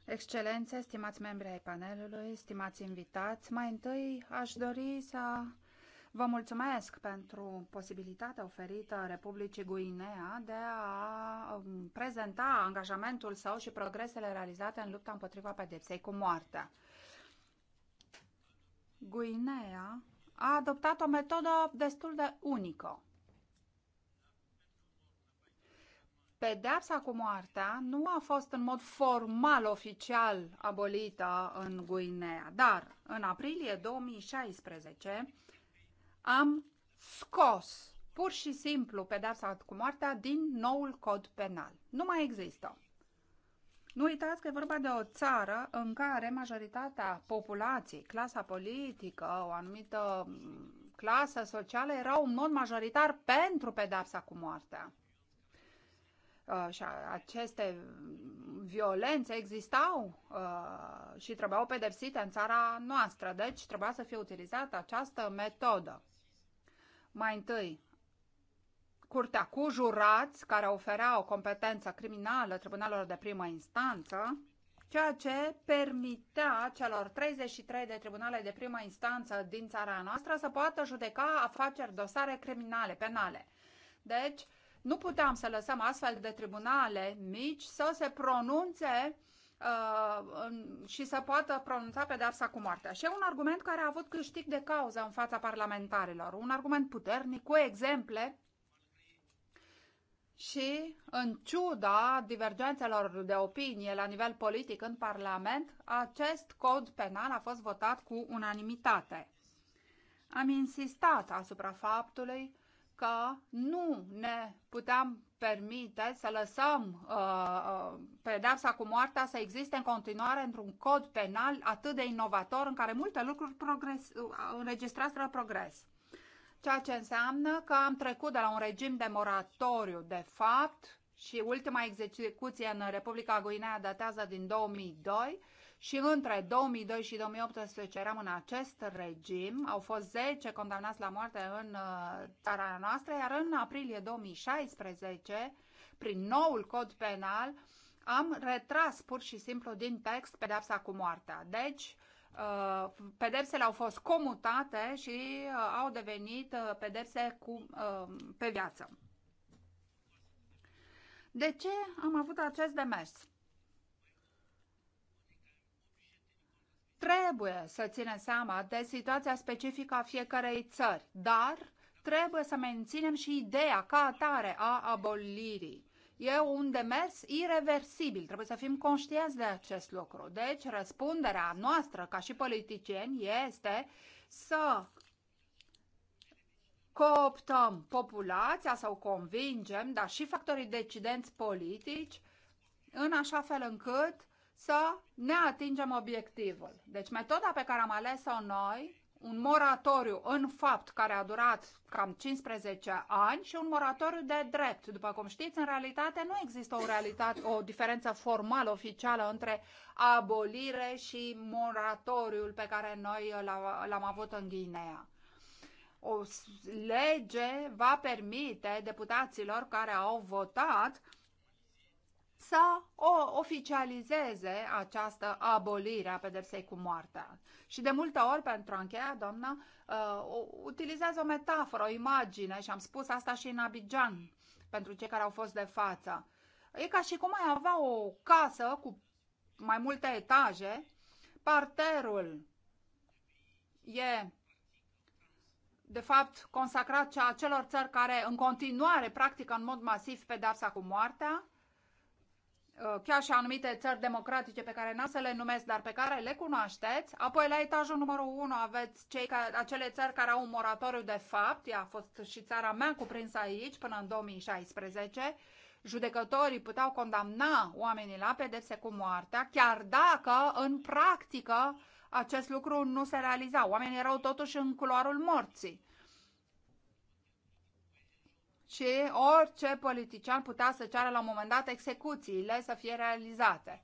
Excelențe, stimați membri ai panelului, stimați invitați, mai întâi aș dori să Vă mulțumesc pentru posibilitatea oferită Republicii Guinea de a um, prezenta angajamentul său și progresele realizate în lupta împotriva pedepsei cu moartea. Guinea a adoptat o metodă destul de unică. Pedeapsa cu moartea nu a fost în mod formal oficial abolită în Guinea, dar în aprilie 2016 am scos pur și simplu pedeapsa cu moartea din noul cod penal. Nu mai există. Nu uitați că e vorba de o țară în care majoritatea populației, clasa politică, o anumită clasă socială erau în mod majoritar pentru pedeapsa cu moartea. Uh, și aceste violențe existau uh, și trebuiau pedepsite în țara noastră, deci trebuia să fie utilizată această metodă. Mai întâi, curtea cu jurați care oferea o competență criminală tribunalelor de primă instanță, ceea ce permitea celor 33 de tribunale de primă instanță din țara noastră să poată judeca afaceri, dosare criminale, penale. Deci, nu puteam să lăsăm astfel de tribunale mici să se pronunțe Uh, și să poată pronunța pedeapsa cu moartea. Și e un argument care a avut câștig de cauză în fața parlamentarilor. Un argument puternic, cu exemple și, în ciuda divergențelor de opinie la nivel politic în Parlament, acest cod penal a fost votat cu unanimitate. Am insistat asupra faptului că nu ne puteam permite să lăsăm uh, uh pedepsa cu moartea să existe în continuare într-un cod penal atât de inovator în care multe lucruri progres, uh, la progres. Ceea ce înseamnă că am trecut de la un regim de moratoriu de fapt și ultima execuție în Republica Guinea datează din 2002 și între 2002 și 2018 eram în acest regim. Au fost 10 condamnați la moarte în uh, țara noastră, iar în aprilie 2016, prin noul cod penal, am retras pur și simplu din text pedepsa cu moartea. Deci, uh, pedepsele au fost comutate și uh, au devenit pedepse cu, pe viață. De ce am avut acest demers? Trebuie să ținem seama de situația specifică a fiecarei țări, dar trebuie să menținem și ideea ca atare a abolirii. E un demers irreversibil, trebuie să fim conștienți de acest lucru. Deci, răspunderea noastră ca și politicieni este să cooptăm populația sau convingem, dar și factorii decidenți politici, în așa fel încât să ne atingem obiectivul. Deci metoda pe care am ales-o noi, un moratoriu în fapt care a durat cam 15 ani și un moratoriu de drept. După cum știți, în realitate nu există o, realitate, o diferență formală, oficială între abolire și moratoriul pe care noi l-am avut în Guinea o lege va permite deputaților care au votat să o oficializeze această abolire a pedepsei cu moartea. Și de multe ori, pentru a încheia, doamna, uh, utilizează o metaforă, o imagine și am spus asta și în Abidjan, pentru cei care au fost de față. E ca și cum ai avea o casă cu mai multe etaje, parterul e de fapt consacrat celor țări care în continuare practică în mod masiv pedepsa cu moartea, Uh, chiar și anumite țări democratice pe care n-am să le numesc, dar pe care le cunoașteți. Apoi la etajul numărul 1 aveți cei ca, acele țări care au un moratoriu de fapt, ea a fost și țara mea cuprinsă aici până în 2016. Judecătorii puteau condamna oamenii la pedepse cu moartea, chiar dacă în practică acest lucru nu se realiza. Oamenii erau totuși în culoarul morții și orice politician putea să ceară la un moment dat execuțiile să fie realizate.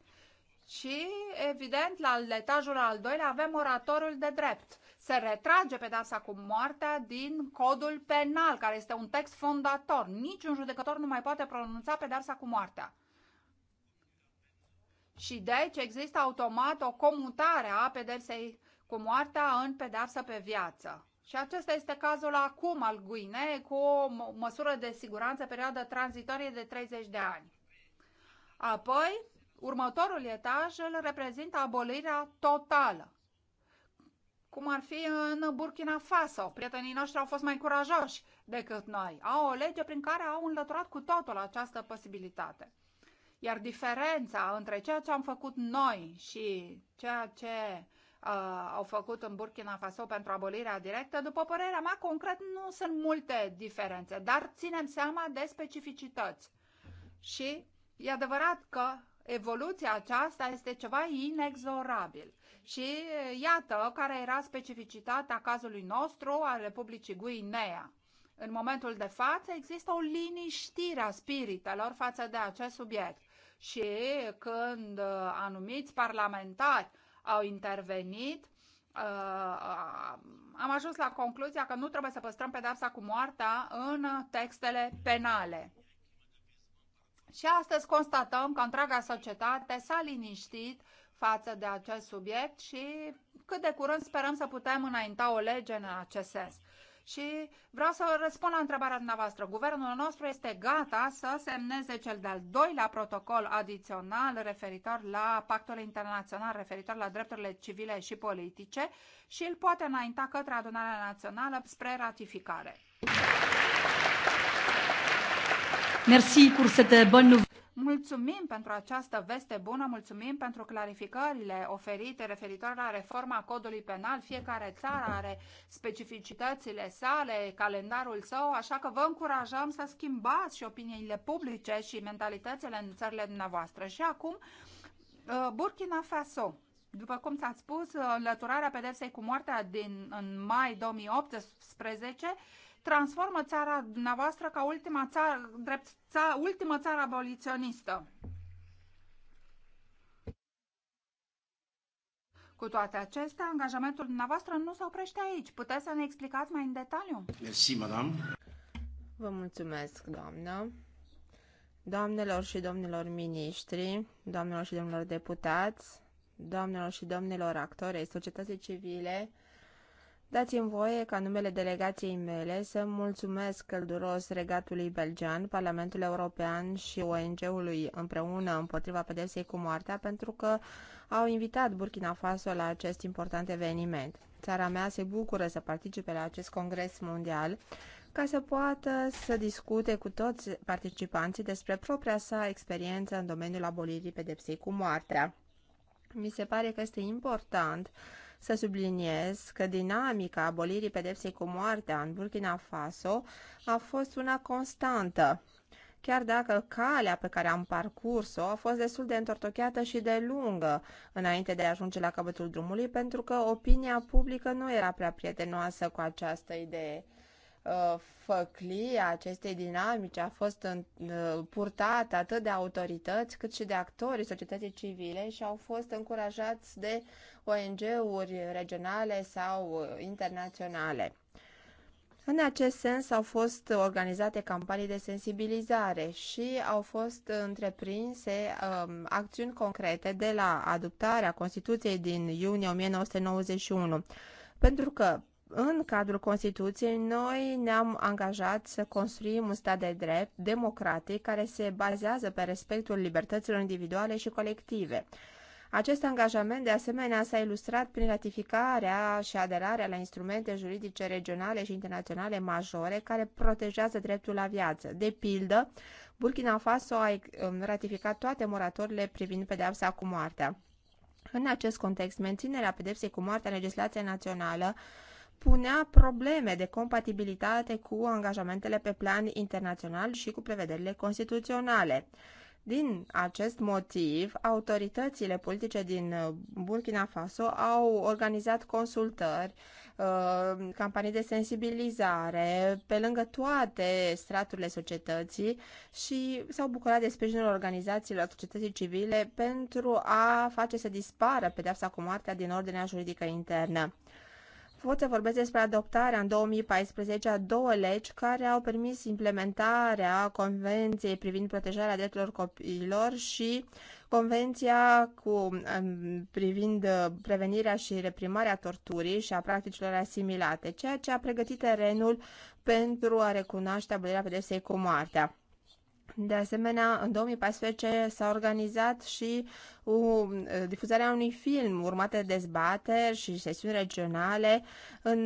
Și, evident, la etajul al doilea avem oratorul de drept. Se retrage pedeapsa cu moartea din codul penal, care este un text fondator. Niciun judecător nu mai poate pronunța pedeapsa cu moartea. Și deci există automat o comutare a pedepsei cu moartea în pedeapsă pe viață. Și acesta este cazul acum al Guinei cu o măsură de siguranță, perioadă tranzitorie de 30 de ani. Apoi, următorul etaj îl reprezintă abolirea totală. Cum ar fi în Burkina Faso, prietenii noștri au fost mai curajoși decât noi. Au o lege prin care au înlăturat cu totul această posibilitate. Iar diferența între ceea ce am făcut noi și ceea ce uh, au făcut în Burkina Faso pentru abolirea directă, după părerea mea, concret nu sunt multe diferențe, dar ținem seama de specificități. Și e adevărat că evoluția aceasta este ceva inexorabil. Și uh, iată care era specificitatea cazului nostru al Republicii Guinea. În momentul de față există o liniștire a spiritelor față de acest subiect. Și când uh, anumiți parlamentari au intervenit, uh, am ajuns la concluzia că nu trebuie să păstrăm pedapsa cu moartea în textele penale. Și astăzi constatăm că întreaga societate s-a liniștit față de acest subiect și cât de curând sperăm să putem înainta o lege în acest sens și vreau să răspund la întrebarea dumneavoastră. Guvernul nostru este gata să semneze cel de-al doilea protocol adițional referitor la pactul internațional referitor la drepturile civile și politice și îl poate înainta către adunarea națională spre ratificare. Merci pour cette bonne Mulțumim pentru această veste bună, mulțumim pentru clarificările oferite referitor la reforma codului penal. Fiecare țară are specificitățile sale, calendarul său, așa că vă încurajăm să schimbați și opiniile publice și mentalitățile în țările dumneavoastră. Și acum, uh, Burkina Faso. După cum s-a spus, uh, înlăturarea pedepsei cu moartea din, în mai 2018 transformă țara dumneavoastră ca ultima țară, drept ța, ultima țară aboliționistă. Cu toate acestea, angajamentul dumneavoastră nu se oprește aici. Puteți să ne explicați mai în detaliu? Mersi, madame. Vă mulțumesc, doamnă. Doamnelor și domnilor miniștri, doamnelor și domnilor deputați, doamnelor și domnilor actori ai societății civile, Dați-mi voie ca numele delegației mele să mulțumesc călduros regatului belgean, Parlamentul European și ONG-ului împreună împotriva pedepsei cu moartea pentru că au invitat Burkina Faso la acest important eveniment. Țara mea se bucură să participe la acest congres mondial ca să poată să discute cu toți participanții despre propria sa experiență în domeniul abolirii pedepsei cu moartea. Mi se pare că este important să subliniez că dinamica abolirii pedepsei cu moartea în Burkina Faso a fost una constantă, chiar dacă calea pe care am parcurs-o a fost destul de întortocheată și de lungă înainte de a ajunge la capătul drumului, pentru că opinia publică nu era prea prietenoasă cu această idee. Uh, făclia acestei dinamici a fost uh, purtată atât de autorități cât și de actorii societății civile și au fost încurajați de ONG-uri regionale sau uh, internaționale. În acest sens au fost organizate campanii de sensibilizare și au fost întreprinse um, acțiuni concrete de la adoptarea Constituției din iunie 1991, pentru că în cadrul Constituției, noi ne-am angajat să construim un stat de drept democratic care se bazează pe respectul libertăților individuale și colective. Acest angajament, de asemenea, s-a ilustrat prin ratificarea și aderarea la instrumente juridice regionale și internaționale majore care protejează dreptul la viață. De pildă, Burkina Faso a um, ratificat toate moratorile privind pedeapsa cu moartea. În acest context, menținerea pedepsei cu moartea în legislația națională punea probleme de compatibilitate cu angajamentele pe plan internațional și cu prevederile constituționale. Din acest motiv, autoritățile politice din uh, Burkina Faso au organizat consultări, uh, campanii de sensibilizare, pe lângă toate straturile societății și s-au bucurat de sprijinul organizațiilor societății civile pentru a face să dispară pedeapsa cu moartea din ordinea juridică internă. Pot să vorbesc despre adoptarea în 2014 a două legi care au permis implementarea Convenției privind protejarea drepturilor copiilor și Convenția cu, um, privind uh, prevenirea și reprimarea torturii și a practicilor asimilate, ceea ce a pregătit terenul pentru a recunoaște abolirea pedepsei cu moartea. De asemenea, în 2014 s-a organizat și o, difuzarea unui film, urmate dezbateri și sesiuni regionale în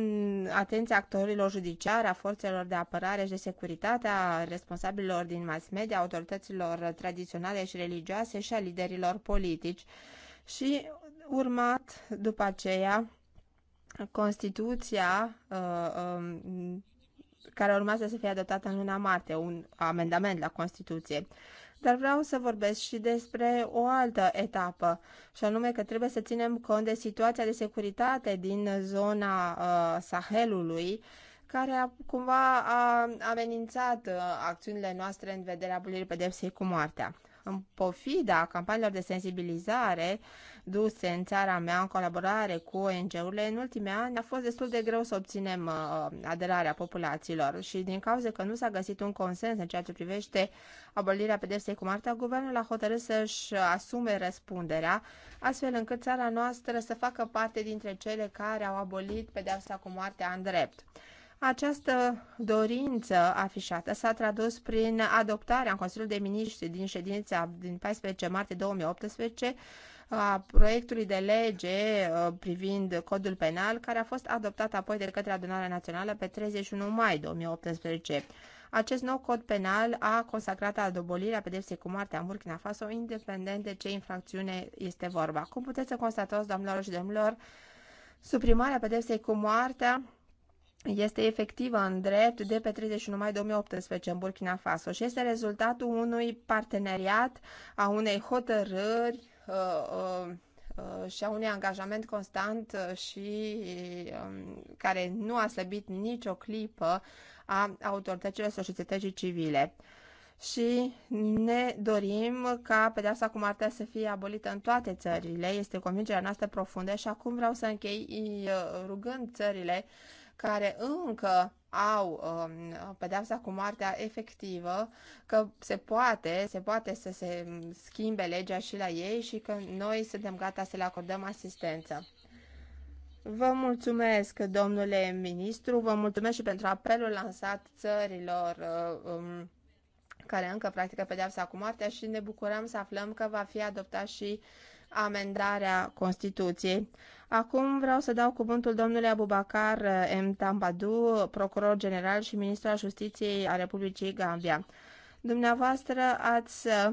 atenția actorilor judiciari, a forțelor de apărare și de securitate, a responsabililor din mass media, autorităților tradiționale și religioase și a liderilor politici. Și urmat după aceea Constituția uh, uh, care urmează să fie adoptată în luna martie, un amendament la Constituție. Dar vreau să vorbesc și despre o altă etapă, și anume că trebuie să ținem cont de situația de securitate din zona uh, Sahelului, care a, cumva a amenințat uh, acțiunile noastre în vederea abolirii pedepsei cu moartea în pofida campaniilor de sensibilizare duse în țara mea în colaborare cu ONG-urile, în ultimii ani a fost destul de greu să obținem uh, aderarea populațiilor și din cauza că nu s-a găsit un consens în ceea ce privește abolirea pedepsei cu moartea, guvernul a hotărât să-și asume răspunderea, astfel încât țara noastră să facă parte dintre cele care au abolit pedepsa cu moartea în drept. Această dorință afișată s-a tradus prin adoptarea în Consiliul de Miniștri din ședința din 14 martie 2018 a proiectului de lege uh, privind codul penal, care a fost adoptat apoi de către Adunarea Națională pe 31 mai 2018. Acest nou cod penal a consacrat adobolirea pedepsei cu moartea în Burkina Faso, independent de ce infracțiune este vorba. Cum puteți să constatați, doamnelor și domnilor, suprimarea pedepsei cu moartea este efectivă în drept de pe 31 mai 2018 în Burkina Faso și este rezultatul unui parteneriat, a unei hotărâri uh, uh, uh, și a unui angajament constant uh, și um, care nu a slăbit nicio clipă a autorităților societății civile și ne dorim ca pedeapsa cu moartea să fie abolită în toate țările. Este convingerea noastră profundă și acum vreau să închei uh, rugând țările care încă au um, pedeapsa cu moartea efectivă, că se poate, se poate să se schimbe legea și la ei și că noi suntem gata să le acordăm asistență. Vă mulțumesc, domnule ministru, vă mulțumesc și pentru apelul lansat țărilor uh, um, care încă practică pedeapsa cu moartea și ne bucurăm să aflăm că va fi adoptat și amendarea Constituției Acum vreau să dau cuvântul domnului Abubakar eh, M. Tambadu, procuror general și ministru al justiției a Republicii Gambia. Dumneavoastră ați eh,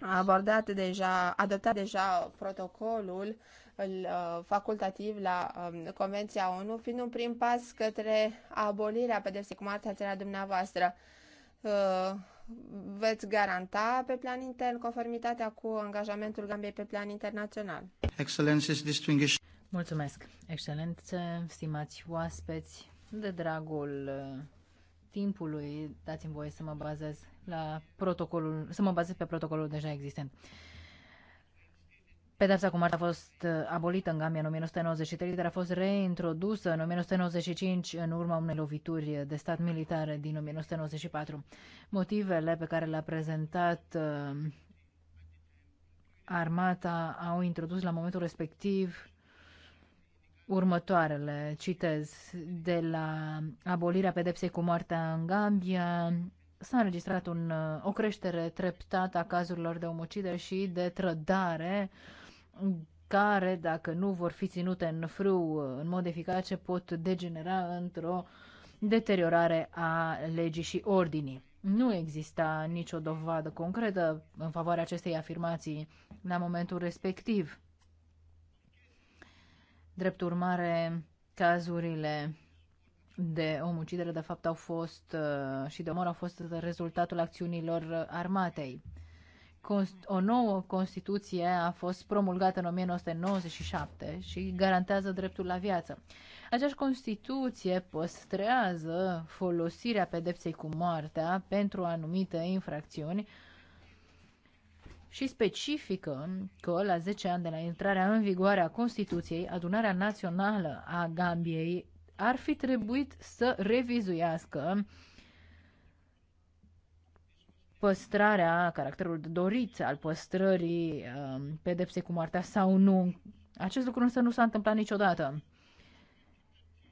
abordat deja, adoptat deja protocolul eh, facultativ la Convenția ONU, fiind un prim pas către abolirea pedepsei cu moartea țara dumneavoastră veți garanta pe plan intern conformitatea cu angajamentul Gambiei pe plan internațional? Excelențe, distinguished. Mulțumesc, excelențe, stimați oaspeți, de dragul uh, timpului, dați-mi voie să mă bazez la protocolul, să mă bazez pe protocolul deja existent. Pedepsa cu moartea a fost uh, abolită în Gambia în 1993, dar a fost reintrodusă în 1995 în urma unei lovituri de stat militare din 1994. Motivele pe care le-a prezentat uh, armata au introdus la momentul respectiv următoarele, citez, de la abolirea pedepsei cu moartea în Gambia, s-a înregistrat un, uh, o creștere treptată a cazurilor de omucidere și de trădare uh, care, dacă nu vor fi ținute în frâu în mod eficace, pot degenera într-o deteriorare a legii și ordinii. Nu exista nicio dovadă concretă în favoarea acestei afirmații la momentul respectiv. Drept urmare, cazurile de omucidere, de fapt, au fost uh, și de omor au fost rezultatul acțiunilor uh, armatei o nouă Constituție a fost promulgată în 1997 și garantează dreptul la viață. Aceeași Constituție păstrează folosirea pedepsei cu moartea pentru anumite infracțiuni și specifică că la 10 ani de la intrarea în vigoare a Constituției, adunarea națională a Gambiei ar fi trebuit să revizuiască păstrarea, caracterul dorit al păstrării um, pedepsei cu moartea sau nu. Acest lucru însă nu s-a întâmplat niciodată.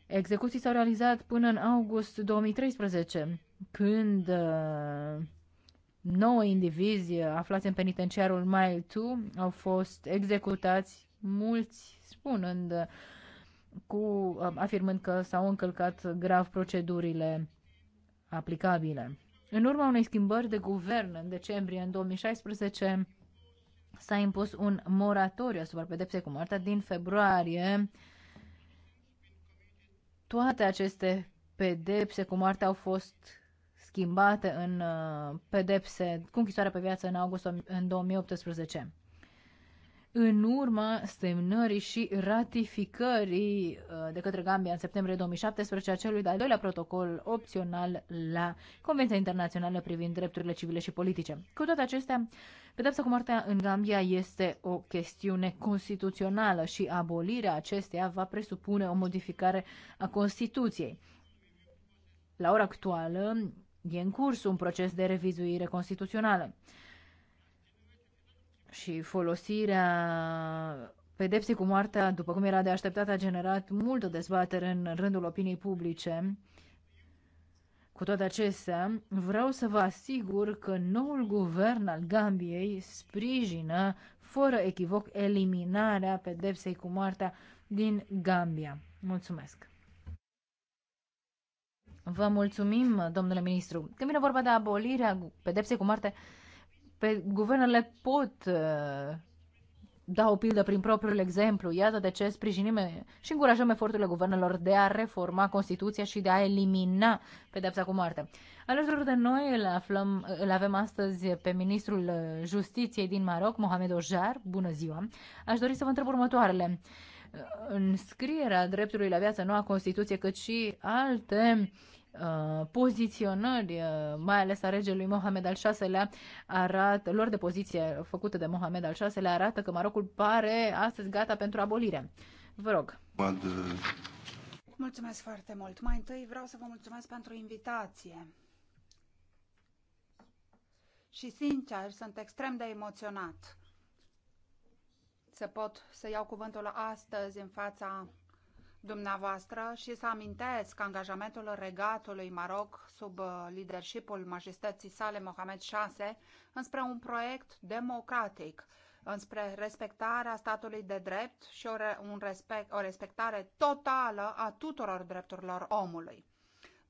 Execuții s-au realizat până în august 2013, când uh, nouă indivizi aflați în penitenciarul Mile 2 au fost executați, mulți spunând cu um, afirmând că s-au încălcat grav procedurile aplicabile. În urma unei schimbări de guvern în decembrie în 2016, s-a impus un moratoriu asupra pedepsei cu moartea din februarie. Toate aceste pedepse cu moartea au fost schimbate în uh, pedepse cu închisoare pe viață în august în 2018 în urma semnării și ratificării uh, de către Gambia în septembrie 2017 a celui de-al doilea protocol opțional la Convenția Internațională privind drepturile civile și politice. Cu toate acestea, pedepsa cu moartea în Gambia este o chestiune constituțională și abolirea acesteia va presupune o modificare a Constituției. La ora actuală e în curs un proces de revizuire constituțională și folosirea pedepsii cu moartea, după cum era de așteptat, a generat multă dezbatere în rândul opiniei publice. Cu toate acestea, vreau să vă asigur că noul guvern al Gambiei sprijină, fără echivoc, eliminarea pedepsei cu moartea din Gambia. Mulțumesc! Vă mulțumim, domnule ministru. Când vine vorba de abolirea pedepsei cu moarte, pe, guvernele pot uh, da o pildă prin propriul exemplu. Iată de ce sprijinim și încurajăm eforturile guvernelor de a reforma Constituția și de a elimina pedepsa cu moarte. Alături de noi îl, aflăm, îl avem astăzi pe ministrul Justiției din Maroc, Mohamed Ojar. Bună ziua! Aș dori să vă întreb următoarele. în scrierea dreptului la viață, noua Constituție, cât și alte Uh, poziționări, uh, mai ales a regelui Mohamed al VI-lea, arată, lor de poziție făcută de Mohamed al VI-lea arată că Marocul pare astăzi gata pentru abolire. Vă rog. Uh, mulțumesc foarte mult. Mai întâi vreau să vă mulțumesc pentru invitație. Și sincer, sunt extrem de emoționat să pot să iau cuvântul astăzi în fața dumneavoastră și să amintesc angajamentul regatului Maroc sub uh, leadershipul majestății sale Mohamed VI înspre un proiect democratic, înspre respectarea statului de drept și o, un respect, o respectare totală a tuturor drepturilor omului.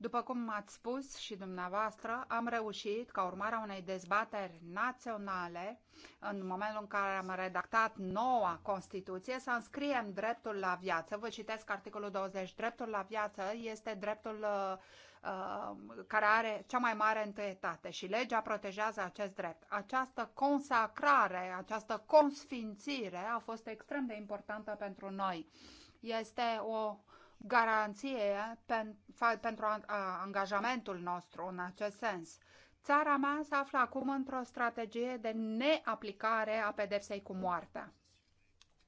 După cum ați spus și dumneavoastră, am reușit, ca urmare a unei dezbateri naționale, în momentul în care am redactat noua Constituție, să înscriem dreptul la viață. Vă citesc articolul 20. Dreptul la viață este dreptul uh, uh, care are cea mai mare întâietate și legea protejează acest drept. Această consacrare, această consfințire a fost extrem de importantă pentru noi. Este o garanție pen, fa, pentru a, a, angajamentul nostru în acest sens. Țara mea se află acum într-o strategie de neaplicare a pedepsei cu moartea.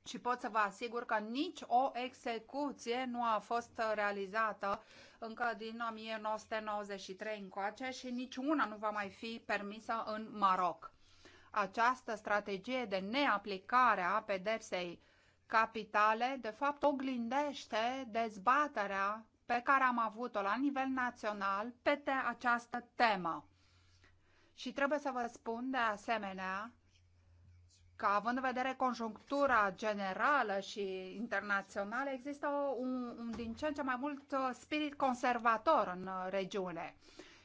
Și pot să vă asigur că nici o execuție nu a fost realizată încă din 1993 încoace și nici una nu va mai fi permisă în Maroc. Această strategie de neaplicare a pedepsei capitale, de fapt, oglindește dezbaterea pe care am avut-o la nivel național pe te această temă. Și trebuie să vă spun de asemenea că, având în vedere conjunctura generală și internațională, există un, un din ce în ce mai mult uh, spirit conservator în uh, regiune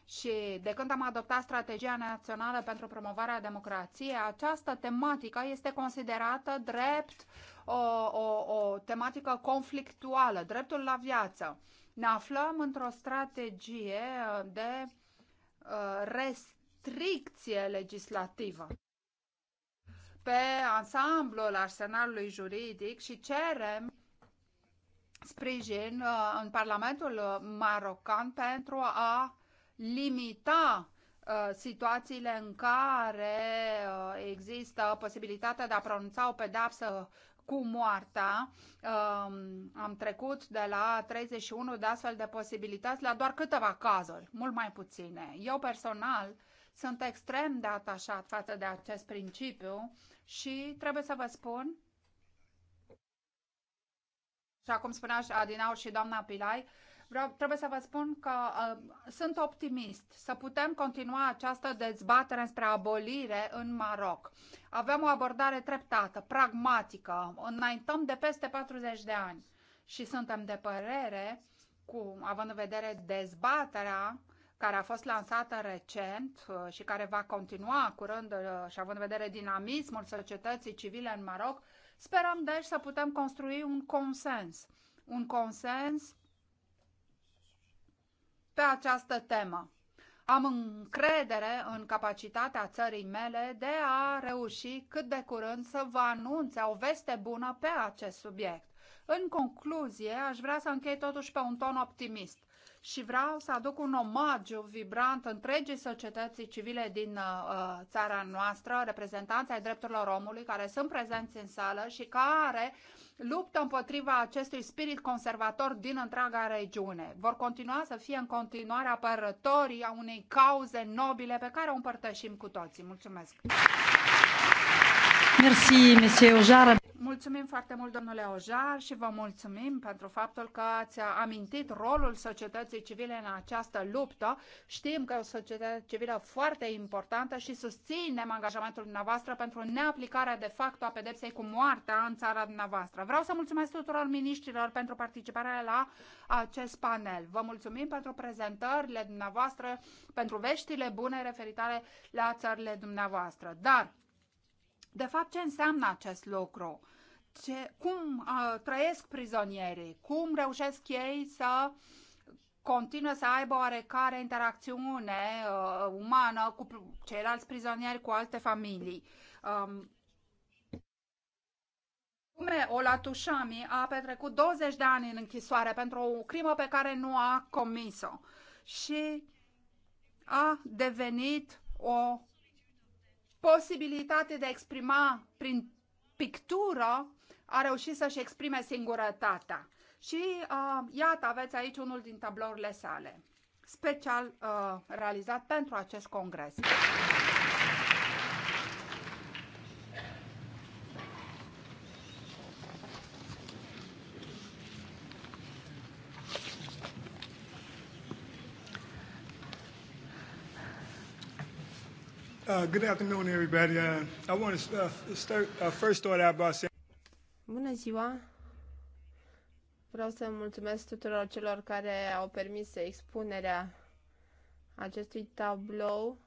și de când am adoptat strategia națională pentru promovarea democrației, această tematică este considerată drept o, o, o tematică conflictuală, dreptul la viață. Ne aflăm într-o strategie de uh, restricție legislativă pe ansamblul arsenalului juridic și cerem sprijin uh, în Parlamentul Marocan pentru a limita uh, situațiile în care uh, există posibilitatea de a pronunța o pedapsă cu moartea. Um, am trecut de la 31 de astfel de posibilități la doar câteva cazuri, mult mai puține. Eu personal sunt extrem de atașat față de acest principiu și trebuie să vă spun, și acum spunea Adinaur și doamna Pilai, Vreau, trebuie să vă spun că uh, sunt optimist să putem continua această dezbatere spre abolire în Maroc. Avem o abordare treptată, pragmatică, înaintăm de peste 40 de ani și suntem de părere, cu, având în vedere dezbaterea care a fost lansată recent uh, și care va continua curând uh, și având în vedere dinamismul societății civile în Maroc, sperăm deci să putem construi un consens. Un consens pe această temă. Am încredere în capacitatea țării mele de a reuși cât de curând să vă anunțe o veste bună pe acest subiect. În concluzie, aș vrea să închei totuși pe un ton optimist și vreau să aduc un omagiu vibrant întregii societății civile din uh, țara noastră, reprezentanții ai drepturilor omului care sunt prezenți în sală și care luptă împotriva acestui spirit conservator din întreaga regiune. Vor continua să fie în continuare apărătorii a unei cauze nobile pe care o împărtășim cu toții. Mulțumesc! Merci, Mulțumim foarte mult, domnule Ojar, și vă mulțumim pentru faptul că ați amintit rolul societății civile în această luptă. Știm că e o societate civilă foarte importantă și susținem angajamentul dumneavoastră pentru neaplicarea de facto a pedepsei cu moartea în țara dumneavoastră. Vreau să mulțumesc tuturor miniștrilor pentru participarea la acest panel. Vă mulțumim pentru prezentările dumneavoastră, pentru veștile bune referitoare la țările dumneavoastră. Dar de fapt, ce înseamnă acest lucru? Ce, cum uh, trăiesc prizonierii? Cum reușesc ei să continuă să aibă oarecare interacțiune uh, umană cu ceilalți prizonieri, cu alte familii? Um, Ume Olatușami a petrecut 20 de ani în închisoare pentru o crimă pe care nu a comis-o și a devenit o posibilitate de a exprima prin pictură, a reușit să-și exprime singurătatea. Și uh, iată, aveți aici unul din tablourile sale, special uh, realizat pentru acest congres. Uh, good afternoon, everybody. Uh, I want to uh, start, uh, first start out by saying... Bună ziua! Vreau să mulțumesc tuturor celor care au permis expunerea acestui tablou.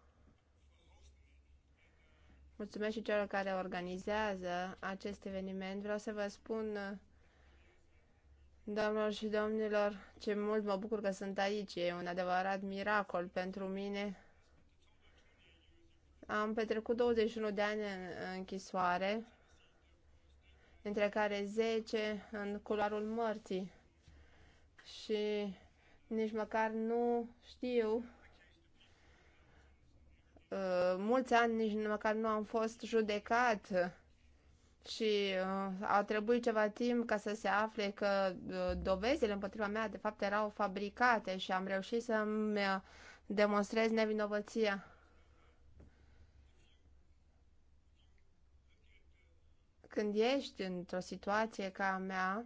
Mulțumesc și celor care organizează acest eveniment. Vreau să vă spun, doamnelor și domnilor, ce mult mă bucur că sunt aici. E un adevărat miracol pentru mine am petrecut 21 de ani în închisoare, între care 10 în culoarul mărții. Și nici măcar nu știu uh, mulți ani nici măcar nu am fost judecat și uh, a trebuit ceva timp ca să se afle că uh, dovezile împotriva mea de fapt erau fabricate și am reușit să-mi uh, demonstrez nevinovăția. când ești într-o situație ca a mea,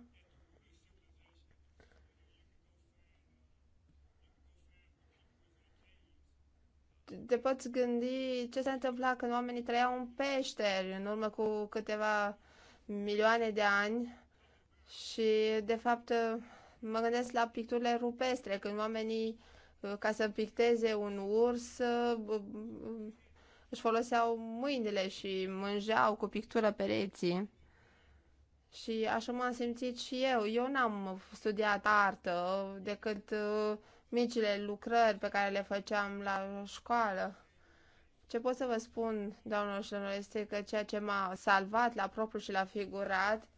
te poți gândi ce s-a întâmplat când oamenii trăiau în peșteri în urmă cu câteva milioane de ani și, de fapt, mă gândesc la picturile rupestre, când oamenii, ca să picteze un urs, își foloseau mâinile și mângeau cu pictură pereții. Și așa m-am simțit și eu. Eu n-am studiat artă decât uh, micile lucrări pe care le făceam la școală. Ce pot să vă spun, doamnelor și domnilor, este că ceea ce m-a salvat la propriu și la figurat,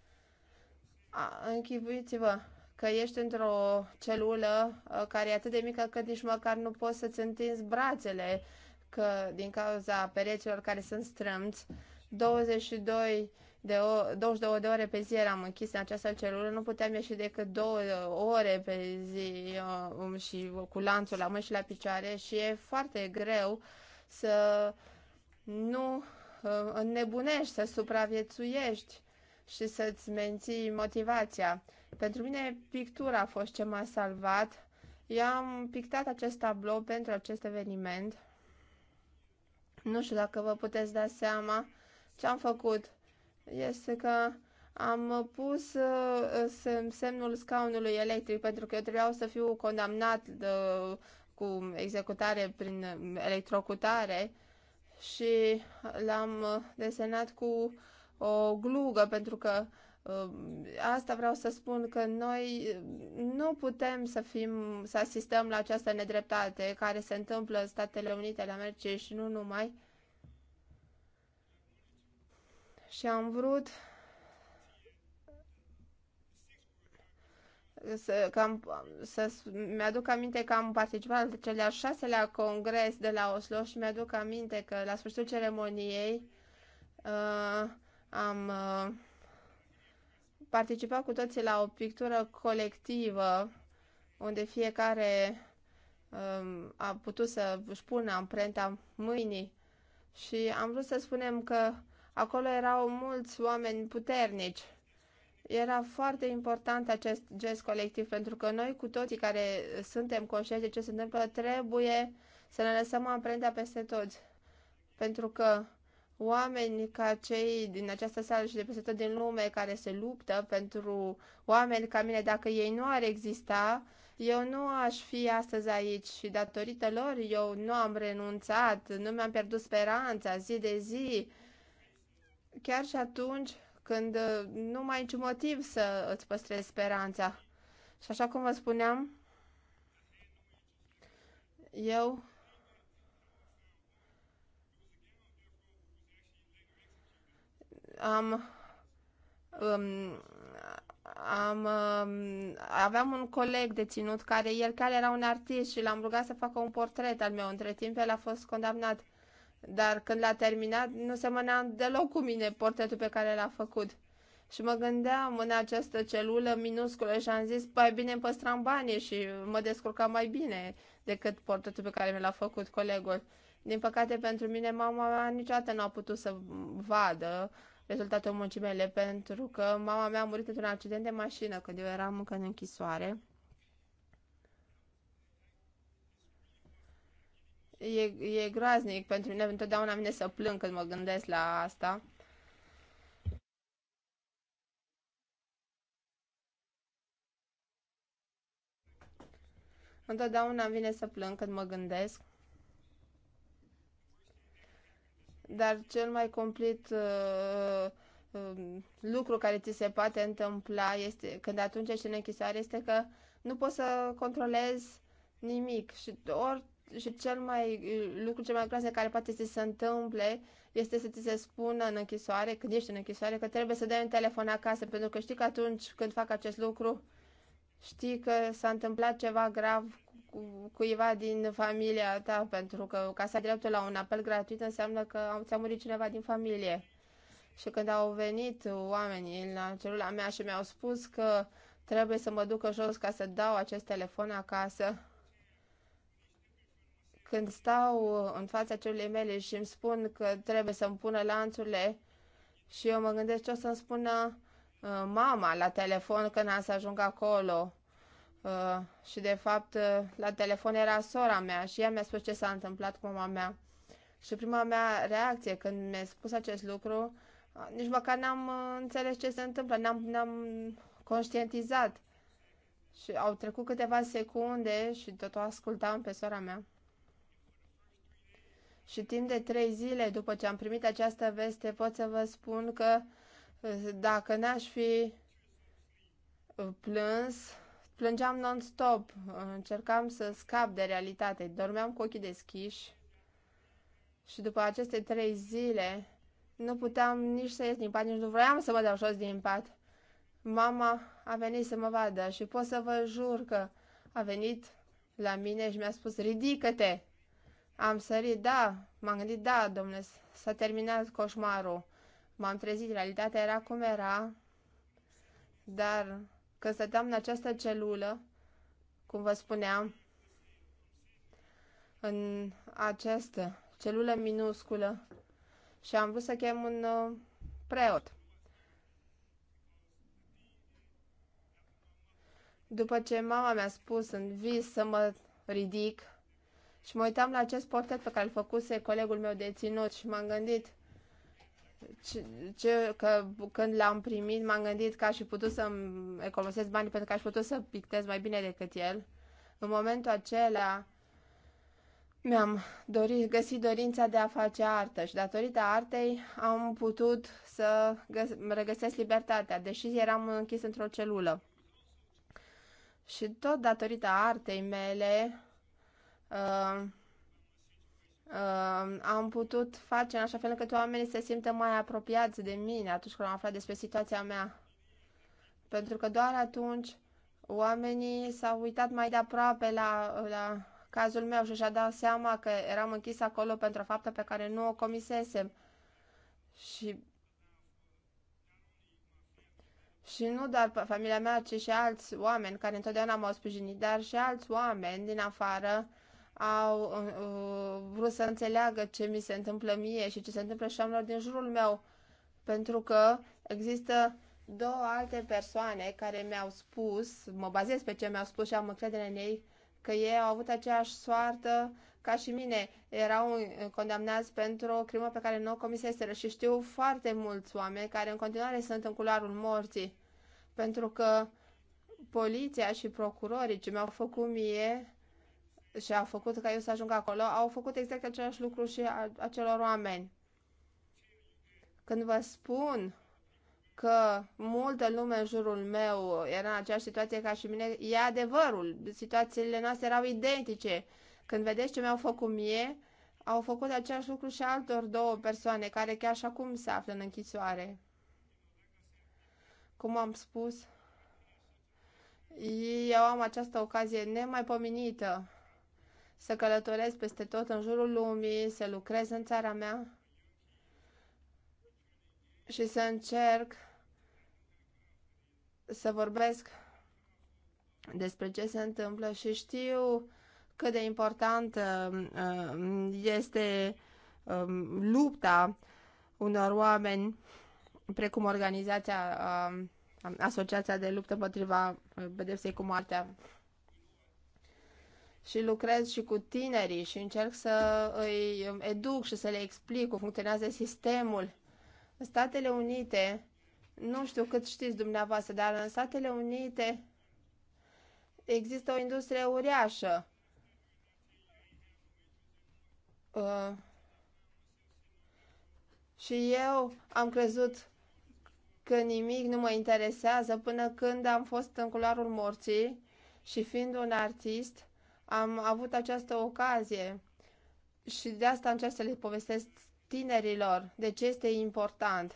a, închipuiți-vă că ești într-o celulă uh, care e atât de mică că nici măcar nu poți să-ți întinzi brațele că din cauza pereților care sunt strâmți, 22 de o, 22 de ore pe zi eram închis în această celulă, nu puteam ieși decât două ore pe zi uh, um, și cu lanțul la mâini și la picioare și e foarte greu să nu uh, înnebunești, să supraviețuiești și să-ți menții motivația. Pentru mine pictura a fost ce m-a salvat. Eu am pictat acest tablou pentru acest eveniment nu știu dacă vă puteți da seama ce am făcut. Este că am pus uh, semnul scaunului electric pentru că eu trebuiau să fiu condamnat de, cu executare prin electrocutare și l-am desenat cu o glugă pentru că Um, asta vreau să spun că noi um, nu putem să fim, să asistăm la această nedreptate care se întâmplă în Statele Unite ale Americii și nu numai. Și am vrut să, că să mi-aduc aminte că am participat la cel de-al șaselea congres de la Oslo și mi-aduc aminte că la sfârșitul ceremoniei uh, am uh, Participa cu toții la o pictură colectivă unde fiecare um, a putut să își pună amprenta mâinii și am vrut să spunem că acolo erau mulți oameni puternici. Era foarte important acest gest colectiv pentru că noi cu toții care suntem conștienți de ce se întâmplă trebuie să ne lăsăm amprenta peste toți. Pentru că oameni ca cei din această sală și de peste tot din lume care se luptă pentru oameni ca mine, dacă ei nu ar exista, eu nu aș fi astăzi aici și datorită lor eu nu am renunțat, nu mi-am pierdut speranța zi de zi. Chiar și atunci când uh, nu mai ai niciun motiv să îți păstrezi speranța. Și așa cum vă spuneam, eu am, um, am, um, aveam un coleg deținut care, el care era un artist și l-am rugat să facă un portret al meu. Între timp el a fost condamnat, dar când l-a terminat nu semăna deloc cu mine portretul pe care l-a făcut. Și mă gândeam în această celulă minusculă și am zis, păi bine îmi păstram banii și mă descurcam mai bine decât portretul pe care mi l-a făcut colegul. Din păcate pentru mine, mama niciodată nu a putut să vadă rezultatul muncii mele, pentru că mama mea a murit într-un accident de mașină când eu eram încă în închisoare. E, e groaznic pentru mine, întotdeauna vine să plâng când mă gândesc la asta. Întotdeauna vine să plâng când mă gândesc. dar cel mai complet uh, uh, um, lucru care ți se poate întâmpla este, când atunci ești în închisoare este că nu poți să controlezi nimic și ori și cel mai uh, lucru cel mai groaznic care poate să se întâmple este să ți se spună în închisoare, când ești în închisoare, că trebuie să dai un telefon acasă, pentru că știi că atunci când fac acest lucru, știi că s-a întâmplat ceva grav cuiva din familia ta, pentru că ca să ai dreptul la un apel gratuit înseamnă că ți-a murit cineva din familie. Și când au venit oamenii la celula mea și mi-au spus că trebuie să mă ducă jos ca să dau acest telefon acasă, când stau în fața celulei mele și îmi spun că trebuie să-mi pună lanțurile și eu mă gândesc ce o să-mi spună uh, mama la telefon când am să ajung acolo Uh, și de fapt uh, la telefon era sora mea și ea mi-a spus ce s-a întâmplat cu mama mea. Și prima mea reacție când mi-a spus acest lucru, uh, nici măcar n-am înțeles ce se întâmplă, n-am, n-am conștientizat. Și au trecut câteva secunde și tot o ascultam pe sora mea. Și timp de trei zile după ce am primit această veste, pot să vă spun că dacă n-aș fi plâns, Plângeam non-stop, încercam să scap de realitate, dormeam cu ochii deschiși și după aceste trei zile nu puteam nici să ies din pat, nici nu vroiam să mă dau jos din pat. Mama a venit să mă vadă și pot să vă jur că a venit la mine și mi-a spus, ridică-te! Am sărit, da, m-am gândit, da, domnule, s-a terminat coșmarul. M-am trezit, realitatea era cum era, dar că stăteam în această celulă, cum vă spuneam, în această celulă minusculă și am vrut să chem un uh, preot. După ce mama mi-a spus în vis să mă ridic și mă uitam la acest portret pe care îl făcuse colegul meu de ținut și m-am gândit – ce, că când l-am primit m-am gândit că aș fi putut să-mi economisesc banii pentru că aș putut să pictez mai bine decât el. În momentul acela mi-am dorit, găsit dorința de a face artă și datorită artei am putut să găs- regăsesc libertatea, deși eram închis într-o celulă. Și tot datorită artei mele, uh, uh, am putut face în așa fel încât oamenii se simtă mai apropiați de mine atunci când am aflat despre situația mea. Pentru că doar atunci oamenii s-au uitat mai de aproape la, la cazul meu și și-a dat seama că eram închis acolo pentru o faptă pe care nu o comisesem. Și și nu doar familia mea, ci și alți oameni care întotdeauna m-au sprijinit, dar și alți oameni din afară au uh, uh, vrut să înțeleagă ce mi se întâmplă mie și ce se întâmplă și oamenilor din jurul meu, pentru că există două alte persoane care mi-au spus, mă bazez pe ce mi-au spus și am încredere în ei, că ei au avut aceeași soartă ca și mine. Erau uh, condamnați pentru o crimă pe care nu o comiseseră și știu foarte mulți oameni care în continuare sunt în culoarul morții, pentru că poliția și procurorii ce mi-au făcut mie și a făcut ca eu să ajung acolo, au făcut exact același lucru și a, acelor oameni. Când vă spun că multă lume în jurul meu era în aceeași situație ca și mine, e adevărul. Situațiile noastre erau identice. Când vedeți ce mi-au făcut mie, au făcut același lucru și altor două persoane care chiar și acum se află în închisoare. Cum am spus, eu am această ocazie nemaipomenită să călătoresc peste tot în jurul lumii, să lucrez în țara mea și să încerc să vorbesc despre ce se întâmplă și știu cât de important uh, uh, este um, lupta unor oameni precum organizația uh, Asociația de Luptă împotriva pedepsei cu moartea și lucrez și cu tinerii și încerc să îi educ și să le explic cum funcționează sistemul. În Statele Unite, nu știu cât știți dumneavoastră, dar în Statele Unite există o industrie uriașă. Uh, și eu am crezut că nimic nu mă interesează până când am fost în culoarul morții și fiind un artist, am avut această ocazie și de asta încerc să le povestesc tinerilor de ce este important.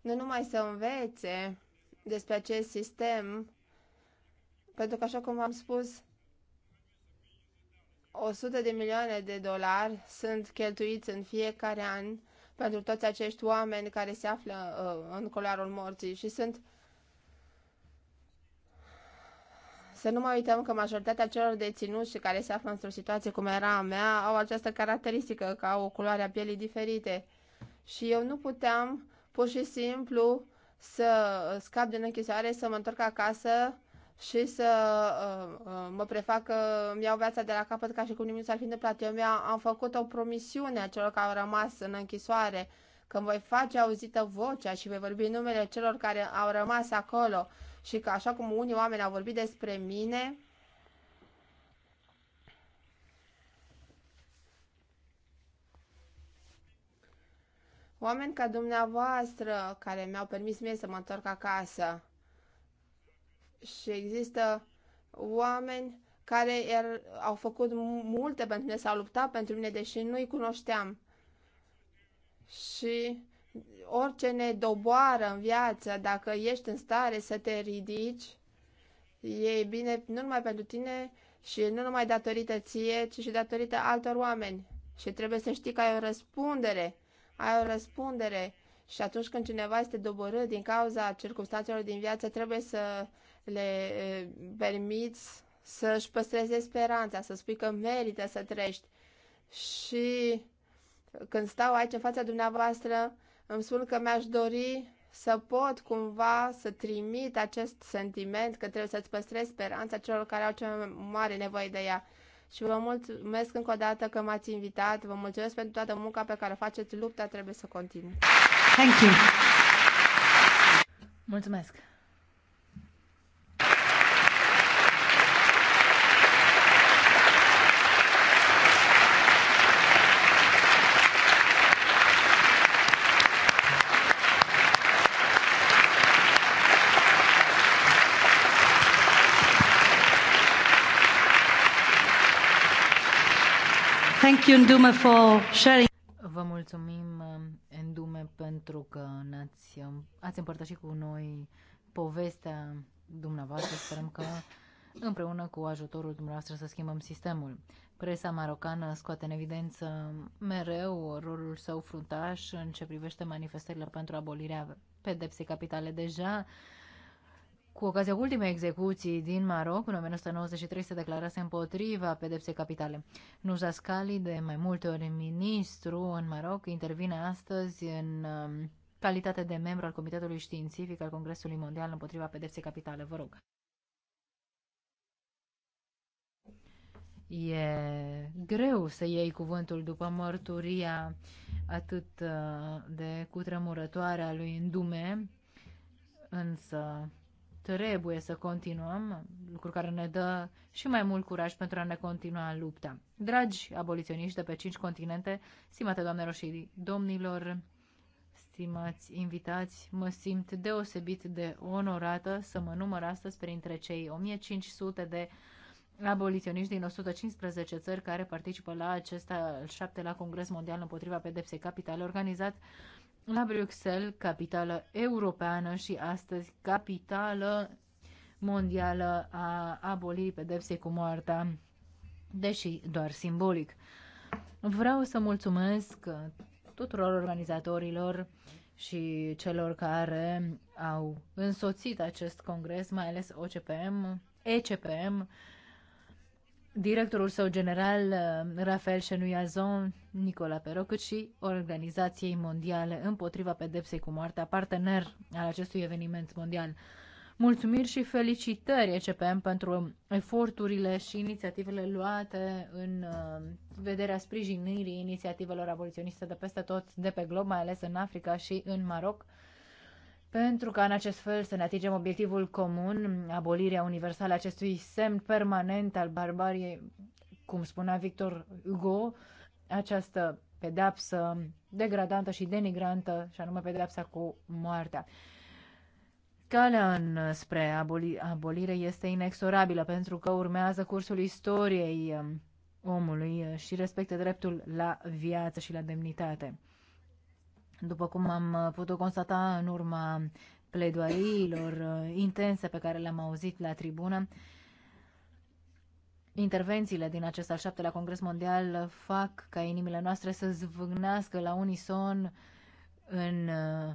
Nu numai să învețe despre acest sistem, pentru că, așa cum am spus, 100 de milioane de dolari sunt cheltuiți în fiecare an pentru toți acești oameni care se află uh, în colarul morții și sunt Să nu mai uităm că majoritatea celor deținuți și care se află într-o situație cum era a mea au această caracteristică că au o culoare a pielii diferite. Și eu nu puteam pur și simplu să scap din închisoare, să mă întorc acasă și să uh, uh, mă prefac că îmi iau viața de la capăt ca și cum nimic s-ar fi întâmplat. Eu mi-am făcut o promisiune a celor care au rămas în închisoare, că voi face auzită vocea și voi vorbi numele celor care au rămas acolo și că așa cum unii oameni au vorbit despre mine, oameni ca dumneavoastră care mi-au permis mie să mă întorc acasă. Și există oameni care er, au făcut multe pentru mine, s-au luptat pentru mine, deși nu-i cunoșteam. Și orice ne doboară în viață, dacă ești în stare să te ridici, e bine nu numai pentru tine și nu numai datorită ție, ci și datorită altor oameni. Și trebuie să știi că ai o răspundere. Ai o răspundere. Și atunci când cineva este doborât din cauza circunstanțelor din viață, trebuie să le permiți să-și păstreze speranța, să spui că merită să trăiești. Și când stau aici în fața dumneavoastră, îmi spun că mi-aș dori să pot cumva să trimit acest sentiment că trebuie să-ți păstrezi speranța celor care au cea mai mare nevoie de ea. Și vă mulțumesc încă o dată că m-ați invitat, vă mulțumesc pentru toată munca pe care o faceți, lupta trebuie să continue. Thank you. Mulțumesc. Vă mulțumim, Endume, eh, pentru că ați eh, ați împărtășit cu noi povestea dumneavoastră. Sperăm că împreună cu ajutorul dumneavoastră să schimbăm sistemul. Presa marocană scoate în evidență mereu rolul său fruntaș în ce privește manifestările pentru abolirea pedepsei capitale. Deja cu ocazia ultimei execuții din Maroc, în 1993, se declarase împotriva pedepsei capitale. Scali, de mai multe ori ministru în Maroc, intervine astăzi în um, calitate de membru al Comitetului Științific al Congresului Mondial împotriva pedepsei capitale. Vă rog. E greu să iei cuvântul după mărturia atât uh, de cutremurătoare a lui Ndume, însă Trebuie să continuăm, lucru care ne dă și mai mult curaj pentru a ne continua lupta. Dragi aboliționiști de pe cinci continente, stimate doamnelor și domnilor, stimați invitați, mă simt deosebit de onorată să mă număr astăzi printre cei 1500 de aboliționiști din 115 țări care participă la acesta al șaptelea Congres Mondial împotriva pedepsei capitale organizat la Bruxelles, capitală europeană și astăzi capitală mondială a abolirii pedepsei cu moartea, deși doar simbolic. Vreau să mulțumesc tuturor organizatorilor și celor care au însoțit acest congres, mai ales OCPM, ECPM, directorul său general, uh, Rafael Chenuiazon, Nicola Pero, cât și Organizației Mondiale împotriva pedepsei cu moartea, partener al acestui eveniment mondial. Mulțumiri și felicitări ECPM pentru eforturile și inițiativele luate în uh, vederea sprijinirii inițiativelor aboliționiste de peste tot de pe glob, mai ales în Africa și în Maroc pentru ca în acest fel să ne atingem obiectivul comun, abolirea universală a acestui semn permanent al barbariei, cum spunea Victor Hugo, această pedapsă degradantă și denigrantă, și anume pedapsa cu moartea. Calea în spre aboli- abolire este inexorabilă pentru că urmează cursul istoriei um, omului și respectă dreptul la viață și la demnitate. După cum am uh, putut constata în urma pledoariilor uh, intense pe care le-am auzit la tribună, intervențiile din acest al șaptelea Congres Mondial fac ca inimile noastre să zvâgnească la unison în uh,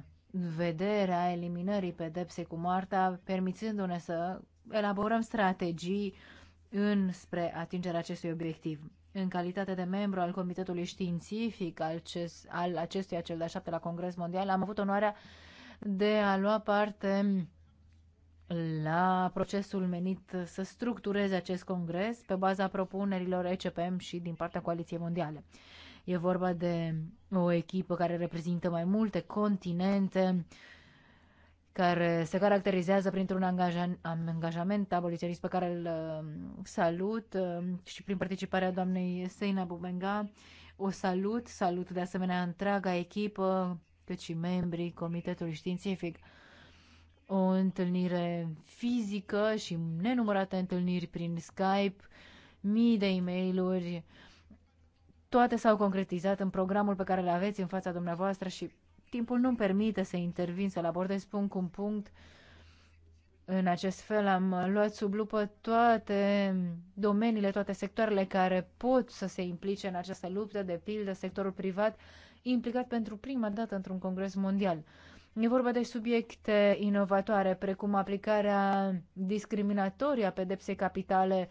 vederea eliminării pedepsei cu moartea, permițându-ne să elaborăm strategii înspre atingerea acestui obiectiv. În calitate de membru al Comitetului Științific al, CES, al acestuia cel de-a șaptelea Congres Mondial, am avut onoarea de a lua parte la procesul menit să structureze acest congres pe baza propunerilor ECPM și din partea Coaliției Mondiale. E vorba de o echipă care reprezintă mai multe continente, uh, care se caracterizează printr-un angajament aboliționist pe care îl um, salut um, și prin participarea doamnei Seina Bubenga. O salut, salut de asemenea întreaga echipă, cât și membrii Comitetului Științific. O întâlnire fizică și nenumărate întâlniri prin Skype, mii de e-mail-uri, toate s-au concretizat în programul pe care le aveți în fața dumneavoastră și timpul nu-mi permite să intervin, să-l abordez punct cu punct. În acest fel am luat sub lupă toate domeniile, toate sectoarele care pot să se implice în această luptă, de pildă sectorul privat, implicat pentru prima dată într-un congres mondial. E vorba de subiecte inovatoare, precum aplicarea discriminatorie a pedepsei capitale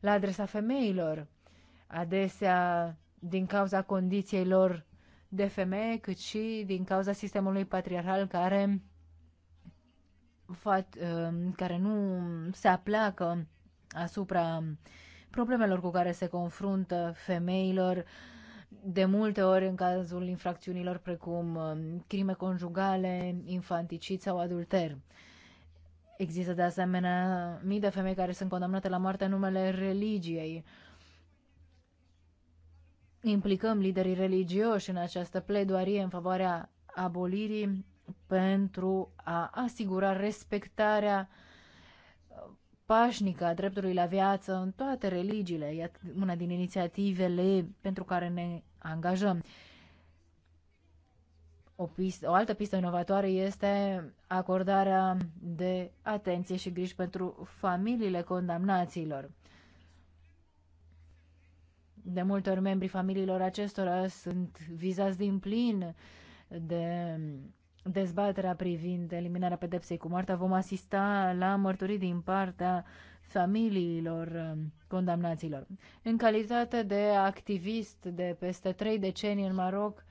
la adresa femeilor, adesea din cauza condiției lor de femeie, cât și din cauza sistemului patriarhal care, fat, uh, care nu se apleacă asupra problemelor cu care se confruntă femeilor, de multe ori în cazul infracțiunilor precum uh, crime conjugale, infanticid sau adulter. Există de asemenea mii de femei care sunt condamnate la moarte în numele religiei. Uh, implicăm liderii religioși în această pledoarie în favoarea abolirii pentru a asigura respectarea pașnică a dreptului la viață în toate religiile. E una din inițiativele pentru care ne angajăm. O, pistă, o altă pistă inovatoare este acordarea de atenție și griji pentru familiile condamnaților. De multe ori membrii familiilor acestora sunt vizați din plin de dezbaterea privind eliminarea pedepsei cu moartea. Vom asista la mărturii din partea familiilor um, condamnaților. În calitate de activist de peste trei decenii în Maroc,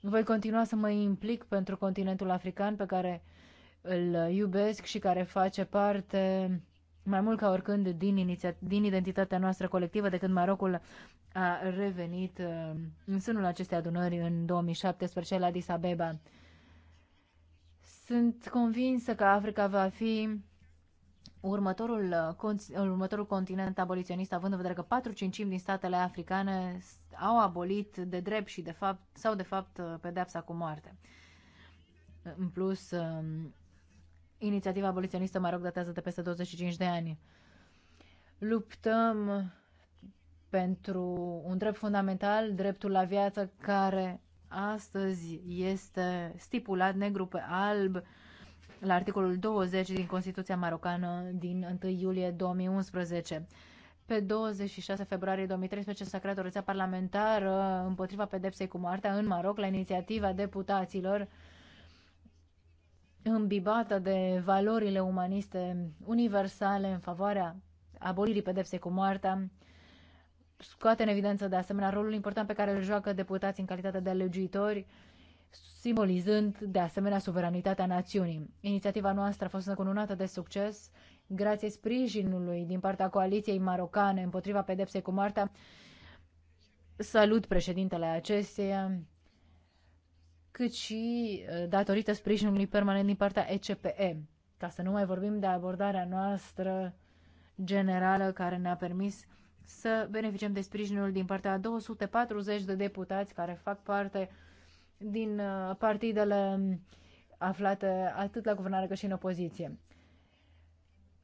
voi continua să mă implic pentru continentul african pe care îl iubesc și care face parte mai mult ca oricând din, din identitatea noastră colectivă de când Marocul a revenit uh, în sânul acestei adunări în 2017 la Addis Abeba. Sunt convinsă că Africa va fi următorul, uh, următorul continent aboliționist, având în vedere că 4 5 din statele africane au abolit de drept și de fapt, sau de fapt uh, pedepsa cu moarte. În plus, um, Inițiativa aboliționistă Maroc datează de peste 25 de ani. Luptăm pentru un drept fundamental, dreptul la viață, care astăzi este stipulat negru pe alb la articolul 20 din Constituția Marocană din 1 iulie 2011. Pe 26 februarie 2013 s-a creat o rețea parlamentară împotriva pedepsei cu moartea în Maroc la inițiativa deputaților îmbibată de valorile umaniste universale în favoarea abolirii pedepsei cu moartea, scoate în evidență de asemenea rolul important pe care îl joacă deputații în calitate de legiuitori, simbolizând de asemenea suveranitatea națiunii. Inițiativa noastră a fost încununată de succes grație sprijinului din partea coaliției marocane împotriva pedepsei cu moartea. Salut președintele acesteia, cât și uh, datorită sprijinului permanent din partea ECPE. Ca să nu mai vorbim de abordarea noastră generală care ne-a permis să beneficiem de sprijinul din partea a 240 de deputați care fac parte din uh, partidele aflate atât la guvernare cât și în opoziție.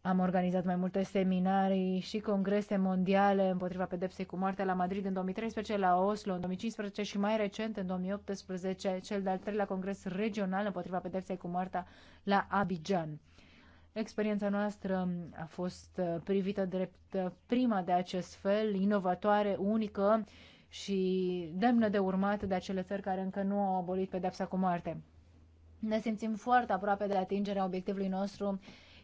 Am organizat mai multe seminarii și congrese mondiale împotriva pedepsei cu moartea la Madrid în 2013, la Oslo în 2015 și mai recent în 2018 cel de-al treilea congres regional împotriva pedepsei cu moartea la Abidjan. Experiența noastră a fost uh, privită drept uh, prima de acest fel, inovatoare, unică și demnă de urmat de acele țări care încă nu au abolit pedepsa cu moarte. Ne simțim foarte aproape de atingerea obiectivului nostru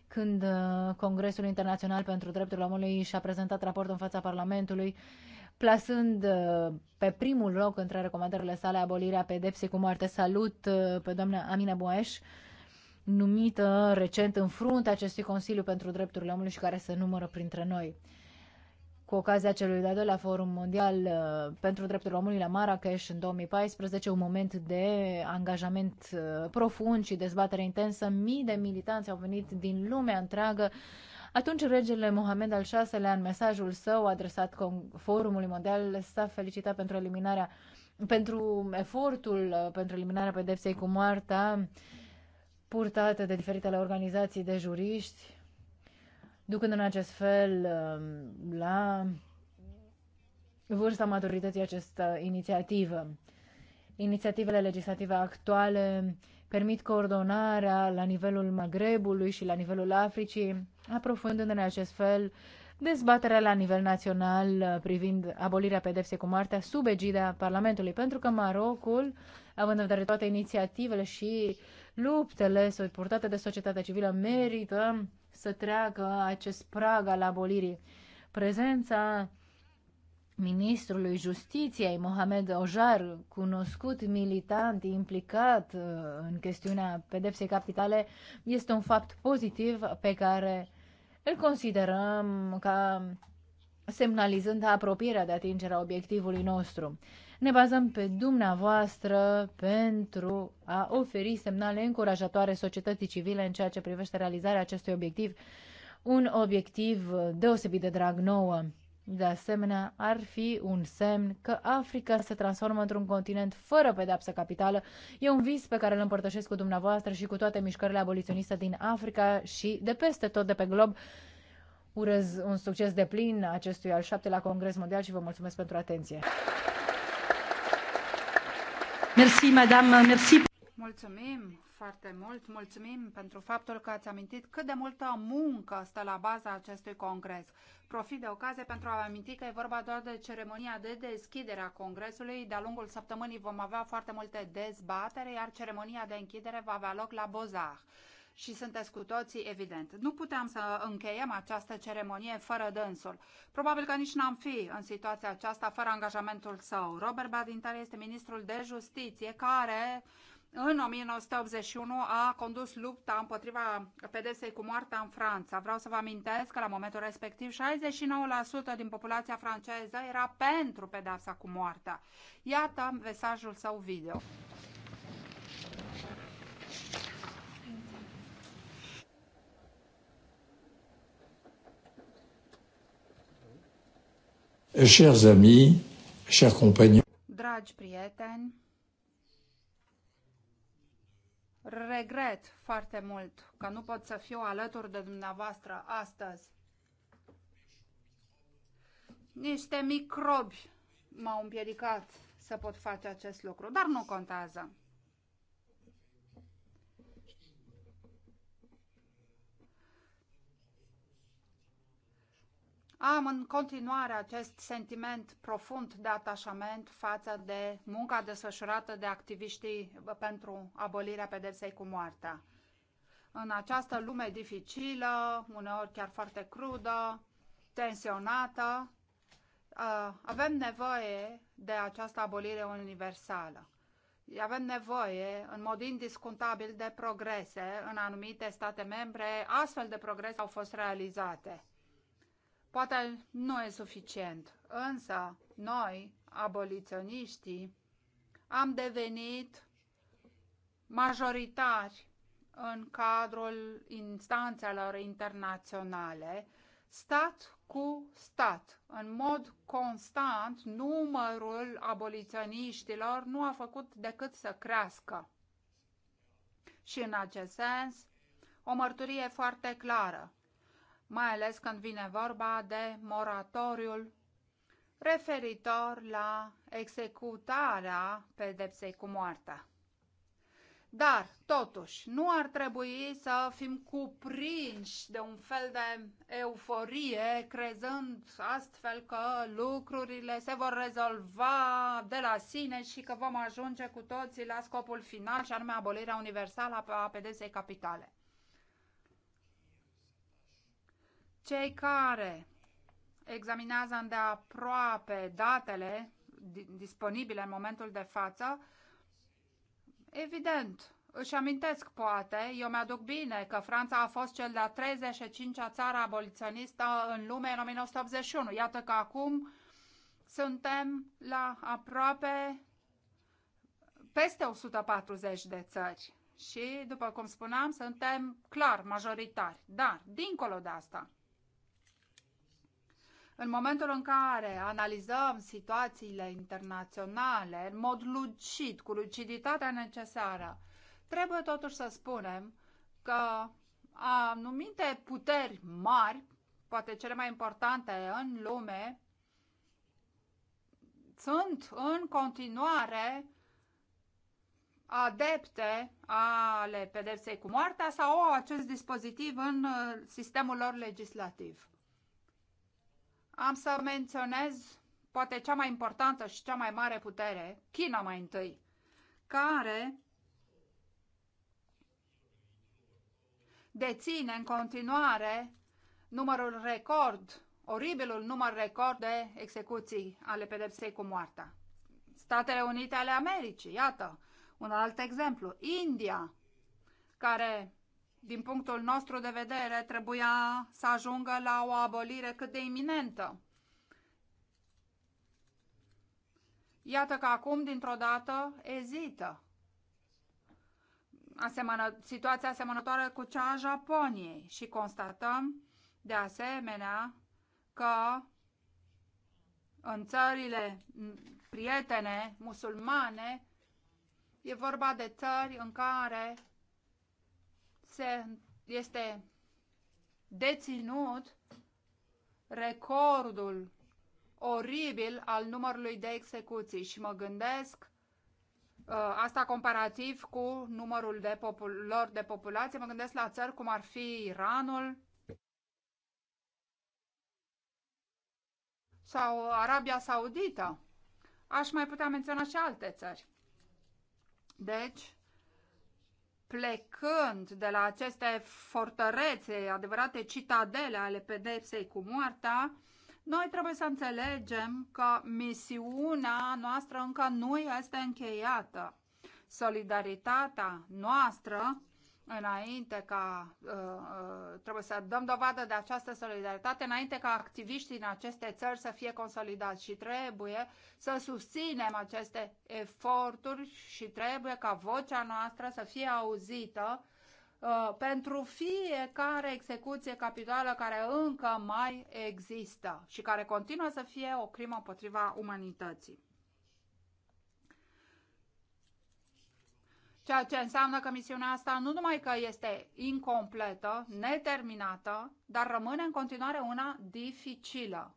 când uh, Congresul Internațional pentru Drepturile Omului și-a prezentat raportul în fața Parlamentului, plasând uh, pe primul loc între recomandările sale abolirea pedepsei cu moarte. Salut uh, pe doamna Amina Boeș, numită recent în frunte acestui Consiliu pentru Drepturile Omului și care se numără printre noi cu ocazia celui de-al doilea forum mondial uh, pentru drepturile omului la Marrakesh în 2014, un moment de angajament uh, profund și dezbatere intensă. Mii de militanți au venit din lumea întreagă. Atunci regele Mohamed al VI-lea, în mesajul său adresat Forumului Mondial, s-a felicitat pentru eliminarea, pentru efortul uh, pentru eliminarea pedepsei cu moartea purtată de diferitele organizații de juriști ducând în acest fel um, la vârsta maturității această inițiativă. Inițiativele legislative actuale permit coordonarea la nivelul Magrebului și la nivelul Africii, aprofundând în acest fel dezbaterea la nivel național uh, privind abolirea pedepsei cu moartea sub egida Parlamentului, pentru că Marocul, având în vedere toate inițiativele și luptele purtate de societatea civilă, merită să treacă acest prag al abolirii. Prezența ministrului justiției Mohamed Ojar, cunoscut militant implicat uh, în chestiunea pedepsei capitale, este un fapt pozitiv pe care îl considerăm ca semnalizând apropierea de atingerea obiectivului nostru. Ne bazăm pe dumneavoastră pentru a oferi semnale încurajatoare societății civile în ceea ce privește realizarea acestui obiectiv, un obiectiv deosebit de drag nouă. De asemenea, ar fi un semn că Africa se transformă într-un continent fără pedapsă capitală. E un vis pe care îl împărtășesc cu dumneavoastră și cu toate mișcările aboliționiste din Africa și de peste tot de pe glob, urez un succes de plin acestui al șaptelea Congres Mondial și vă mulțumesc pentru atenție. Merci, madame, merci. Mulțumim foarte mult, mulțumim pentru faptul că ați amintit cât de multă muncă stă la baza acestui congres. Profit de ocazie pentru a aminti că e vorba doar de ceremonia de deschidere a congresului. De-a lungul săptămânii vom avea foarte multe dezbatere, iar ceremonia de închidere va avea loc la Bozar și sunteți cu toții evident. Nu puteam să încheiem această ceremonie fără dânsul. Probabil că nici n-am fi în situația aceasta fără angajamentul său. Robert Badinter este ministrul de justiție care în 1981 a condus lupta împotriva pedepsei cu moartea în Franța. Vreau să vă amintesc că la momentul respectiv 69% din populația franceză era pentru pedepsa cu moartea. Iată mesajul său video. Chers amis, chers compagnons, Dragi prieteni, regret foarte mult că nu pot să fiu alături de dumneavoastră astăzi. Niște microbi m-au împiedicat să pot face acest lucru, dar nu contează. Am în continuare acest sentiment profund de atașament față de munca desfășurată de activiștii pentru abolirea pedepsei cu moartea. În această lume dificilă, uneori chiar foarte crudă, tensionată, avem nevoie de această abolire universală. Avem nevoie, în mod indiscutabil, de progrese în anumite state membre. Astfel de progrese au fost realizate poate nu e suficient, însă noi, aboliționiștii, am devenit majoritari în cadrul instanțelor internaționale, stat cu stat. În mod constant, numărul aboliționiștilor nu a făcut decât să crească. Și în acest sens, o mărturie foarte clară mai ales când vine vorba de moratoriul referitor la executarea pedepsei cu moartea. Dar, totuși, nu ar trebui să fim cuprinși de un fel de euforie, crezând astfel că lucrurile se vor rezolva de la sine și că vom ajunge cu toții la scopul final, și anume abolirea universală a pedepsei capitale. Cei care examinează îndeaproape datele disponibile în momentul de față, evident, își amintesc poate, eu mi-aduc bine că Franța a fost cel de-a 35-a țară aboliționistă în lume în 1981. Iată că acum suntem la aproape peste 140 de țări și, după cum spuneam, suntem clar majoritari. Dar, dincolo de asta, în momentul în care analizăm situațiile internaționale în mod lucid, cu luciditatea necesară, trebuie totuși să spunem că anumite puteri mari, poate cele mai importante în lume, sunt în continuare adepte ale pedepsei cu moartea sau au acest dispozitiv în uh, sistemul lor legislativ. Am să menționez poate cea mai importantă și cea mai mare putere, China mai întâi, care deține în continuare numărul record, oribilul număr record de execuții ale pedepsei cu moartea. Statele Unite ale Americii, iată, un alt exemplu. India, care din punctul nostru de vedere, trebuia să ajungă la o abolire cât de iminentă. Iată că acum, dintr-o dată, ezită. Asemănă, situația asemănătoare cu cea a Japoniei și constatăm, de asemenea, că în țările prietene musulmane e vorba de țări în care se, este deținut recordul oribil al numărului de execuții și mă gândesc uh, asta comparativ cu numărul de popul- lor de populație, mă gândesc la țări cum ar fi Iranul sau Arabia Saudită. Aș mai putea menționa și alte țări. Deci, plecând de la aceste fortărețe, adevărate citadele ale pedepsei cu moartea, noi trebuie să înțelegem că misiunea noastră încă nu este încheiată. Solidaritatea noastră înainte ca uh, uh, trebuie să dăm dovadă de această solidaritate, înainte ca activiștii în aceste țări să fie consolidați și trebuie să susținem aceste eforturi și trebuie ca vocea noastră să fie auzită uh, pentru fiecare execuție capitală care încă mai există și care continuă să fie o crimă împotriva umanității. Ceea ce înseamnă că misiunea asta nu numai că este incompletă, neterminată, dar rămâne în continuare una dificilă.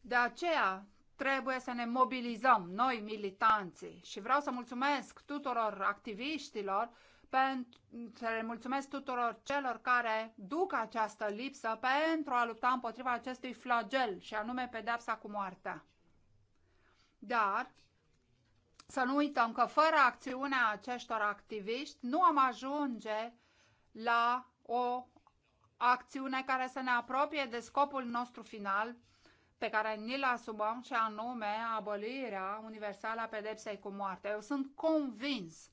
De aceea trebuie să ne mobilizăm noi, militanții, și vreau să mulțumesc tuturor activiștilor, pentru, să le mulțumesc tuturor celor care duc această lipsă pentru a lupta împotriva acestui flagel, și anume pedepsa cu moartea. Dar să nu uităm că fără acțiunea acestor activiști nu am ajunge la o acțiune care să ne apropie de scopul nostru final pe care ni-l asumăm și anume abolirea universală a pedepsei cu moartea. Eu sunt convins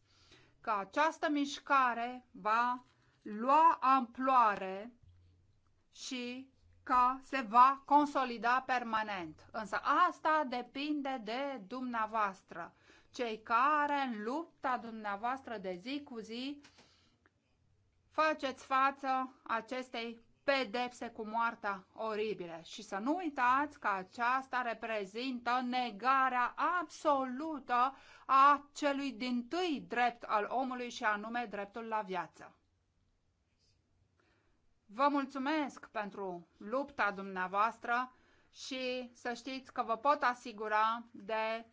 că această mișcare va lua amploare și că se va consolida permanent. Însă asta depinde de dumneavoastră cei care în lupta dumneavoastră de zi cu zi faceți față acestei pedepse cu moartea oribile. Și să nu uitați că aceasta reprezintă negarea absolută a celui din tâi drept al omului și anume dreptul la viață. Vă mulțumesc pentru lupta dumneavoastră și să știți că vă pot asigura de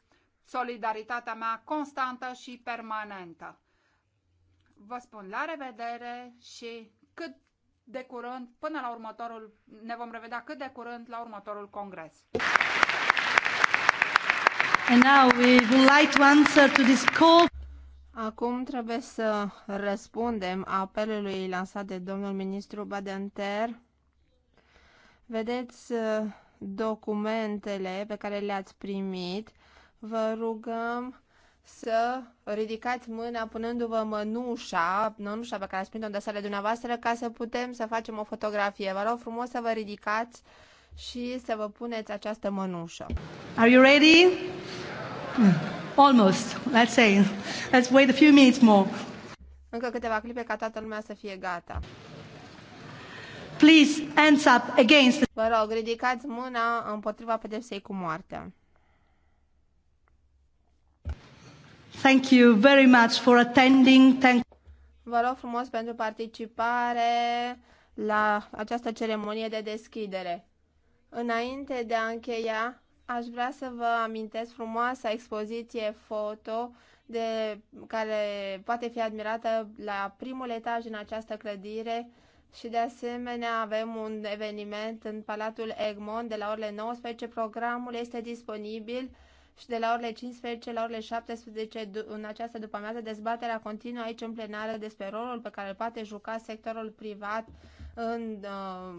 solidaritatea mea constantă și permanentă. Vă spun la revedere și cât de curând, până la următorul, ne vom revedea cât de curând la următorul congres. And now we would like to answer to this call. Acum trebuie să răspundem apelului lansat de domnul ministru Badenter. Vedeți uh, documentele pe care le-ați primit vă rugăm să ridicați mâna punându-vă mănușa, mănușa pe care ați prins-o în dosarele dumneavoastră, ca să putem să facem o fotografie. Vă rog frumos să vă ridicați și să vă puneți această mănușă. Are you ready? Almost, let's say. Let's wait a few minutes more. Încă câteva clipe ca toată lumea să fie gata. Please, hands up against. Vă rog, ridicați mâna împotriva pedepsei cu moartea. Thank you very much for attending. Thank Vă rog frumos pentru participare la această ceremonie de deschidere. Înainte de a încheia, aș vrea să vă amintesc frumoasa expoziție foto de, care poate fi admirată la primul etaj în această clădire și de asemenea avem un eveniment în Palatul Egmont de la orele 19. Programul este disponibil și de la orele 15 la orele 17 în această după amiază dezbaterea continuă aici în plenară despre rolul pe care îl poate juca sectorul privat în uh,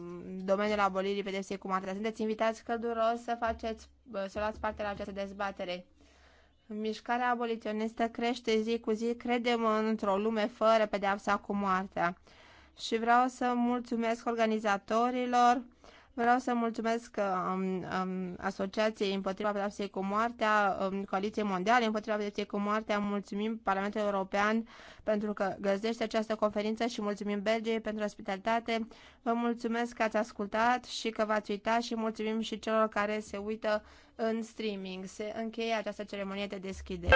domeniul abolirii pedepsei cu moartea. Sunteți invitați călduros să faceți, să luați parte la această dezbatere. Mișcarea aboliționistă crește zi cu zi, credem într-o lume fără pedeapsa cu moartea. Și vreau să mulțumesc organizatorilor, Vreau să mulțumesc um, um, Asociației împotriva pedepsei cu moartea, um, Coaliției Mondiale împotriva pedepsei cu moartea, mulțumim Parlamentul European pentru că găzdește această conferință și mulțumim Belgiei pentru ospitalitate. Vă mulțumesc că ați ascultat și că v-ați uitat și mulțumim și celor care se uită în streaming. Se încheie această ceremonie de deschidere.